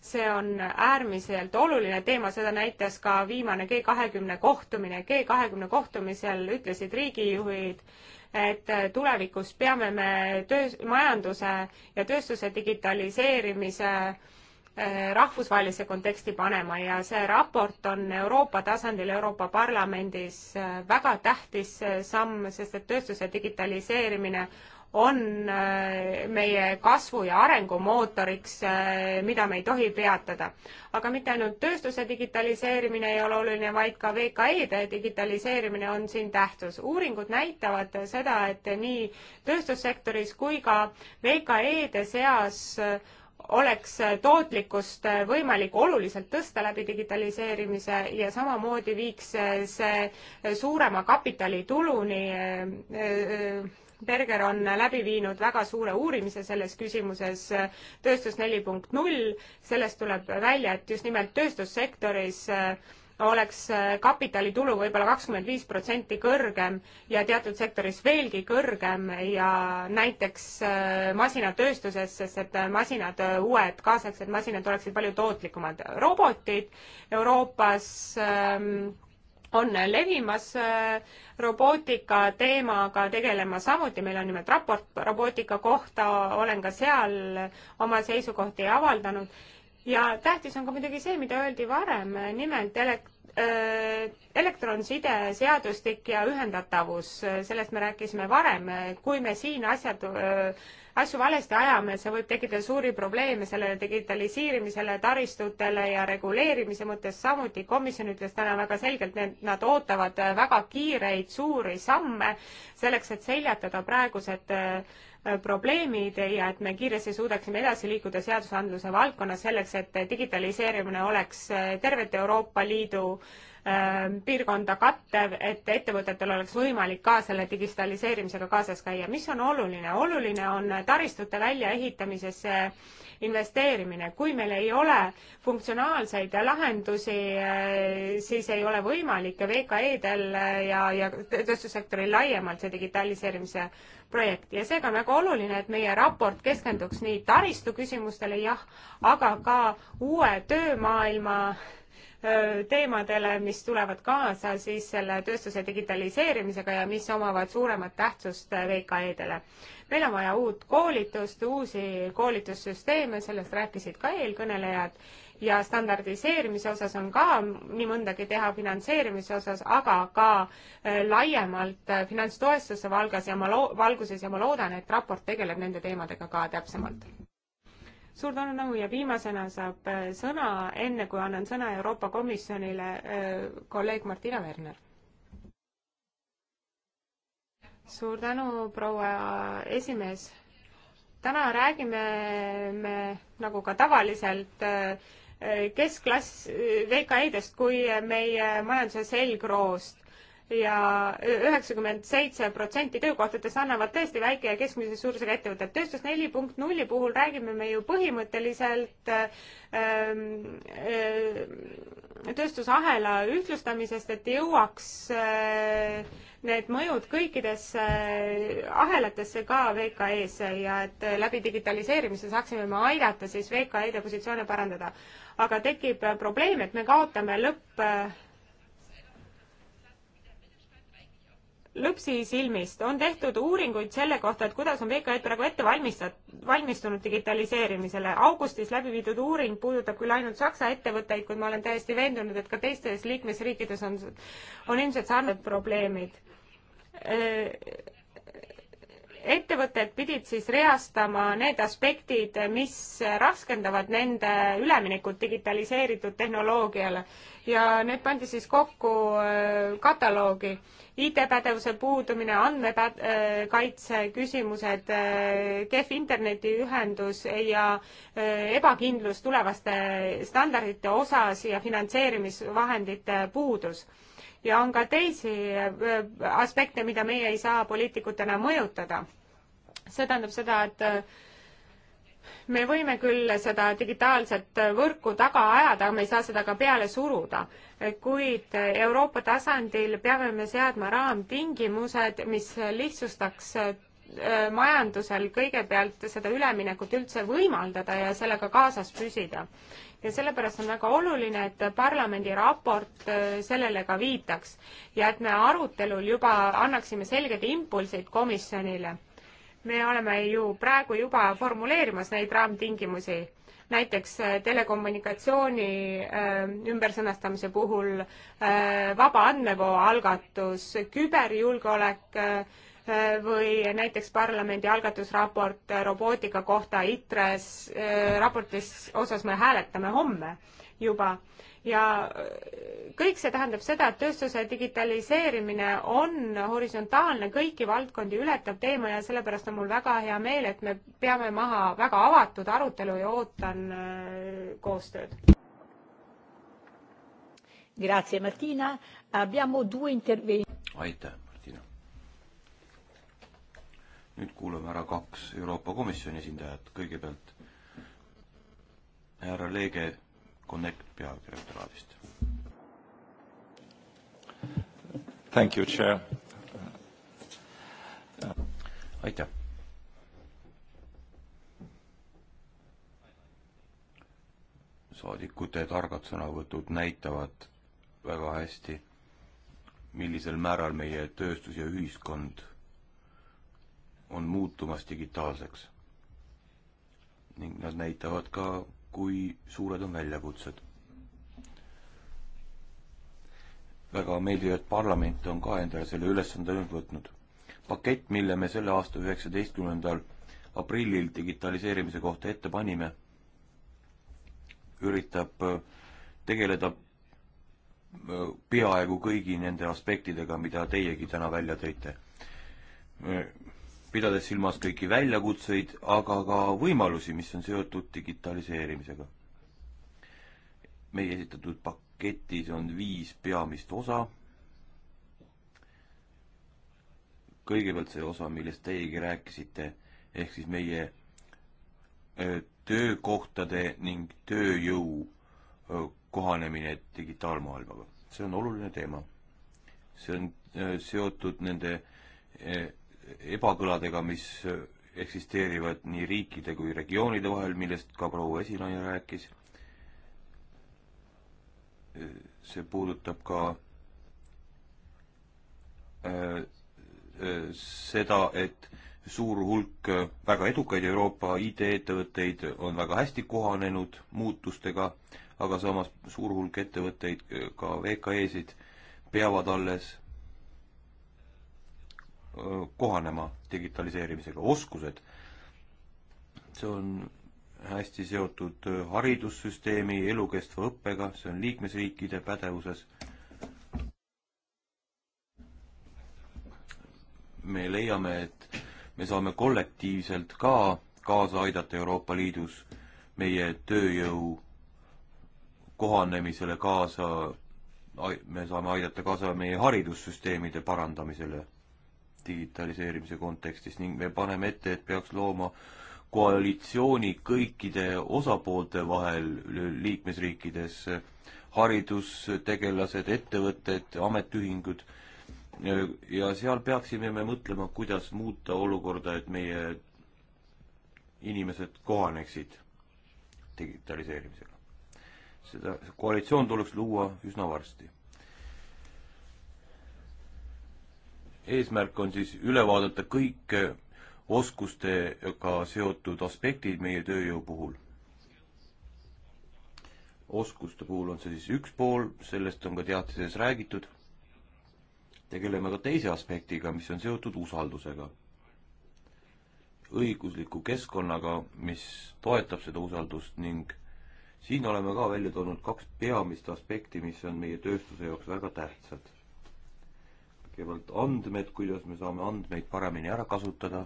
Speaker 2: see on äärmiselt oluline teema, seda näitas ka viimane G kahekümne kohtumine. G kahekümne kohtumisel ütlesid riigijuhid, et tulevikus peame me töö, majanduse ja tööstuse digitaliseerimise äh, Äh, rahvusvahelise konteksti panema ja see raport on Euroopa tasandil, Euroopa Parlamendis äh, väga tähtis äh, samm, sest et tööstuse digitaliseerimine on meie kasvu ja arengu mootoriks, mida me ei tohi peatada. aga mitte ainult tööstuse digitaliseerimine ei ole oluline, vaid ka VKE-de digitaliseerimine on siin tähtsus. uuringud näitavad seda, et nii tööstussektoris kui ka VKE-de seas oleks tootlikkust võimalik oluliselt tõsta läbi digitaliseerimise ja samamoodi viiks see suurema kapitalituluni. Berger on läbi viinud väga suure uurimise selles küsimuses, tööstus neli punkt null, sellest tuleb välja, et just nimelt tööstussektoris äh, oleks äh, kapitalitulu võib-olla kakskümmend viis protsenti kõrgem ja teatud sektoris veelgi kõrgem ja näiteks äh, masinatööstuses, sest et äh, masinad, uued kaasaegsed masinad oleksid palju tootlikumad. robotid Euroopas ähm, on levimas robootika teemaga tegelema samuti, meil on nimelt raport robootika kohta, olen ka seal oma seisukohti avaldanud ja tähtis on ka muidugi see, mida öeldi varem, nimelt elek-, äh, elektronside seadustik ja ühendatavus, sellest me rääkisime varem, kui me siin asjad öö, äh, asju valesti ajame, see võib tekitada suuri probleeme sellele digitaliseerimisele, taristutele ja reguleerimise mõttes samuti. komisjon ütles täna väga selgelt, et nad ootavad väga kiireid suuri samme selleks, et seljatada praegused äh, probleemid ja et me kiiresti suudaksime edasi liikuda seadusandluse valdkonnas selleks, et digitaliseerimine oleks äh, tervet Euroopa Liidu äh, Ähm, piirkonda kattev, et ettevõtetel oleks võimalik ka selle digitaliseerimisega kaasas käia. mis on oluline? oluline on taristute väljaehitamisesse investeerimine. kui meil ei ole funktsionaalseid lahendusi, äh, siis ei ole võimalik VKE-del ja, ja tööstussektoril laiemalt see digitaliseerimise projekt ja seega on väga oluline, et meie raport keskenduks nii taristu küsimustele, jah, aga ka uue töömaailma Äh, teemadele, mis tulevad kaasa siis selle tööstuse digitaliseerimisega ja mis omavad suuremat tähtsust äh, VKE-dele. meil on vaja uut koolitust, uusi koolitussüsteeme, sellest rääkisid ka eelkõnelejad, ja standardiseerimise osas on ka nii mõndagi teha finantseerimise osas, aga ka äh, laiemalt finantstoestuse valgas ja ma loo-, valguses ja ma loodan, et raport tegeleb nende teemadega ka täpsemalt suur tänu ja viimasena saab äh, sõna, enne kui annan sõna Euroopa Komisjonile, äh, kolleeg Martina Werner. suur tänu, proua esimees. täna räägime me nagu ka tavaliselt äh, keskklass VKI-dest kui meie majanduse selgroost ja üheksakümmend seitse protsenti töökohtadest annavad tõesti väike ja keskmise suurusega ettevõtted. tööstus neli punkt nulli puhul räägime me ju põhimõtteliselt ähm, äh, tööstusahela ühtlustamisest, et jõuaks äh, need mõjud kõikidesse äh, ahelatesse ka VKE-sse ja et äh, läbi digitaliseerimise saaksime me aidata siis VKE-de positsioone parandada. aga tekib äh, probleem, et me kaotame lõpp äh, lüpsi silmist, on tehtud uuringuid selle kohta, et kuidas on VKE-d praegu ette valmistat-, valmistunud digitaliseerimisele. augustis läbi viidud uuring puudutab küll ainult Saksa ettevõtteid, kuid ma olen täiesti veendunud, et ka teistes liikmesriikides on, on ilmselt sarnased probleemid äh, ettevõtted pidid siis reastama need aspektid, mis raskendavad nende üleminekut digitaliseeritud tehnoloogiale ja need pandi siis kokku äh, kataloogi. IT-pädevuse puudumine, andmekaitse äh, küsimused, äh, kehv internetiühendus ja ebakindlus tulevaste standardite osas ja finantseerimisvahendite puudus ja on ka teisi äh, aspekte, mida meie ei saa poliitikutena mõjutada. see tähendab seda, et äh, me võime küll seda digitaalset võrku taga ajada, aga me ei saa seda ka peale suruda. kuid Euroopa tasandil peame me seadma raamtingimused, mis lihtsustaks äh, majandusel kõigepealt seda üleminekut üldse võimaldada ja sellega kaasas püsida ja sellepärast on väga oluline, et parlamendi raport äh, sellele ka viitaks ja et me arutelul juba annaksime selgeid impulseid komisjonile. me oleme ju praegu juba formuleerimas neid raamtingimusi, näiteks äh, telekommunikatsiooni äh, ümbersõnastamise puhul vaba andmevoo algatus, küberjulgeolek Äh, või näiteks parlamendi algatusraport äh, robootika kohta ITRES, äh, raportis osas me hääletame homme juba ja kõik see tähendab seda, et tööstuse digitaliseerimine on horisontaalne, kõiki valdkondi ületav teema ja sellepärast on mul väga hea meel, et me peame maha väga avatud arutelu ja ootan koostööd.
Speaker 1: Grazie Martina, abbiamo due interventi.
Speaker 3: aitäh nüüd kuulame ära kaks Euroopa Komisjoni esindajat, kõigepealt härra Leege Connect peadirektoraadist. Thank you, chair. aitäh. saadikute targad sõnavõtud näitavad väga hästi, millisel määral meie tööstus ja ühiskond on muutumas digitaalseks. ning nad näitavad ka, kui suured on väljakutsed. väga meeldiv, et parlament on ka endale selle ülesande nüüd võtnud. pakett, mille me selle aasta üheksateistkümnendal aprillil digitaliseerimise kohta ette panime, üritab äh, tegeleda äh, peaaegu kõigi nende aspektidega, mida teiegi täna välja tõite. Äh, pidades silmas kõiki väljakutseid, aga ka võimalusi, mis on seotud digitaliseerimisega. meie esitatud paketis on viis peamist osa. kõigepealt see osa, millest teiegi rääkisite, ehk siis meie töökohtade ning tööjõu kohanemine digitaalmaailmaga. see on oluline teema. see on seotud nende ebakõladega, mis eksisteerivad nii riikide kui regioonide vahel, millest ka proua esinaine rääkis. see puudutab ka äh, äh, seda, et suur hulk väga edukaid Euroopa IT-ettevõtteid on väga hästi kohanenud muutustega, aga samas suur hulk ettevõtteid, ka VKE-sid, peavad alles kohanema digitaliseerimisega, oskused. see on hästi seotud haridussüsteemi elukestva õppega, see on liikmesriikide pädevuses. me leiame, et me saame kollektiivselt ka kaasa aidata Euroopa Liidus meie tööjõu kohanemisele kaasa, me saame aidata kaasa meie haridussüsteemide parandamisele digitaliseerimise kontekstis ning me paneme ette, et peaks looma koalitsiooni kõikide osapoolte vahel liikmesriikides, haridustegelased, ettevõtted, ametiühingud, ja seal peaksime me mõtlema, kuidas muuta olukorda, et meie inimesed kohaneksid digitaliseerimisega. seda koalitsioon tuleks luua üsna varsti eesmärk on siis üle vaadata kõik oskustega seotud aspektid meie tööjõu puhul. oskuste puhul on see siis üks pool, sellest on ka teatises räägitud. tegeleme ka teise aspektiga, mis on seotud usaldusega. õigusliku keskkonnaga, mis toetab seda usaldust ning siin oleme ka välja toonud kaks peamist aspekti, mis on meie tööstuse jaoks väga tähtsad kõigepealt andmed, kuidas me saame andmeid paremini ära kasutada.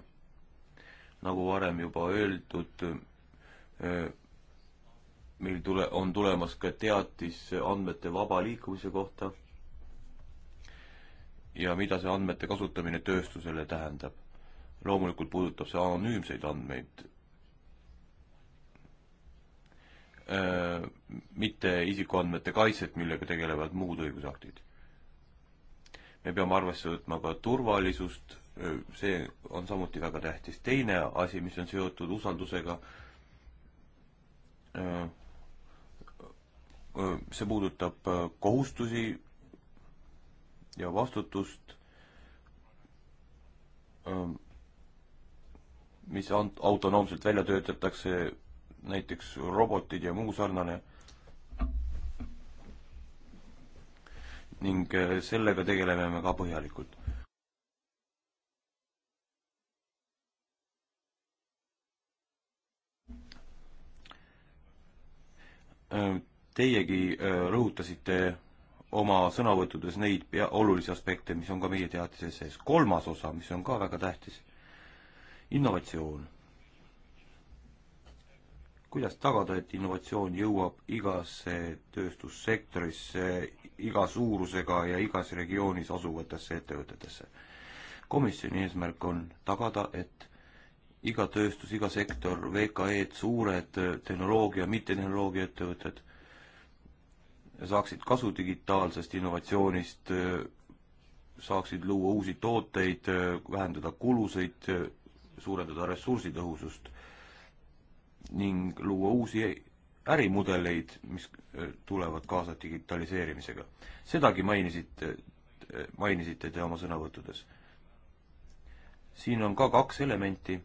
Speaker 3: nagu varem juba öeldud, äh, meil tule, on tulemas ka teatis andmete vaba liikumise kohta ja mida see andmete kasutamine tööstusele tähendab. loomulikult puudutab see anonüümseid andmeid, äh, mitte isikuandmete kaitset, millega tegelevad muud õigusaktid me peame arvesse võtma ka turvalisust, see on samuti väga tähtis. teine asi, mis on seotud usaldusega, see puudutab kohustusi ja vastutust, mis ant-, autonoomselt välja töötatakse, näiteks robotid ja muu sarnane ning äh, sellega tegeleme me ka põhjalikult. Äh, teiegi äh, rõhutasite oma sõnavõttudes neid pea-, olulisi aspekte, mis on ka meie teatises sees. kolmas osa, mis on ka väga tähtis, innovatsioon kuidas tagada, et innovatsioon jõuab igasse tööstussektorisse, iga suurusega ja igas regioonis asuvatesse ettevõtetesse? komisjoni eesmärk on tagada, et iga tööstus, iga sektor, VKE-d, suured tehnoloogia, mittetehnoloogia ettevõtted saaksid kasu digitaalsest innovatsioonist, saaksid luua uusi tooteid, vähendada kulusid, suurendada ressursitõhusust ning luua uusi ärimudeleid, mis äh, tulevad kaasa digitaliseerimisega. sedagi mainisite, äh, mainisite te oma sõnavõttudes. siin on ka kaks elementi.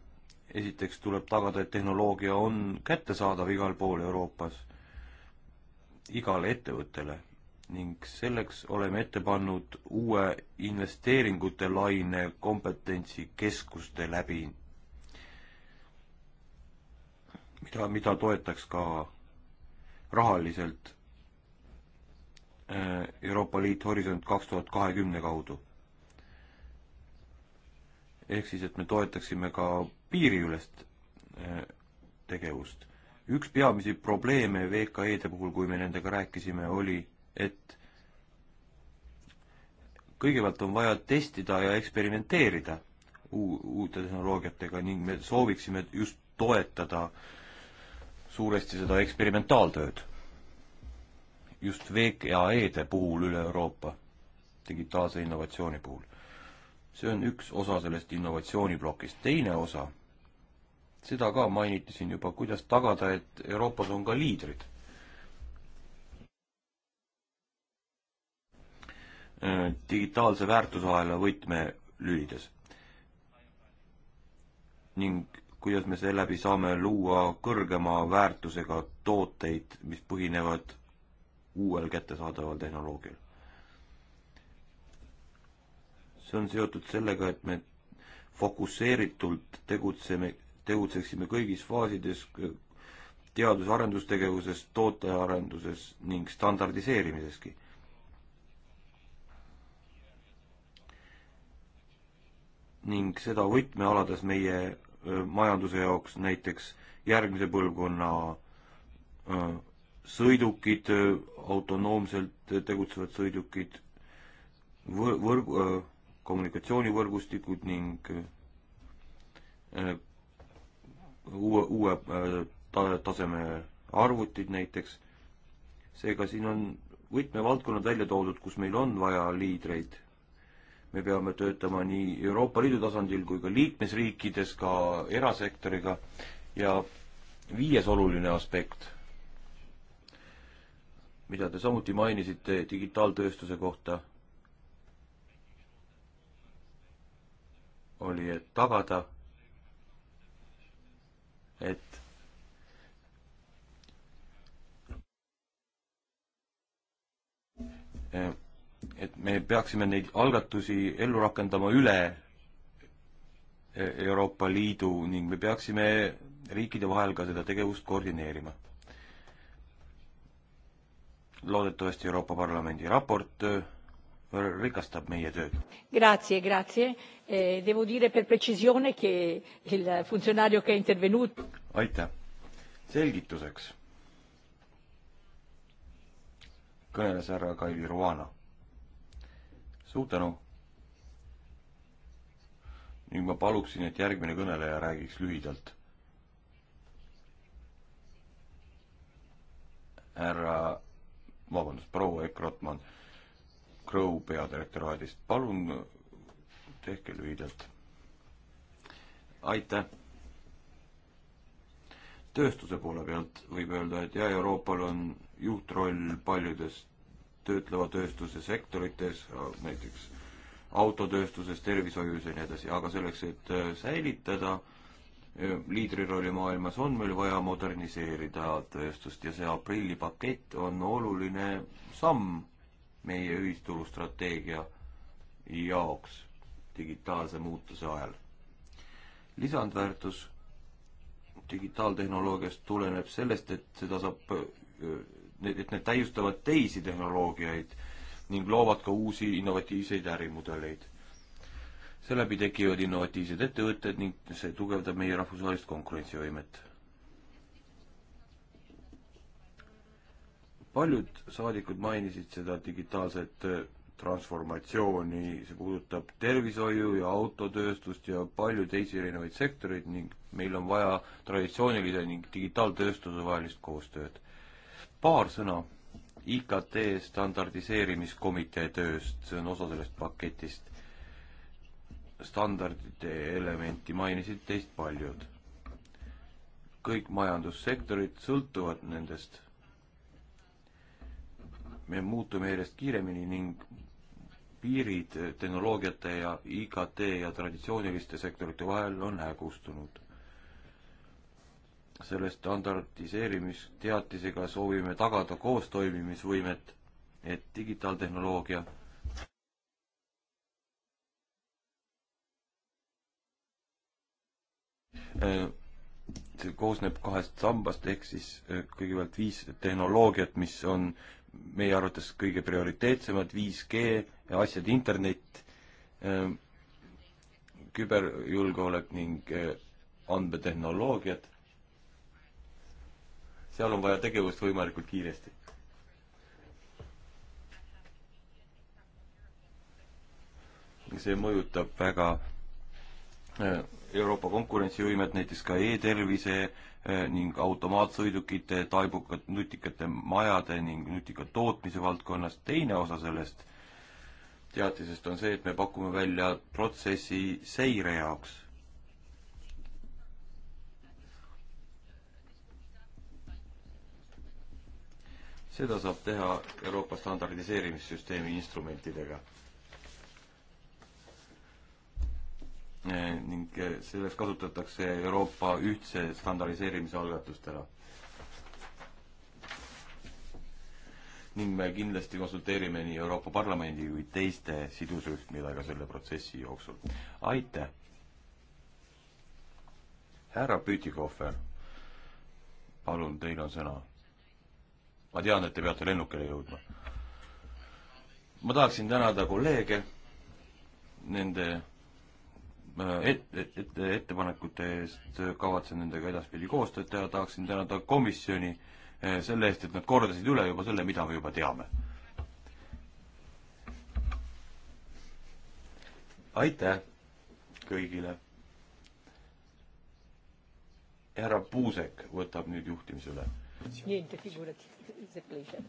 Speaker 3: esiteks tuleb tagada, et tehnoloogia on kättesaadav igal pool Euroopas, igale ettevõttele ning selleks oleme ette pannud uue investeeringute laine kompetentsikeskuste läbi mida, mida toetaks ka rahaliselt äh, Euroopa Liit Horisont kaks tuhat kahekümne kaudu. ehk siis, et me toetaksime ka piiriülest äh, tegevust. üks peamisi probleeme VKE-de puhul, kui me nendega rääkisime, oli, et kõigepealt on vaja testida ja eksperimenteerida uute tehnoloogiatega ning me sooviksime just toetada äh, suuresti seda eksperimentaaltööd just VKE-de puhul üle Euroopa, digitaalse innovatsiooni puhul. see on üks osa sellest innovatsiooniplokist, teine osa, seda ka mainiti siin juba, kuidas tagada, et Euroopas on ka liidrid. digitaalse väärtusahela võtme lülides. ning kuidas me seeläbi saame luua kõrgema väärtusega tooteid, mis põhinevad uuel kättesaadaval tehnoloogial. see on seotud sellega, et me fokusseeritult tegutseme, tegutseksime kõigis faasides teadus-arendustegevuses, tootearenduses ning standardiseerimiseski ning seda võtmealades meie majanduse jaoks, näiteks järgmise põlvkonna sõidukid, autonoomselt tegutsevad sõidukid, võrgu, kommunikatsioonivõrgustikud ning uue, uue taseme arvutid näiteks. seega siin on võtmevaldkonnad välja toodud, kus meil on vaja liidreid me peame töötama nii Euroopa Liidu tasandil kui ka liikmesriikides, ka erasektoriga ja viies oluline aspekt, mida te samuti mainisite digitaaltööstuse kohta, oli, et tagada, et äh, et me peaksime neid algatusi ellu rakendama üle e, Euroopa Liidu ning me peaksime riikide vahel ka seda tegevust koordineerima. loodetavasti Euroopa Parlamendi raport e, rikastab meie tööd.
Speaker 1: Grazie, grazie eh,. Devo dire per precisione che il funzionario che è intervenuto.
Speaker 3: aitäh. selgituseks kõneles härra Kaili Ruana suur tänu. ning ma paluksin, et järgmine kõneleja räägiks lühidalt. härra, vabandust, proua Ekrotman, Crow peadirektoraadist, palun tehke lühidalt. aitäh tööstuse poole pealt võib öelda, et jah, Euroopal on juhtroll paljudes töötleva tööstuse sektorites, äh, näiteks autotööstuses, tervishoius ja nii edasi, aga selleks, et äh, säilitada äh, liidrirolli maailmas, on meil vaja moderniseerida tööstust ja see aprillipakett on oluline samm meie ühisturustrateegia jaoks digitaalse muutuse ajal. lisandväärtus digitaaltehnoloogiast tuleneb sellest, et seda saab et need täiustavad teisi tehnoloogiaid ning loovad ka uusi innovatiivseid ärimudeleid. seeläbi tekivad innovatiivsed ettevõtted ning see tugevdab meie rahvusvahelist konkurentsivõimet. paljud saadikud mainisid seda digitaalset äh, transformatsiooni, see puudutab tervishoiu ja autotööstust ja palju teisi erinevaid sektoreid ning meil on vaja traditsioonilise ning digitaaltööstuse vahelist koostööd paar sõna IKT standardiseerimiskomitee tööst, see on osa sellest paketist. standardite elementi mainisid teist paljud. kõik majandussektorid sõltuvad nendest. me muutume järjest kiiremini ning piirid tehnoloogiate ja IKT ja traditsiooniliste sektorite vahel on hägustunud selle standardiseerimisteatisega soovime tagada koostoimimisvõimet, et digitaaltehnoloogia see koosneb kahest sambast, ehk siis äh, kõigepealt viis tehnoloogiat, mis on meie arvates kõige prioriteetsemad, 5G ja asjade internet, äh, küberjulgeolek ning äh, andmetehnoloogiad seal on vaja tegevust võimalikult kiiresti. see mõjutab väga äh, Euroopa konkurentsivõimet, näiteks ka e-tervise äh, ning automaatsõidukite, taibukad, nutikate majade ning nutika tootmise valdkonnas. teine osa sellest teatisest on see, et me pakume välja protsessi seire jaoks seda saab teha Euroopa standardiseerimissüsteemi instrumentidega. Eh, ning eh, selleks kasutatakse Euroopa ühtse standardiseerimise algatust ära. ning me kindlasti konsulteerime nii Euroopa Parlamendi kui teiste sidusrühmidega selle protsessi jooksul. aitäh! härra Pütikohver, palun, teil on sõna ma tean, et te peate lennukile jõudma. ma tahaksin tänada kolleege nende äh, et, et, et, ettepanekute eest, kavatsen nendega edaspidi koostööd teha, tahaksin tänada komisjoni äh, selle eest, et nad kordasid üle juba selle, mida me juba teame. aitäh kõigile. härra Puusek võtab nüüd juhtimise üle
Speaker 1: Niente, figurati, it's a pleasure.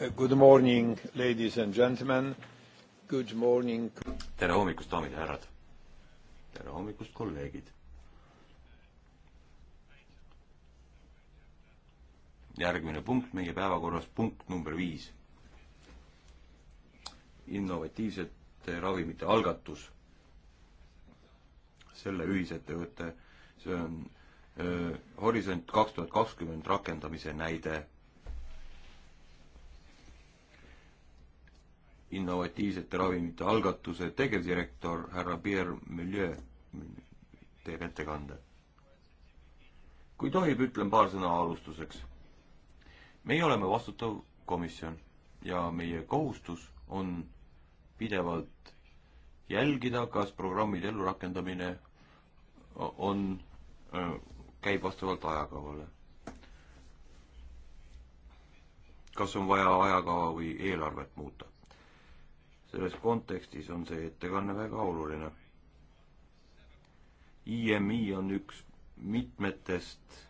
Speaker 3: Uh, good morning, ladies and gentlemen. Good morning. tere hommikust, daamid ja härrad. tere hommikust, kolleegid. järgmine punkt meie päevakorras, punkt number viis innovatiivsete ravimite algatus. selle ühisettevõte, see on öö, äh, Horisont kaks tuhat kakskümmend rakendamise näide innovatiivsete ravimite algatuse tegevdirektor härra Pierre Mullier teeb ettekande. kui tohib, ütlen paar sõna alustuseks. meie oleme vastutav komisjon ja meie kohustus on pidevalt jälgida, kas programmide ellurakendamine on, äh, käib vastavalt ajakavale. kas on vaja ajakava või eelarvet muuta? selles kontekstis on see ettekanne väga oluline. IMI on üks mitmetest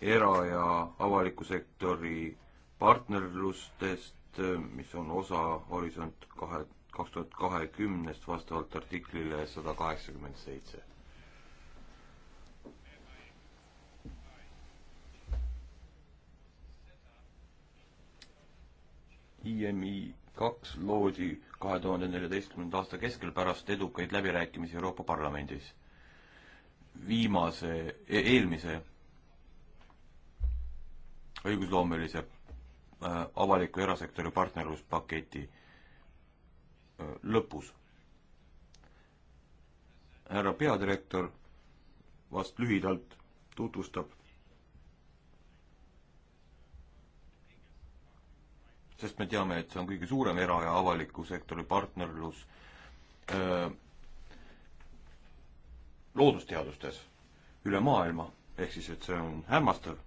Speaker 3: era- ja avaliku sektori partnerlustest, Äh, mis on osa Horisont kahe, kaks tuhat kahekümnest vastavalt artiklile sada kaheksakümmend seitse. IMI kaks loodi kahe tuhande neljateistkümnenda aasta keskel pärast edukaid läbirääkimisi Euroopa Parlamendis. viimase e, eelmise õigusloomelise Äh, avaliku erasektori partnerluspaketi äh, lõpus. härra peadirektor vast lühidalt tutvustab sest me teame, et see on kõige suurem era- ja avaliku sektori partnerlus öö, äh, loodusteadustes üle maailma, ehk siis et see on hämmastav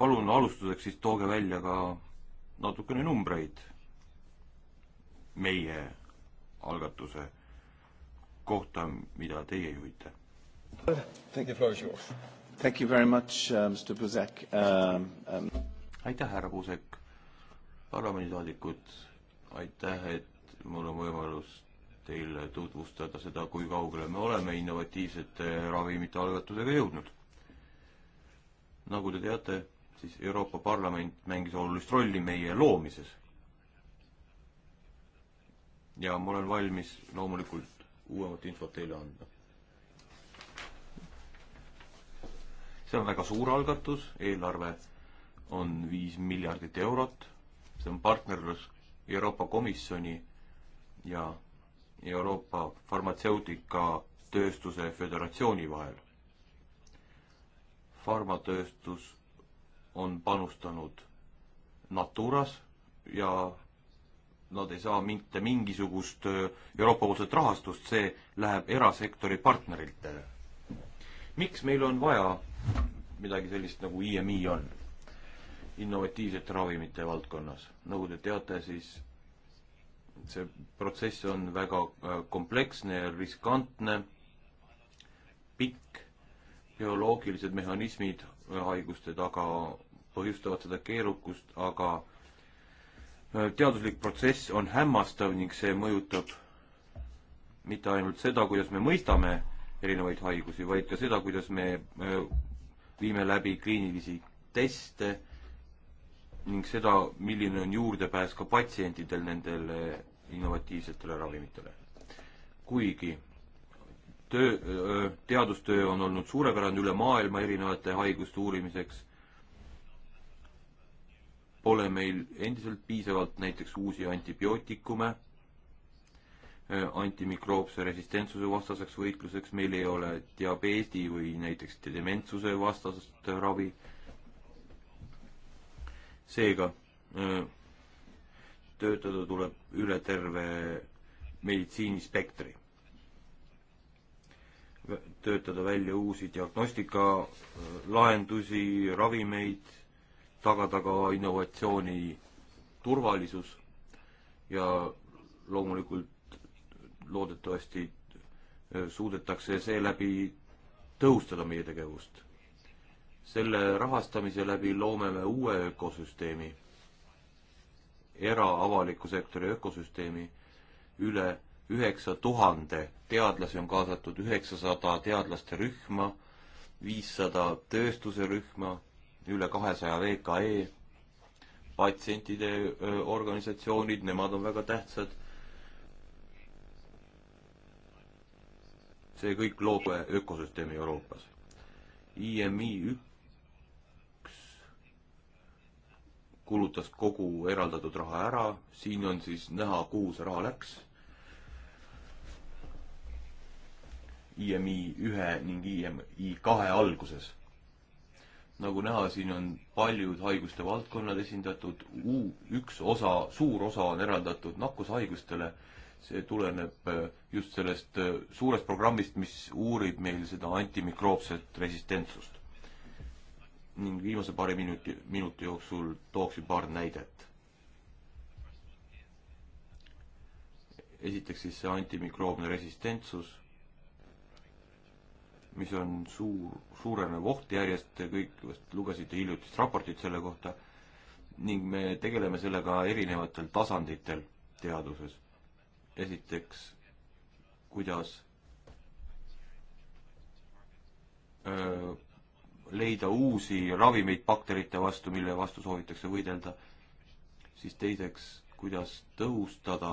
Speaker 3: palun alustuseks siis tooge välja ka natukene numbreid meie algatuse kohta, mida teie juhite. Uh, um, um, aitäh, härra Puusek, parlamendisaadikud, aitäh, et mul on võimalus teile tutvustada seda, kui kaugele me oleme innovatiivsete ravimite algatusega jõudnud. nagu te teate siis Euroopa Parlament mängis olulist rolli meie loomises. ja ma olen valmis loomulikult uuemat infot teile andma. see on väga suur algatus, eelarve on viis miljardit eurot, see on partnerlus Euroopa Komisjoni ja Euroopa Farmatseutikatööstuse Föderatsiooni vahel. farmatööstus on panustanud Naturas ja nad ei saa mitte mingisugust äh, Euroopa-poolset rahastust, see läheb erasektori partneritele. miks meil on vaja midagi sellist, nagu IMI on innovatiivsete ravimite valdkonnas? nagu te teate, siis see protsess on väga äh, kompleksne ja riskantne, pikk, bioloogilised mehhanismid haiguste taga, põhjustavad seda keerukust, aga äh, teaduslik protsess on hämmastav ning see mõjutab mitte ainult seda, kuidas me mõistame erinevaid haigusi, vaid ka seda, kuidas me äh, viime läbi kliinilisi teste ning seda, milline on juurdepääs ka patsientidel nendele innovatiivsetele ravimitele. kuigi töö, teadustöö on olnud suurepärane üle maailma erinevate haiguste uurimiseks. Pole meil endiselt piisavalt näiteks uusi antibiootikume antimikroopse resistentsuse vastaseks võitluseks, meil ei ole diabeedi või näiteks dementsuse vastast ravi. seega töötada tuleb üle terve meditsiinispektri töötada välja uusi diagnostikalahendusi, äh, ravimeid, tagada ka innovatsiooni turvalisus ja loomulikult loodetavasti äh, suudetakse seeläbi tõhustada meie tegevust. selle rahastamise läbi loome me uue ökosüsteemi, era-avaliku sektori ökosüsteemi üle üheksa tuhande teadlasi on kaasatud, üheksasada teadlaste rühma, viissada tööstuse rühma, üle kahesaja VKE, patsientide organisatsioonid, nemad on väga tähtsad. see kõik loob ökosüsteemi Euroopas. IMI üks kulutas kogu eraldatud raha ära, siin on siis näha, kuhu see raha läks IMI ühe ning IMI kahe alguses. nagu näha, siin on paljud haiguste valdkonnad esindatud, üks osa, suur osa on eraldatud nakkushaigustele, see tuleneb äh, just sellest äh, suurest programmist, mis uurib meil seda antimikroopset resistentsust. ning viimase paari minuti, minuti jooksul tooksin paar näidet esiteks siis see antimikroobne resistentsus, mis on suur, suurenev oht järjest, kõik vast lugesite hiljutist raportit selle kohta, ning me tegeleme sellega erinevatel tasanditel teaduses. esiteks, kuidas öö, leida uusi ravimeid bakterite vastu, mille vastu soovitakse võidelda, siis teiseks, kuidas tõhustada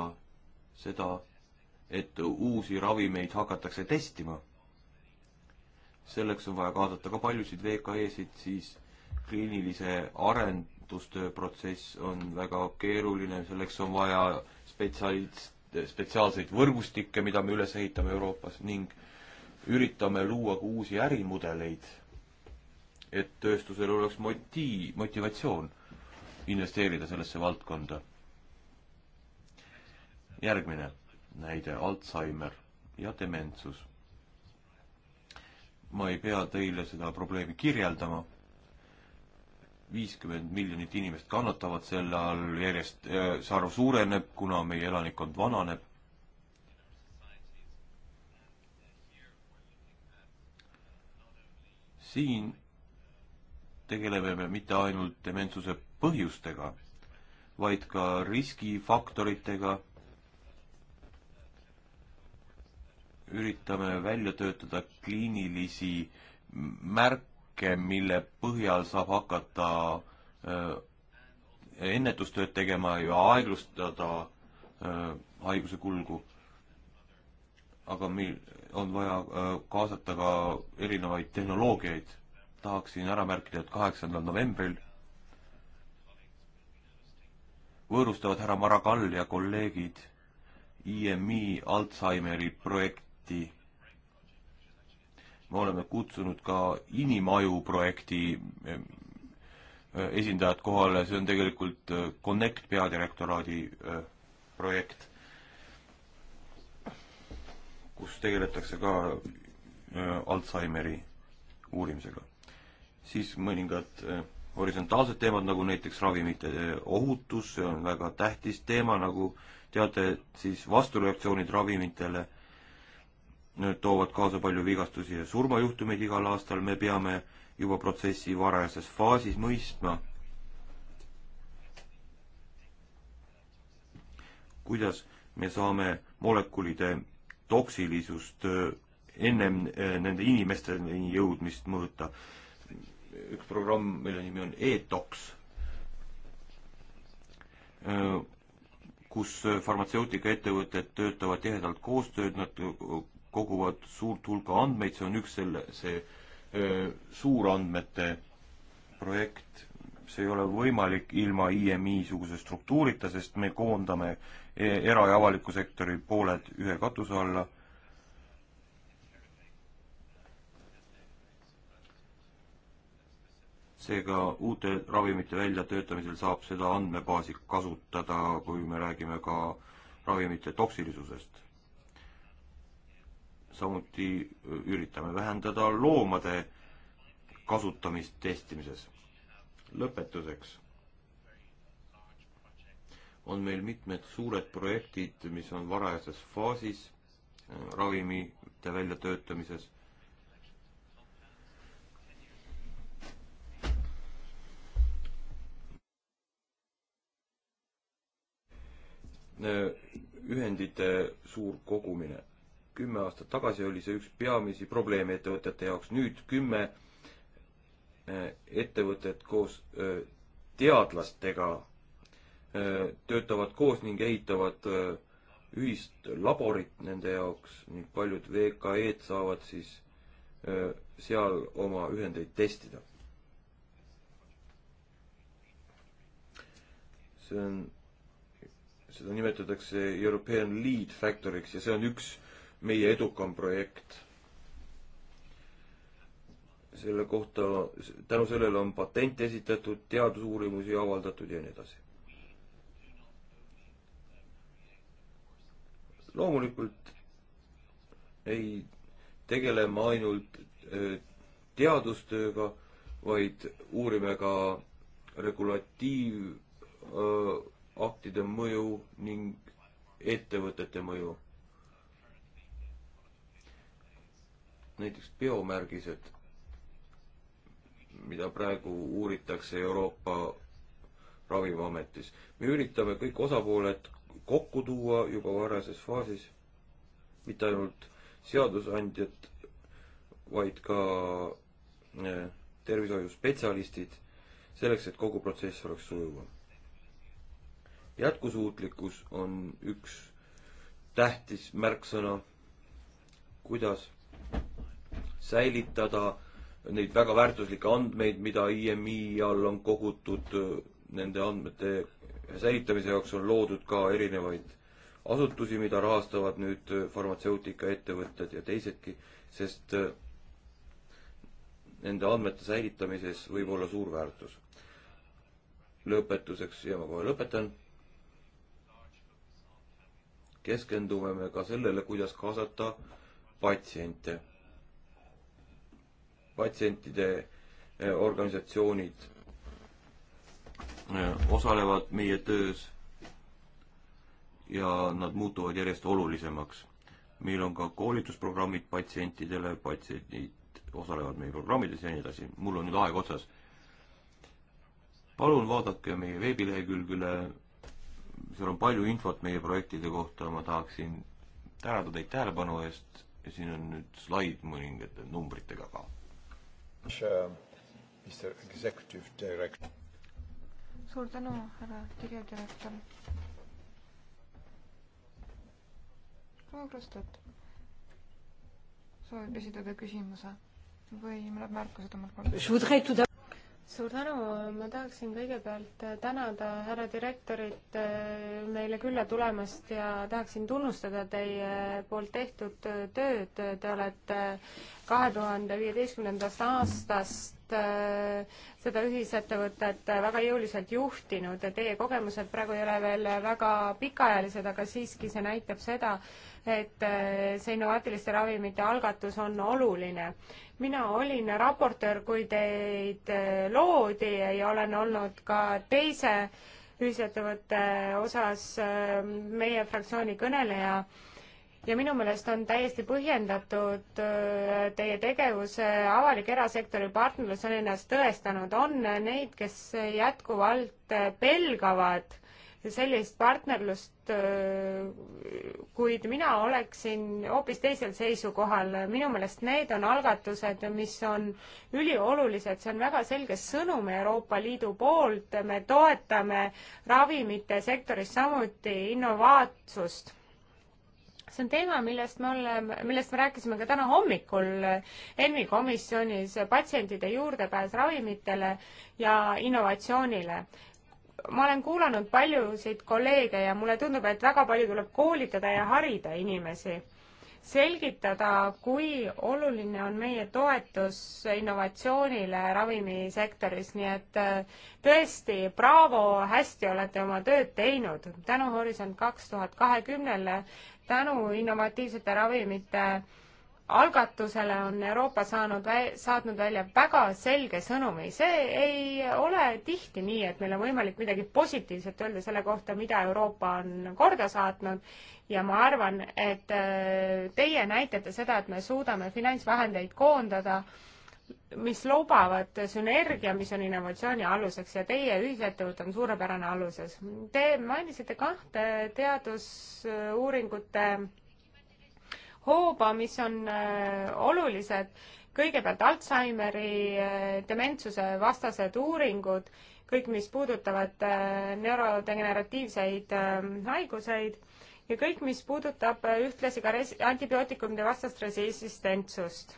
Speaker 3: seda, et uusi ravimeid hakatakse testima selleks on vaja kaasata ka paljusid VKE-sid, siis kliinilise arendustöö protsess on väga keeruline, selleks on vaja spetsialist, spetsiaalseid võrgustikke, mida me üles ehitame Euroopas ning üritame luua ka uusi ärimudeleid, et tööstusel oleks moti-, motivatsioon investeerida sellesse valdkonda. järgmine näide, Alzheimer ja dementsus ma ei pea teile seda probleemi kirjeldama. viiskümmend miljonit inimest kannatavad selle all, järjest äh, see arv suureneb, kuna meie elanikkond vananeb. siin tegeleme me mitte ainult dementsuse põhjustega, vaid ka riskifaktoritega üritame välja töötada kliinilisi märke, mille põhjal saab hakata äh, ennetustööd tegema ja aeglustada äh, haiguse kulgu. aga meil on vaja äh, kaasata ka erinevaid tehnoloogiaid. tahaksin ära märkida, et kaheksandal novembril võõrustavad härra Maragall ja kolleegid IMI Alžeimeri projekt projekti. me oleme kutsunud ka inimaju projekti eh, eh, esindajad kohale, see on tegelikult eh, Connect peadirektoraadi projekt, kus tegeletakse ka Alžeimeri uurimisega. siis mõningad horisontaalsed teemad, nagu näiteks ravimite ohutus, see on väga tähtis teema, nagu teate, siis vastureaktsioonid ravimitele Need toovad kaasa palju vigastusi ja surmajuhtumeid igal aastal, me peame juba protsessi varajases faasis mõistma, kuidas me saame molekulide toksilisust äh, ennem äh, nende inimesteni jõudmist mõõta. üks programm, mille nimi on e-toks, äh, kus farmatseutikaettevõtted töötavad tihedalt koostööd, nad koguvad suurt hulka andmeid, see on üks selle, see öö, suurandmete projekt, see ei ole võimalik ilma IMI-suguse struktuurita, sest me koondame e, era- ja avaliku sektori pooled ühe katuse alla seega uute ravimite väljatöötamisel saab seda andmebaasi kasutada, kui me räägime ka ravimite toksilisusest samuti üritame vähendada loomade kasutamist testimises. lõpetuseks on meil mitmed suured projektid, mis on varajases faasis ravimite väljatöötamises. ühendite suur kogumine kümme aastat tagasi oli see üks peamisi probleeme ettevõtete jaoks, nüüd kümme äh, ettevõtet koos äh, teadlastega äh, töötavad koos ning ehitavad ühist laborit nende jaoks ning paljud VKE-d saavad siis seal oma ühendeid testida. see on, seda nimetatakse European Lead Factory'ks ja see on üks meie edukam projekt. selle kohta, tänu sellele on patent esitatud, teadusuurimusi avaldatud ja nii edasi. loomulikult ei tegele me ainult eh, teadustööga, vaid uurime ka regulatiivaktide eh, mõju ning ettevõtete mõju näiteks biomärgised, mida praegu uuritakse Euroopa Ravimiametis. me üritame kõik osapooled kokku tuua juba varases faasis, mitte ainult seadusandjad, vaid ka eh, tervishoiuspetsialistid, selleks, et kogu protsess oleks sujuvam. jätkusuutlikkus on üks tähtis märksõna, kuidas säilitada neid väga väärtuslikke andmeid, mida IMI all on kogutud, äh, nende andmete säilitamise jaoks on loodud ka erinevaid asutusi, mida rahastavad nüüd äh, farmatseutikaettevõtted ja teisedki, sest äh, nende andmete säilitamises võib olla suur väärtus. lõpetuseks, ja ma kohe lõpetan, keskendume me ka sellele, kuidas kaasata patsiente patsientide eh, organisatsioonid eh, osalevad meie töös ja nad muutuvad järjest olulisemaks. meil on ka koolitusprogrammid patsientidele, patsiendid osalevad meie programmides ja nii edasi. mul on nüüd aeg otsas. palun vaadake meie veebilehekülgele, seal on palju infot meie projektide kohta, ma tahaksin tänada teid tähelepanu eest ja siin on nüüd slaid mõningate numbritega ka
Speaker 4: Uh, suur tänu, härra kirjadirektor. proua Krustet soovib esitada küsimuse või mõned märkused omalt poolt?
Speaker 2: suur tänu, ma tahaksin kõigepealt tänada härra direktorit äh, meile külla tulemast ja tahaksin tunnustada teie poolt tehtud tööd. Te olete kahe tuhande viieteistkümnendast aastast äh, seda ühisettevõtet väga jõuliselt juhtinud ja teie kogemused praegu ei ole veel väga pikaajalised, aga siiski see näitab seda, et äh, see innovaatiliste ravimite algatus on oluline. mina olin raportöör, kui teid äh, loodi ja olen olnud ka teise ühisettevõtte osas äh, meie fraktsiooni kõneleja ja minu meelest on täiesti põhjendatud teie tegevus, avalik erasektori partnerlus on ennast tõestanud, on neid, kes jätkuvalt pelgavad sellist partnerlust, äh, kuid mina oleksin hoopis teisel seisukohal. minu meelest need on algatused, mis on üliolulised, see on väga selge sõnum Euroopa Liidu poolt, me toetame ravimite sektoris samuti innovaatsust see on teema, millest me oleme, millest me rääkisime ka täna hommikul ENMi komisjonis, patsientide juurdepääs ravimitele ja innovatsioonile ma olen kuulanud paljusid kolleege ja mulle tundub, et väga palju tuleb koolitada ja harida inimesi, selgitada, kui oluline on meie toetus innovatsioonile ravimisektoris, nii et äh, tõesti, braavo, hästi olete oma tööd teinud. tänu Horisont kaks tuhat kahekümnele, tänu innovatiivsete ravimite äh, algatusele on Euroopa saanud vä-, saatnud välja väga selge sõnumi. see ei ole tihti nii, et meil on võimalik midagi positiivset öelda selle kohta, mida Euroopa on korda saatnud ja ma arvan, et äh, teie näitate seda, et me suudame finantsvahendeid koondada, mis lubavad sünergia, mis on innovatsiooni aluseks ja teie ühisettevõte on suurepärane aluses. Te mainisite kahte teadusuuringute hooba, mis on äh, olulised. kõigepealt Alžeimeri äh, dementsuse vastased uuringud, kõik, mis puudutavad äh, neurodegeneratiivseid haiguseid ja kõik, mis puudutab ühtlasi ka res-, antibiootikumide vastast resistentsust.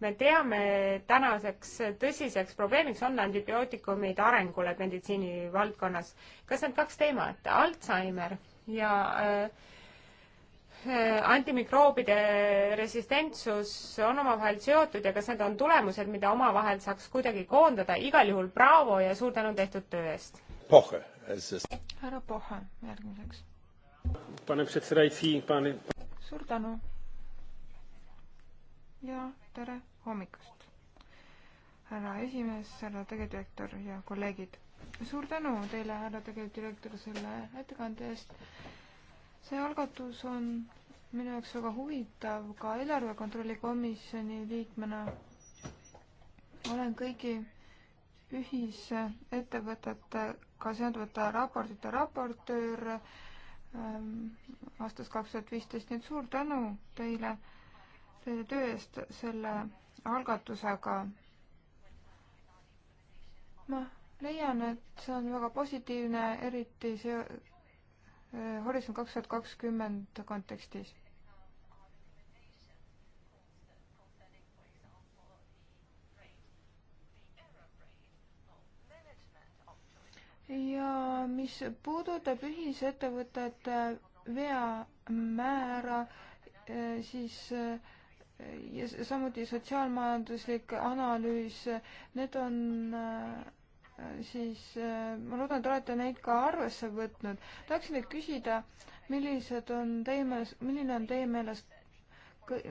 Speaker 2: me teame, tänaseks tõsiseks probleemiks on antibiootikumide arengule meditsiinivaldkonnas. kas need kaks teemat, Alžeimer ja äh, Äh, antimikroobide resistentsus on omavahel seotud ja kas need on tulemused, mida omavahel saaks kuidagi koondada, igal juhul braavo ja suur tänu tehtud töö eest! härra Poha
Speaker 4: järgmiseks. suur tänu ja tere hommikust, härra esimees, härra tegevdirektor ja kolleegid. suur tänu teile, härra tegevdirektor, selle ettekande eest see algatus on minu jaoks väga huvitav ka eelarve kontrolli komisjoni liikmena. olen kõigi ühisettevõtetega seonduvate raportite raportöör ähm, aastast kaks tuhat viisteist, nii et suur tänu teile, teie töö eest selle algatusega. ma leian, et see on väga positiivne, eriti see Äh, Horisont kaks tuhat kakskümmend kontekstis. ja mis puudutab ühisettevõtete veamäära, äh, siis äh, ja samuti sotsiaalmajanduslik analüüs, need on äh, Äh, siis äh, ma loodan, et olete neid ka arvesse võtnud. tahaksin teilt küsida, millised on teie meelest, milline on teie meelest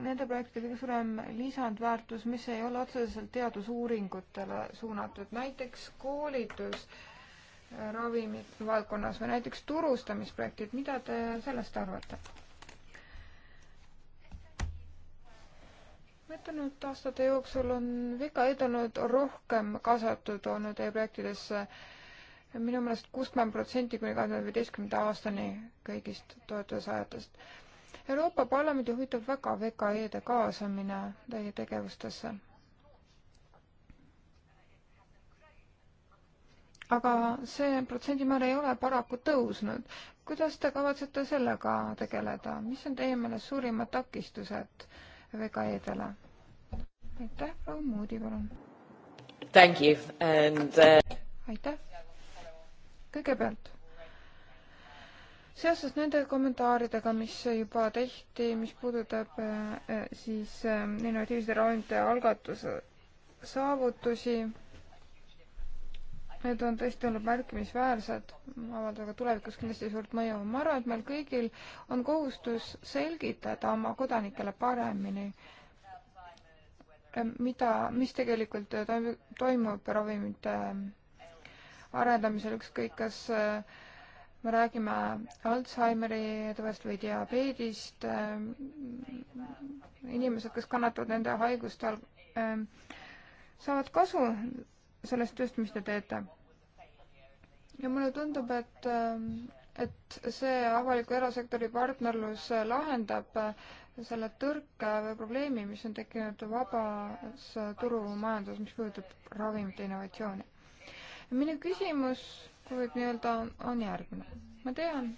Speaker 4: nende projektide kõige suurem lisandväärtus, mis ei ole otseselt teadusuuringutele suunatud, näiteks koolitus äh, ravimite valdkonnas või näiteks turustamisprojektid, mida te sellest arvate? möödunud aastate jooksul on Vika Edenud rohkem kaasatud olnud e-projektidesse minu meelest kuuskümmend protsenti kuni kahe tuhande viieteistkümnenda aastani kõigist toetusaajatest. Euroopa Parlamendi huvitab väga VKE-de kaasamine teie tegevustesse. aga see protsendimäär ei ole paraku tõusnud. kuidas te kavatsete sellega tegeleda, mis on teie meelest suurimad takistused äh, VKE-dele. aitäh, proua Moodi, palun. Thank you and uh... aitäh. kõigepealt seoses nende kommentaaridega, mis juba tehti, mis puudutab äh, siis innovatiivsete äh, ravimite algatuse saavutusi Need on tõesti olnud märkimisväärsed, avaldavad tulevikus kindlasti suurt mõju. ma arvan, et meil kõigil on kohustus selgitada oma kodanikele paremini, mida, mis tegelikult toimub, toimub ravimite arendamisel, ükskõik kas äh, me räägime Alžeimeri tõvest või diabeedist, äh, inimesed, kes kannatavad nende haiguste all, äh, saavad kasu sellest tööst, mis te teete ja mulle tundub, et, ähm, et see avaliku erasektori partnerlus äh, lahendab äh, selle tõrke või probleemi, mis on tekkinud vabas äh, turumajanduses, mis puudutab ravimite innovatsiooni. minu küsimus, kui võib nii-öelda, on järgmine. ma tean,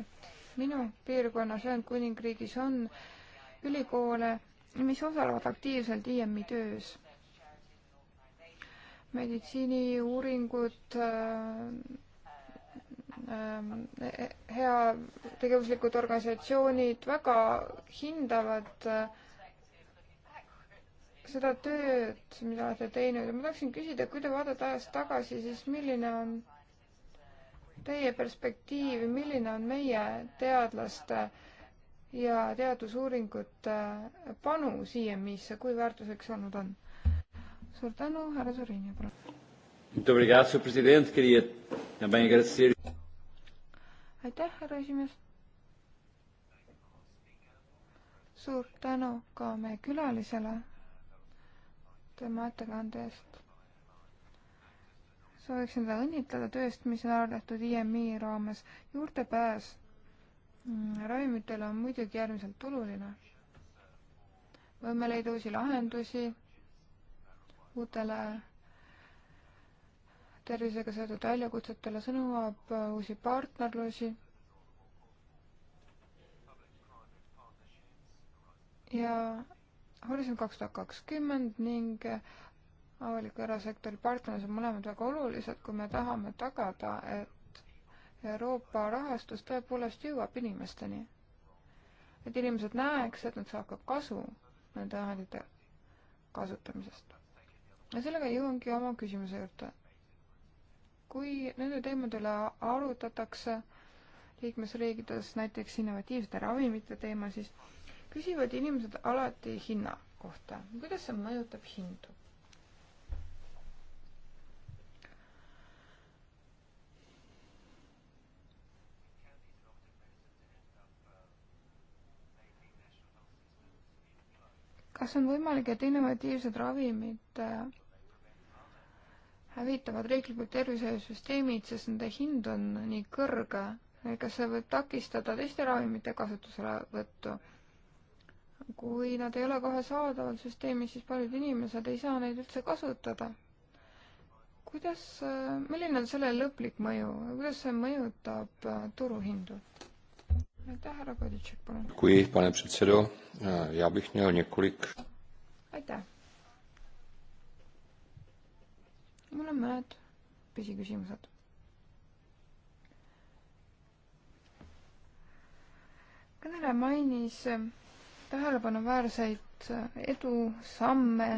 Speaker 4: et minu piirkonnas Ühendkuningriigis on ülikoole, mis osalevad aktiivselt IM-i töös meditsiiniuuringud ähm, äh, heategevuslikud organisatsioonid väga hindavad äh, seda tööd, mida olete teinud ja ma tahaksin küsida, kui te vaatate ajas tagasi, siis milline on teie perspektiiv, milline on meie teadlaste ja teadusuuringute panu siiani, mis, kui väärtuseks olnud on? suur tänu, härra Sorinio, palun. aitäh, härra esimees. suur tänu ka meie külalisele tema ettekande eest. sooviksin teda õnnitleda tööst, mis on ära tehtud IMI raames. juurdepääs mm, ravimitele on muidugi äärmiselt oluline. võime leida uusi lahendusi uutele tervisega seotud väljakutsetele, see nõuab äh, uusi partnerlusi. ja Horisont kaks tuhat kakskümmend ning äh, avaliku erasektori partnerlus on mõlemad väga olulised, kui me tahame tagada, et Euroopa rahastus tõepoolest jõuab inimesteni. et inimesed näeks, et nad saavad ka kasu nende vahendite kasutamisest ja sellega jõuangi oma küsimuse juurde. kui nende teemade üle arutatakse liikmesriikides näiteks innovatiivsete ravimite teema, siis küsivad inimesed alati hinna kohta. kuidas see mõjutab hindu? kas on võimalik, et innovatiivsed ravimid äh, hävitavad riiklikud tervishoiusüsteemid, sest nende hind on nii kõrge. kas see võib takistada teiste ravimite kasutuselevõttu? kui nad ei ole kohe saadaval süsteemis, siis paljud inimesed ei saa neid üldse kasutada. kuidas, milline on selle lõplik mõju, kuidas see mõjutab äh, turuhindu? aitäh, härra Koditšek, palun. kui paneb
Speaker 3: sealt sõdu, äh, ja Pihni on Nikulik.
Speaker 4: aitäh mul on mõned pisiküsimused. kõneleja mainis tähelepanuväärseid edusamme,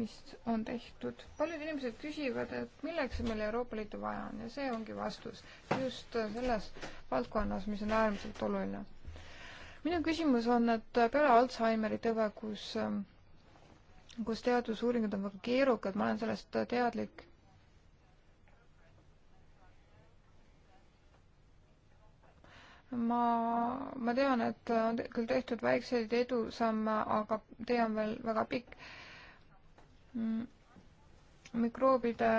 Speaker 4: mis on tehtud. paljud inimesed küsivad, et milleks meil Euroopa Liitu vaja on ja see ongi vastus just selles valdkonnas, mis on äärmiselt oluline. minu küsimus on, et peale Alžeimeri tõve, kus, kus teadusuuringud on väga keerukad, ma olen sellest teadlik ma, ma tean, et on küll tehtud väikseid edusamme, aga tee on veel väga pikk. Mm, mikroobide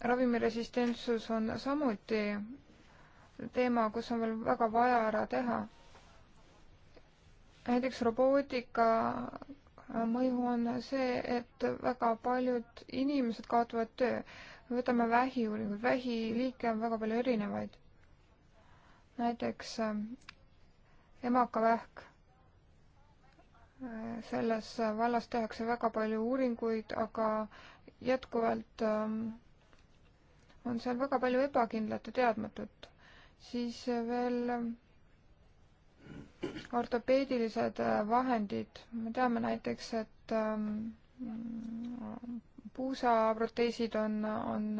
Speaker 4: ravimiresistentsus on samuti teema, kus on veel väga vaja ära teha. näiteks robootika mõju on see, et väga paljud inimesed kaotavad töö. võtame vähi uuringuid, vähiliike on väga palju erinevaid näiteks äh, emakavähk, äh, selles vallas tehakse väga palju uuringuid, aga jätkuvalt äh, on seal väga palju ebakindlat ja teadmatut. siis veel ortopeedilised vahendid, me teame näiteks, et puusaproteesid on, on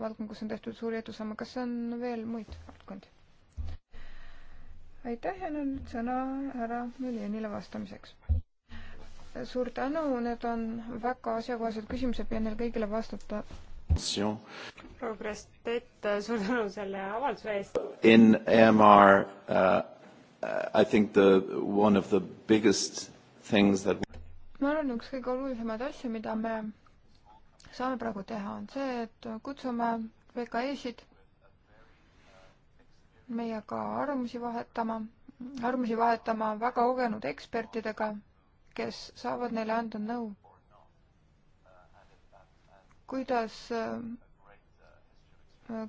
Speaker 4: valdkond, kus on tehtud suuri edusamme, kas on veel muid valdkondi? aitäh ja nüüd sõna härra Miljenile vastamiseks. suur tänu, need on väga asjakohased küsimused, püüan neile kõigile vastata.
Speaker 1: proua
Speaker 2: Krastet, suur tänu selle avalduse eest.
Speaker 1: In MR uh, I think the one of the biggest
Speaker 3: things that
Speaker 4: ma arvan, üks kõige olulisemaid asju, mida me saame praegu teha, on see, et kutsume VKE-sid meiega arvamusi vahetama, arvamusi vahetama väga kogenud ekspertidega, kes saavad neile anda nõu. kuidas,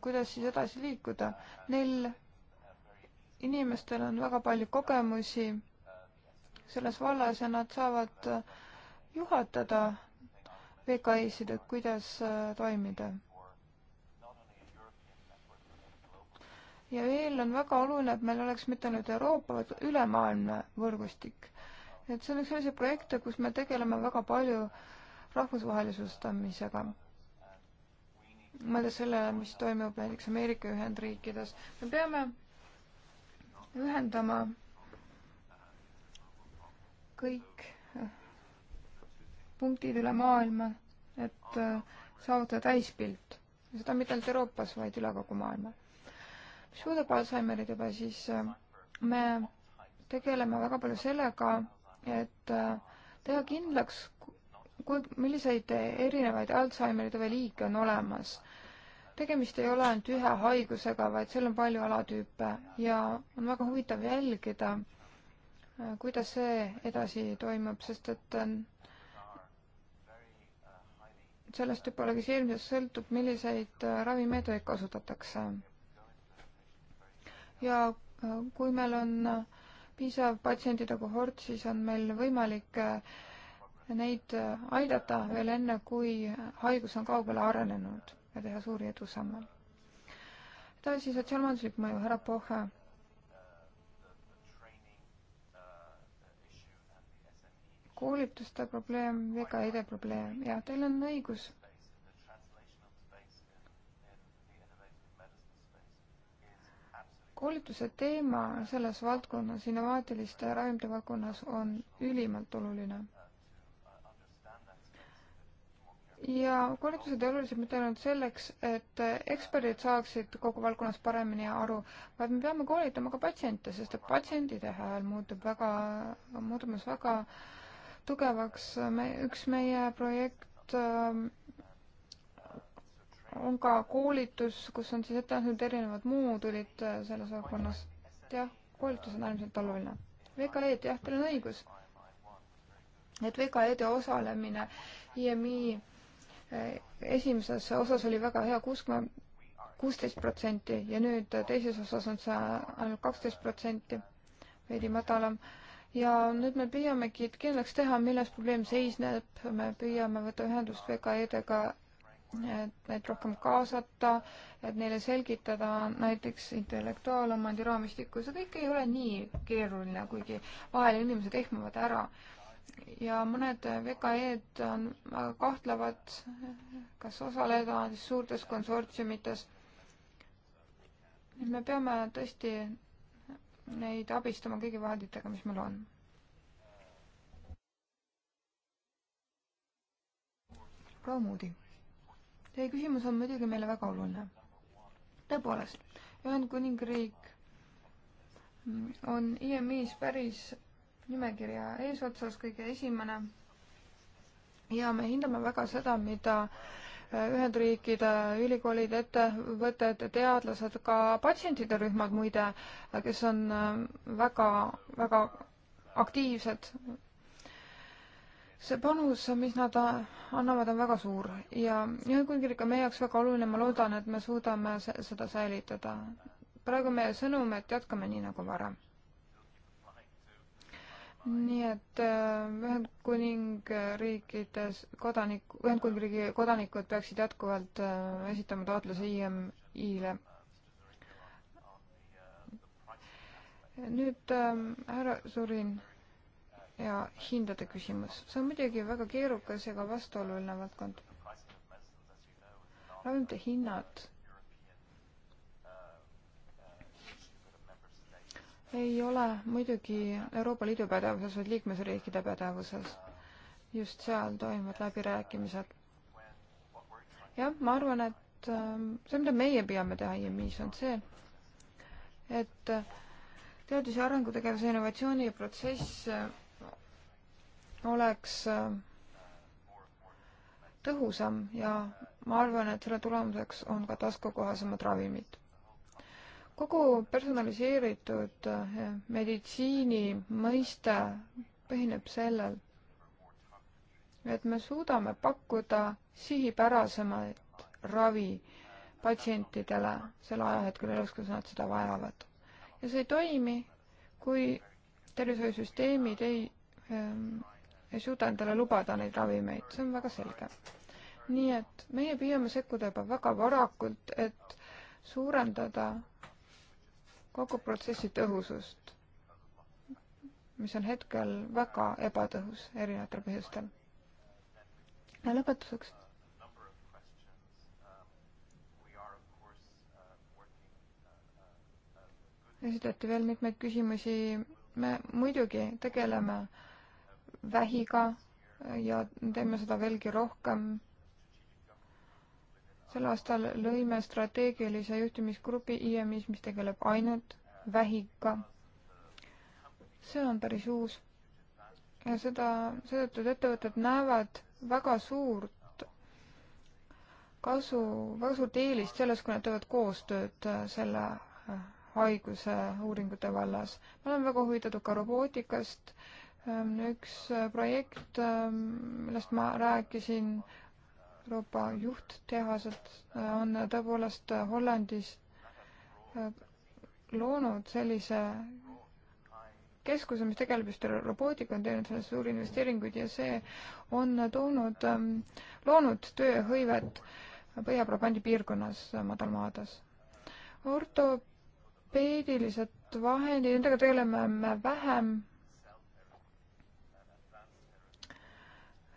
Speaker 4: kuidas siis edasi liikuda? Neil inimestel on väga palju kogemusi selles vallas ja nad saavad juhatada VKI-sid, et kuidas äh, toimida ja veel on väga oluline, et meil oleks mitte ainult Euroopa, vaid ülemaailmne võrgustik. et see on üks selliseid projekte, kus me tegeleme väga palju rahvusvahelisustamisega. mõeldes sellele, mis toimub näiteks Ameerika Ühendriikides, me peame ühendama kõik punktid üle maailma, et saavutada täispilt. seda mitte ainult Euroopas, vaid üle kogu maailma mis puudutab Alžeimerit juba, siis äh, me tegeleme väga palju sellega, et äh, teha kindlaks, kui, milliseid erinevaid Alžeimeri tüve liike on olemas. tegemist ei ole ainult ühe haigusega, vaid seal on palju alatüüpe ja on väga huvitav jälgida, äh, kuidas see edasi toimub, sest et sellest juba logiseerimisest sõltub, milliseid ravimeetodeid kasutatakse ja äh, kui meil on äh, piisav patsientide kohort, siis on meil võimalik äh, neid aidata veel enne, kui haigus on kaugele arenenud ja teha suuri edusamme. edasi sotsiaalmajanduslik mõju, härra Pohe. koolituste probleem, vegaide probleem, jah, teil on õigus koolituse teema selles valdkonnas, innovaatiliste ravimite valdkonnas on ülimalt oluline. ja koolitused ei ole olulised mitte ainult selleks, et eksperdid saaksid kogu valdkonnas paremini aru, vaid me peame koolitama ka patsiente, sest et patsientide hääl muutub väga, muutumas väga tugevaks. me, üks meie projekt ähm, on ka koolitus, kus on siis ette antud erinevad moodulid äh, selles valdkonnas. jah, koolitus on äärmiselt oluline. VKE-d, jah, teil on õigus. et VKE-de osalemine IMI äh, esimeses osas oli väga hea, kuuskümmend, kuusteist protsenti ja nüüd äh, teises osas on see ainult kaksteist protsenti, veidi madalam ja nüüd me püüamegi kindlaks teha, milles probleem seisneb, me püüame võtta ühendust VKE-dega, et neid rohkem kaasata, et neile selgitada näiteks intellektuaalomandi raamistikku, see kõik ei ole nii keeruline, kuigi vahel inimesed ehmuvad ära. ja mõned VKE-d on, kahtlevad, kas osaleda suurtes konsortsiumites. me peame tõesti neid abistama kõigi vahenditega, mis meil on Raumudi. Teie küsimus on muidugi meile väga oluline. tõepoolest, Ühendkuningriik on IMI-s päris nimekirja eesotsas kõige esimene ja me hindame väga seda, mida Ühendriikide ülikoolid, ettevõtted, teadlased, ka patsientide rühmad muide, kes on väga, väga aktiivsed see panus, mis nad annavad, on väga suur ja Ühendkuningriik on meie jaoks väga oluline, ma loodan, et me suudame seda säilitada. praegu meie sõnum, et jätkame nii nagu varem. nii et äh, Ühendkuningriikides kodanik, Ühendkuningriigi kodanikud peaksid jätkuvalt äh, esitama taotluse IMI-le. nüüd äh, härra Surin ja hindade küsimus. see on muidugi väga keerukas ja ka vastuoluline valdkond. ravimite hinnad ei ole muidugi Euroopa Liidu pädevuses, vaid liikmesriikide pädevuses. just seal toimuvad läbirääkimised. jah, ma arvan, et ähm, see, mida meie püüame teha IMI-s, on see, et äh, teadus- ja arengutegevuse innovatsiooniprotsess äh, oleks äh, tõhusam ja ma arvan, et selle tulemuseks on ka taskukohasemad ravimid. kogu personaliseeritud äh, meditsiini mõiste põhineb sellel, et me suudame pakkuda sihipärasemaid ravi patsientidele sel ajahetkel elus, kus nad seda vajavad. ja see ei toimi, kui tervishoiusüsteemid ei ähm, ei suuda endale lubada neid ravimeid, see on väga selge. nii et meie püüame sekkuda juba väga varakult, et suurendada kogu protsessi tõhusust, mis on hetkel väga ebatõhus erinevatel põhjustel. ja lõpetuseks esitati veel mitmeid küsimusi. me muidugi tegeleme äh, vähiga ja teeme seda veelgi rohkem. sel aastal lõime strateegilise juhtimisgrupi IMI-s, mis tegeleb ainult vähiga. see on päris uus ja seda, seetõttu et ettevõtted näevad väga suurt kasu, väga suurt eelist selles, kui nad teevad koostööd selle äh, haiguse uuringute vallas. me oleme väga huvitatud ka robootikast Ähm, üks äh, projekt, ähm, millest ma rääkisin, Euroopa juhttehased äh, on äh, tõepoolest Hollandis loonud sellise keskuse, mis tegeleb just robootika, on teinud selles suuri investeeringuid ja see on toonud, ähm, loonud tööhõivet Põhja-Brabandi piirkonnas madalmaades. ortopeedilised vahendid, nendega tegeleme me vähem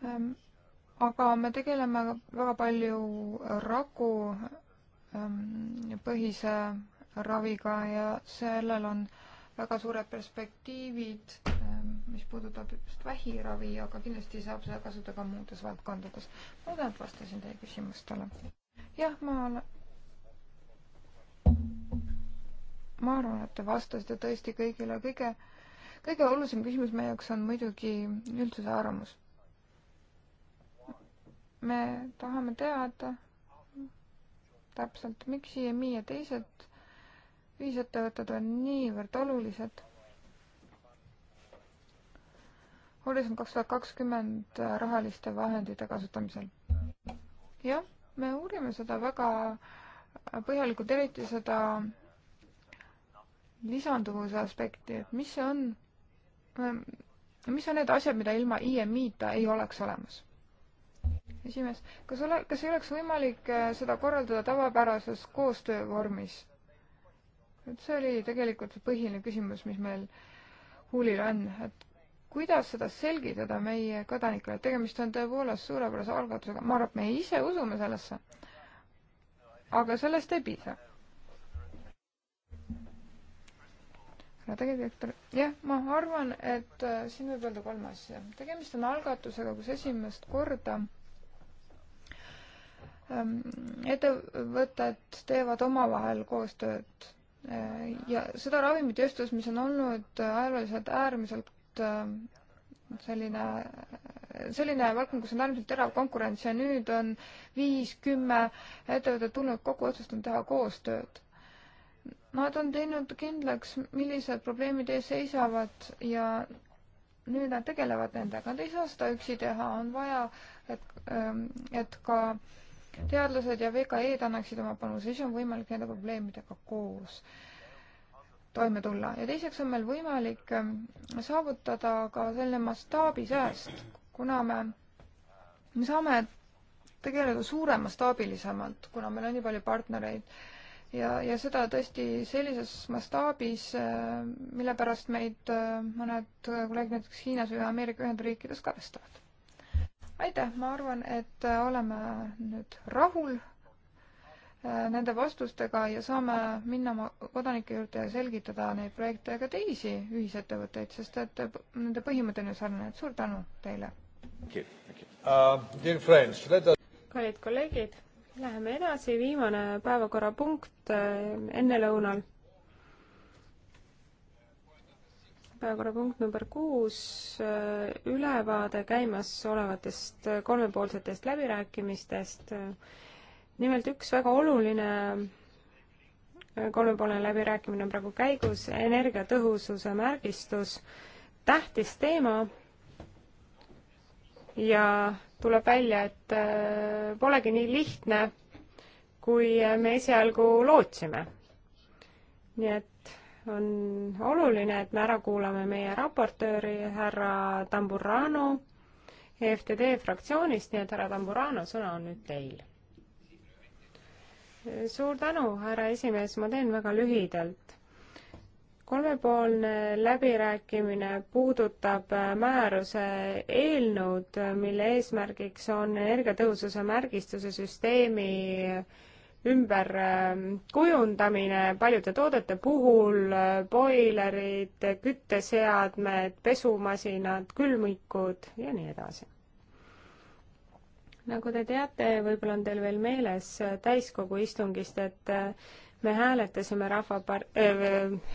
Speaker 4: Ehm, aga me tegeleme väga palju raku ehm, põhise raviga ja sellel on väga suured perspektiivid, ehm, mis puudutab just vähiravi, aga kindlasti saab seda kasutada ka muudes valdkondades. ma loodan, et vastasin teie küsimustele. jah, ma olen ma arvan, et te vastasite tõesti kõigile. kõige, kõige olulisem küsimus meie jaoks on muidugi üldsuse arvamus me tahame teada täpselt, miks IMI ja teised ühisettevõtted on niivõrd olulised. horisont kaks tuhat kakskümmend rahaliste vahendite kasutamisel. jah, me uurime seda väga põhjalikult, eriti seda lisanduvuse aspekti, et mis see on, mis on need asjad, mida ilma IMI-ta ei oleks olemas esimees, kas ole, kas ei oleks võimalik äh, seda korraldada tavapärases koostöövormis? et see oli tegelikult see põhiline küsimus, mis meil huulil on, et kuidas seda selgitada meie kodanikele, et tegemist on tõepoolest suurepärase algatusega, ma arvan, et me ise usume sellesse. aga sellest ei piisa. härra tegevdirektor, jah, ma arvan, et äh, siin võib öelda kolm asja. tegemist on algatusega, kus esimest korda äh, Ehm, ettevõtted teevad omavahel koostööd ehm, ja seda ravimitööstus, mis on olnud äh, ajalooliselt äärmiselt ehm, selline, selline valdkond, kus on äärmiselt terav konkurents ja nüüd on viis, kümme ettevõtet tulnud kokku, otsustanud teha koostööd. Nad on teinud kindlaks, millised probleemid ees seisavad ja nüüd nad tegelevad nendega, nad ei saa seda üksi teha, on vaja, et, et ka äh, teadlased ja VKE-d annaksid oma panuse, siis on võimalik nende probleemidega koos toime tulla. ja teiseks on meil võimalik ähm, saavutada ka selline mastaabisääst, kuna me, me saame tegeleda suure mastaabilisemalt, kuna meil on nii palju partnereid ja, ja seda tõesti sellises mastaabis, äh, mille pärast meid äh, mõned kolleegid näiteks Hiinas või Ameerika Ühendriikides karistavad aitäh, ma arvan, et äh, oleme nüüd rahul äh, nende vastustega ja saame minna oma kodanike juurde ja selgitada neid projekte ja ka teisi ühisettevõtteid, sest et äh, nende põhimõte on ju sarnane, et suur tänu teile!
Speaker 3: Uh,
Speaker 2: kallid kolleegid, läheme edasi, viimane päevakorrapunkt ennelõunal päevakorrapunkt number kuus, ülevaade käimasolevatest kolmepoolsetest läbirääkimistest. nimelt üks väga oluline kolmepoolne läbirääkimine on praegu käigus, energiatõhususe märgistus, tähtis teema ja tuleb välja, et äh, polegi nii lihtne, kui me esialgu lootsime. nii et on oluline, et me ära kuulame meie raportööri härra Tamburano EFTD fraktsioonist, nii et härra Tamburano, sõna on nüüd teil. suur tänu, härra esimees, ma teen väga lühidalt kolmepoolne läbirääkimine puudutab äh, määruse eelnõud, mille eesmärgiks on energiatõhususe märgistuse süsteemi ümberkujundamine ähm, paljude toodete puhul, äh, boilerid, kütteseadmed, pesumasinad, külmikud ja nii edasi. nagu te teate, võib-olla on teil veel meeles äh, täiskogu istungist, et äh, me hääletasime rahvapar-,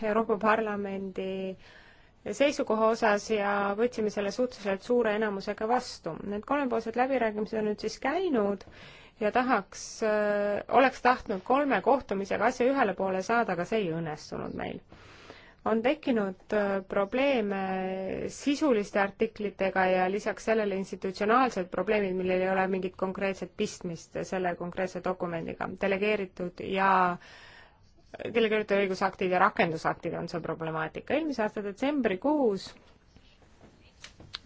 Speaker 2: Euroopa Parlamendi seisukoha osas ja võtsime selle suhteliselt suure enamusega vastu. Need kolmepoolsed läbirääkimised on nüüd siis käinud ja tahaks, äh, oleks tahtnud kolme kohtumisega asja ühele poole saada, aga see ei õnnestunud meil. on tekkinud äh, probleeme sisuliste artiklitega ja lisaks sellele institutsionaalsed probleemid, millel ei ole mingit konkreetset pistmist selle konkreetse dokumendiga, delegeeritud ja delegeeritud õigusaktid ja rakendusaktid on see problemaatika. eelmise aasta detsembrikuus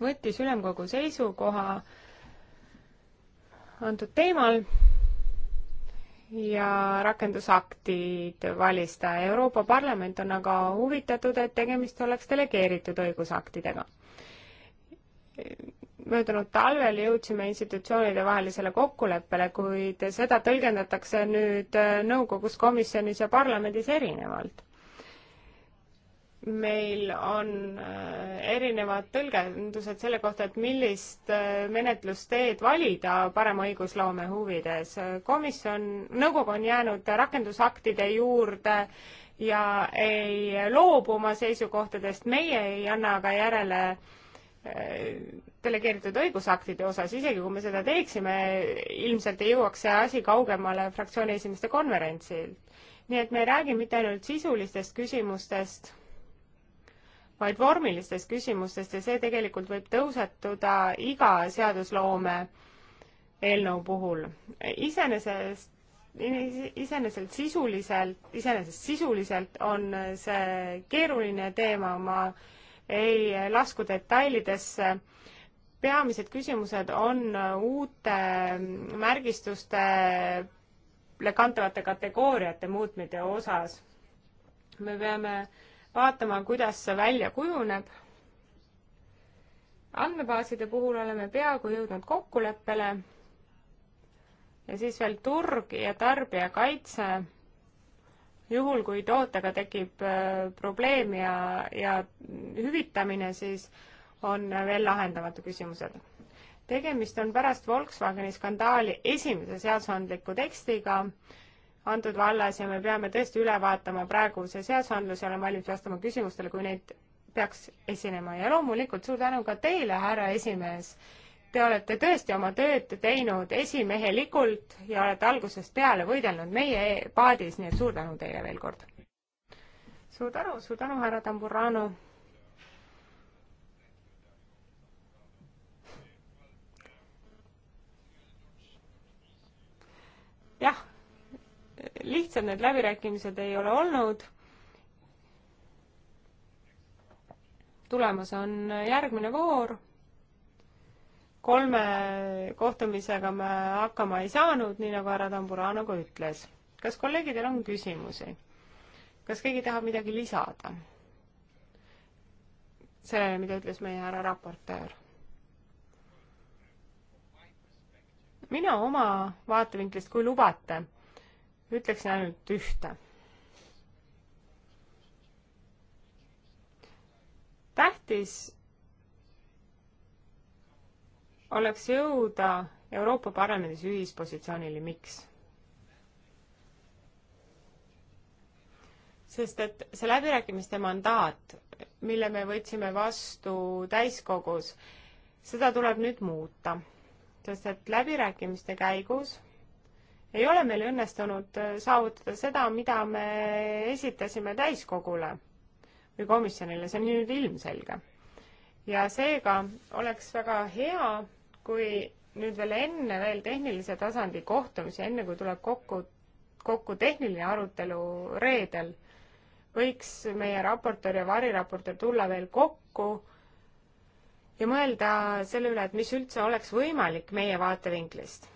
Speaker 2: võttis ülemkogu seisukoha äh, antud teemal ja rakendusaktid valista. Euroopa Parlament on aga huvitatud, et tegemist oleks delegeeritud õigusaktidega. möödunud talvel jõudsime institutsioonide vahelisele kokkuleppele, kuid seda tõlgendatakse nüüd nõukogus, komisjonis ja parlamendis erinevalt meil on äh, erinevad tõlgendused selle kohta, et millist äh, menetlusteed valida parema õigusloome huvides. komisjon, nõukogu on jäänud rakendusaktide juurde ja ei loobu oma seisukohtadest, meie ei anna aga järele äh, delegeeritud õigusaktide osas, isegi kui me seda teeksime, ilmselt ei jõuaks see asi kaugemale fraktsiooni esimeeste konverentsilt. nii et me ei räägi mitte ainult sisulistest küsimustest vaid vormilistest küsimustest ja see tegelikult võib tõusetuda iga seadusloome eelnõu puhul. iseenesest, iseenesest sisuliselt, iseenesest sisuliselt on see keeruline teema, ma ei lasku detailidesse. peamised küsimused on uute märgistustele kantavate kategooriate muutmine osas. me peame äh, vaatama, kuidas see välja kujuneb. andmebaaside puhul oleme peaaegu jõudnud kokkuleppele ja siis veel turg ja tarbijakaitse, juhul kui tootega tekib äh, probleem ja, ja hüvitamine, siis on veel lahendamata küsimused. tegemist on pärast Volkswageni skandaali esimese seadusandliku tekstiga, antud vallas ja me peame tõesti üle vaatama praeguse seadusandluse, olen valmis vastama küsimustele, kui neid peaks esinema ja loomulikult suur tänu ka teile, härra esimees. Te olete tõesti oma tööd teinud esimehelikult ja olete algusest peale võidelnud meie e paadis, nii et suur tänu teile veel kord. suur tänu, suur tänu, härra Tamburano. jah lihtsad need läbirääkimised ei ole olnud. tulemas on järgmine voor. kolme kohtumisega me hakkama ei saanud, nii nagu härra Tamburano ka ütles. kas kolleegidel on küsimusi? kas keegi tahab midagi lisada? sellele, mida ütles meie härra raportöör. mina oma vaatevinklist, kui lubate ütleksin ainult ühte. tähtis oleks jõuda Euroopa Parlamendis ühispositsioonile, miks? sest et see läbirääkimiste mandaat, mille me võtsime vastu täiskogus, seda tuleb nüüd muuta, sest et läbirääkimiste käigus ei ole meil õnnestunud äh, saavutada seda, mida me esitasime täiskogule või komisjonile, see on nüüd ilmselge. ja seega oleks väga hea, kui nüüd veel enne veel tehnilise tasandi kohtumisi, enne kui tuleb kokku, kokku tehniline arutelu reedel, võiks meie raportöör ja variraportöör tulla veel kokku ja mõelda selle üle, et mis üldse oleks võimalik meie vaatevinklist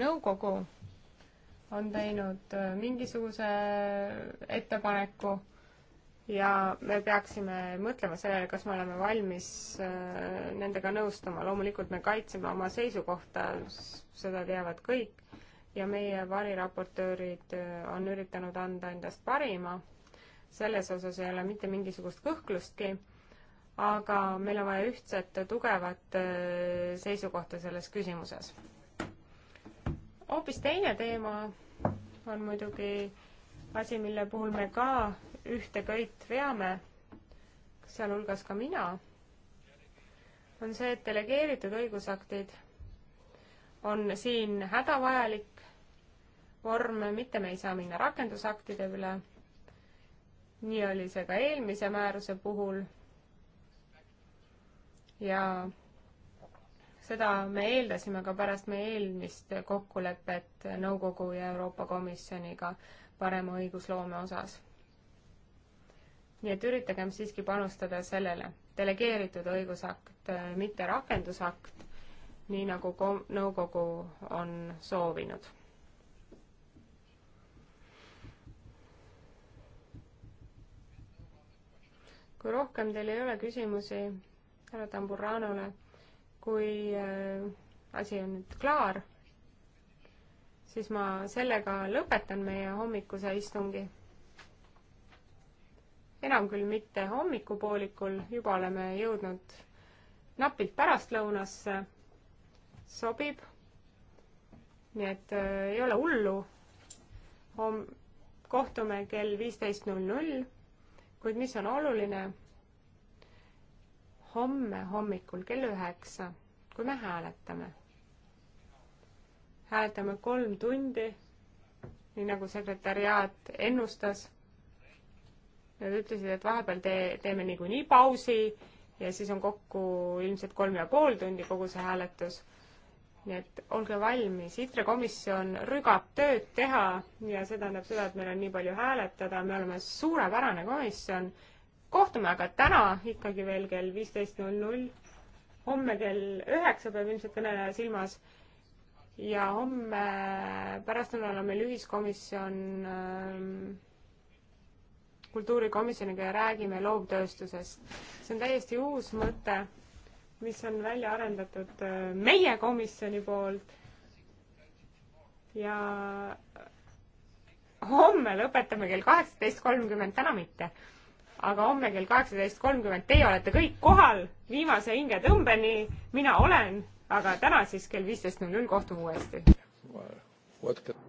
Speaker 2: nõukogu on teinud äh, mingisuguse äh, ettepaneku ja me peaksime mõtlema sellele, kas me oleme valmis äh, nendega nõustuma. loomulikult me kaitseme oma seisukohta, seda teavad kõik, ja meie variraportöörid on üritanud anda endast parima, selles osas ei ole mitte mingisugust kõhklustki, aga meil on vaja ühtset, tugevat seisukohta selles küsimuses hoopis teine teema on muidugi asi, mille puhul me ka ühte köit veame, sealhulgas ka mina, on see, et delegeeritud õigusaktid on siin hädavajalik vorm, mitte me ei saa minna rakendusaktide üle. nii oli see ka eelmise määruse puhul. ja seda me eeldasime ka pärast meie eelmist kokkulepet Nõukogu ja Euroopa Komisjoniga parema õigusloome osas. nii et üritagem siiski panustada sellele, delegeeritud õigusakt, äh, mitte rakendusakt, nii nagu kom-, nõukogu on soovinud kui rohkem teil ei ole küsimusi härra Tamburanole, kui äh, asi on nüüd klaar, siis ma sellega lõpetan meie hommikuse istungi. enam küll mitte hommikupoolikul, juba oleme jõudnud napilt pärastlõunasse, sobib. nii et äh, ei ole hullu. homm-, kohtume kell viisteist null null, kuid mis on oluline homme hommikul kell üheksa, kui me hääletame. hääletame kolm tundi, nii nagu sekretäriaat ennustas. Nad ütlesid, et vahepeal tee, teeme niikuinii pausi ja siis on kokku ilmselt kolm ja pool tundi kogu see hääletus nii et olge valmis, ITRE komisjon rügab tööd teha ja see tähendab seda, et meil on nii palju hääletada, me oleme suurepärane komisjon kohtume aga täna ikkagi veel kell viisteist null null. homme kell üheksa peab ilmselt kõneleja silmas. ja homme pärastlõunal on meil ühiskomisjon ähm, kultuurikomisjoniga ja räägime loovtööstusest. see on täiesti uus mõte, mis on välja arendatud äh, meie komisjoni poolt. ja homme lõpetame kell kaheksateist kolmkümmend, täna mitte aga homme kell kaheksateist kolmkümmend teie olete kõik kohal viimase hingetõmbeni, mina olen, aga täna siis kell viisteist null null kohtume
Speaker 1: uuesti.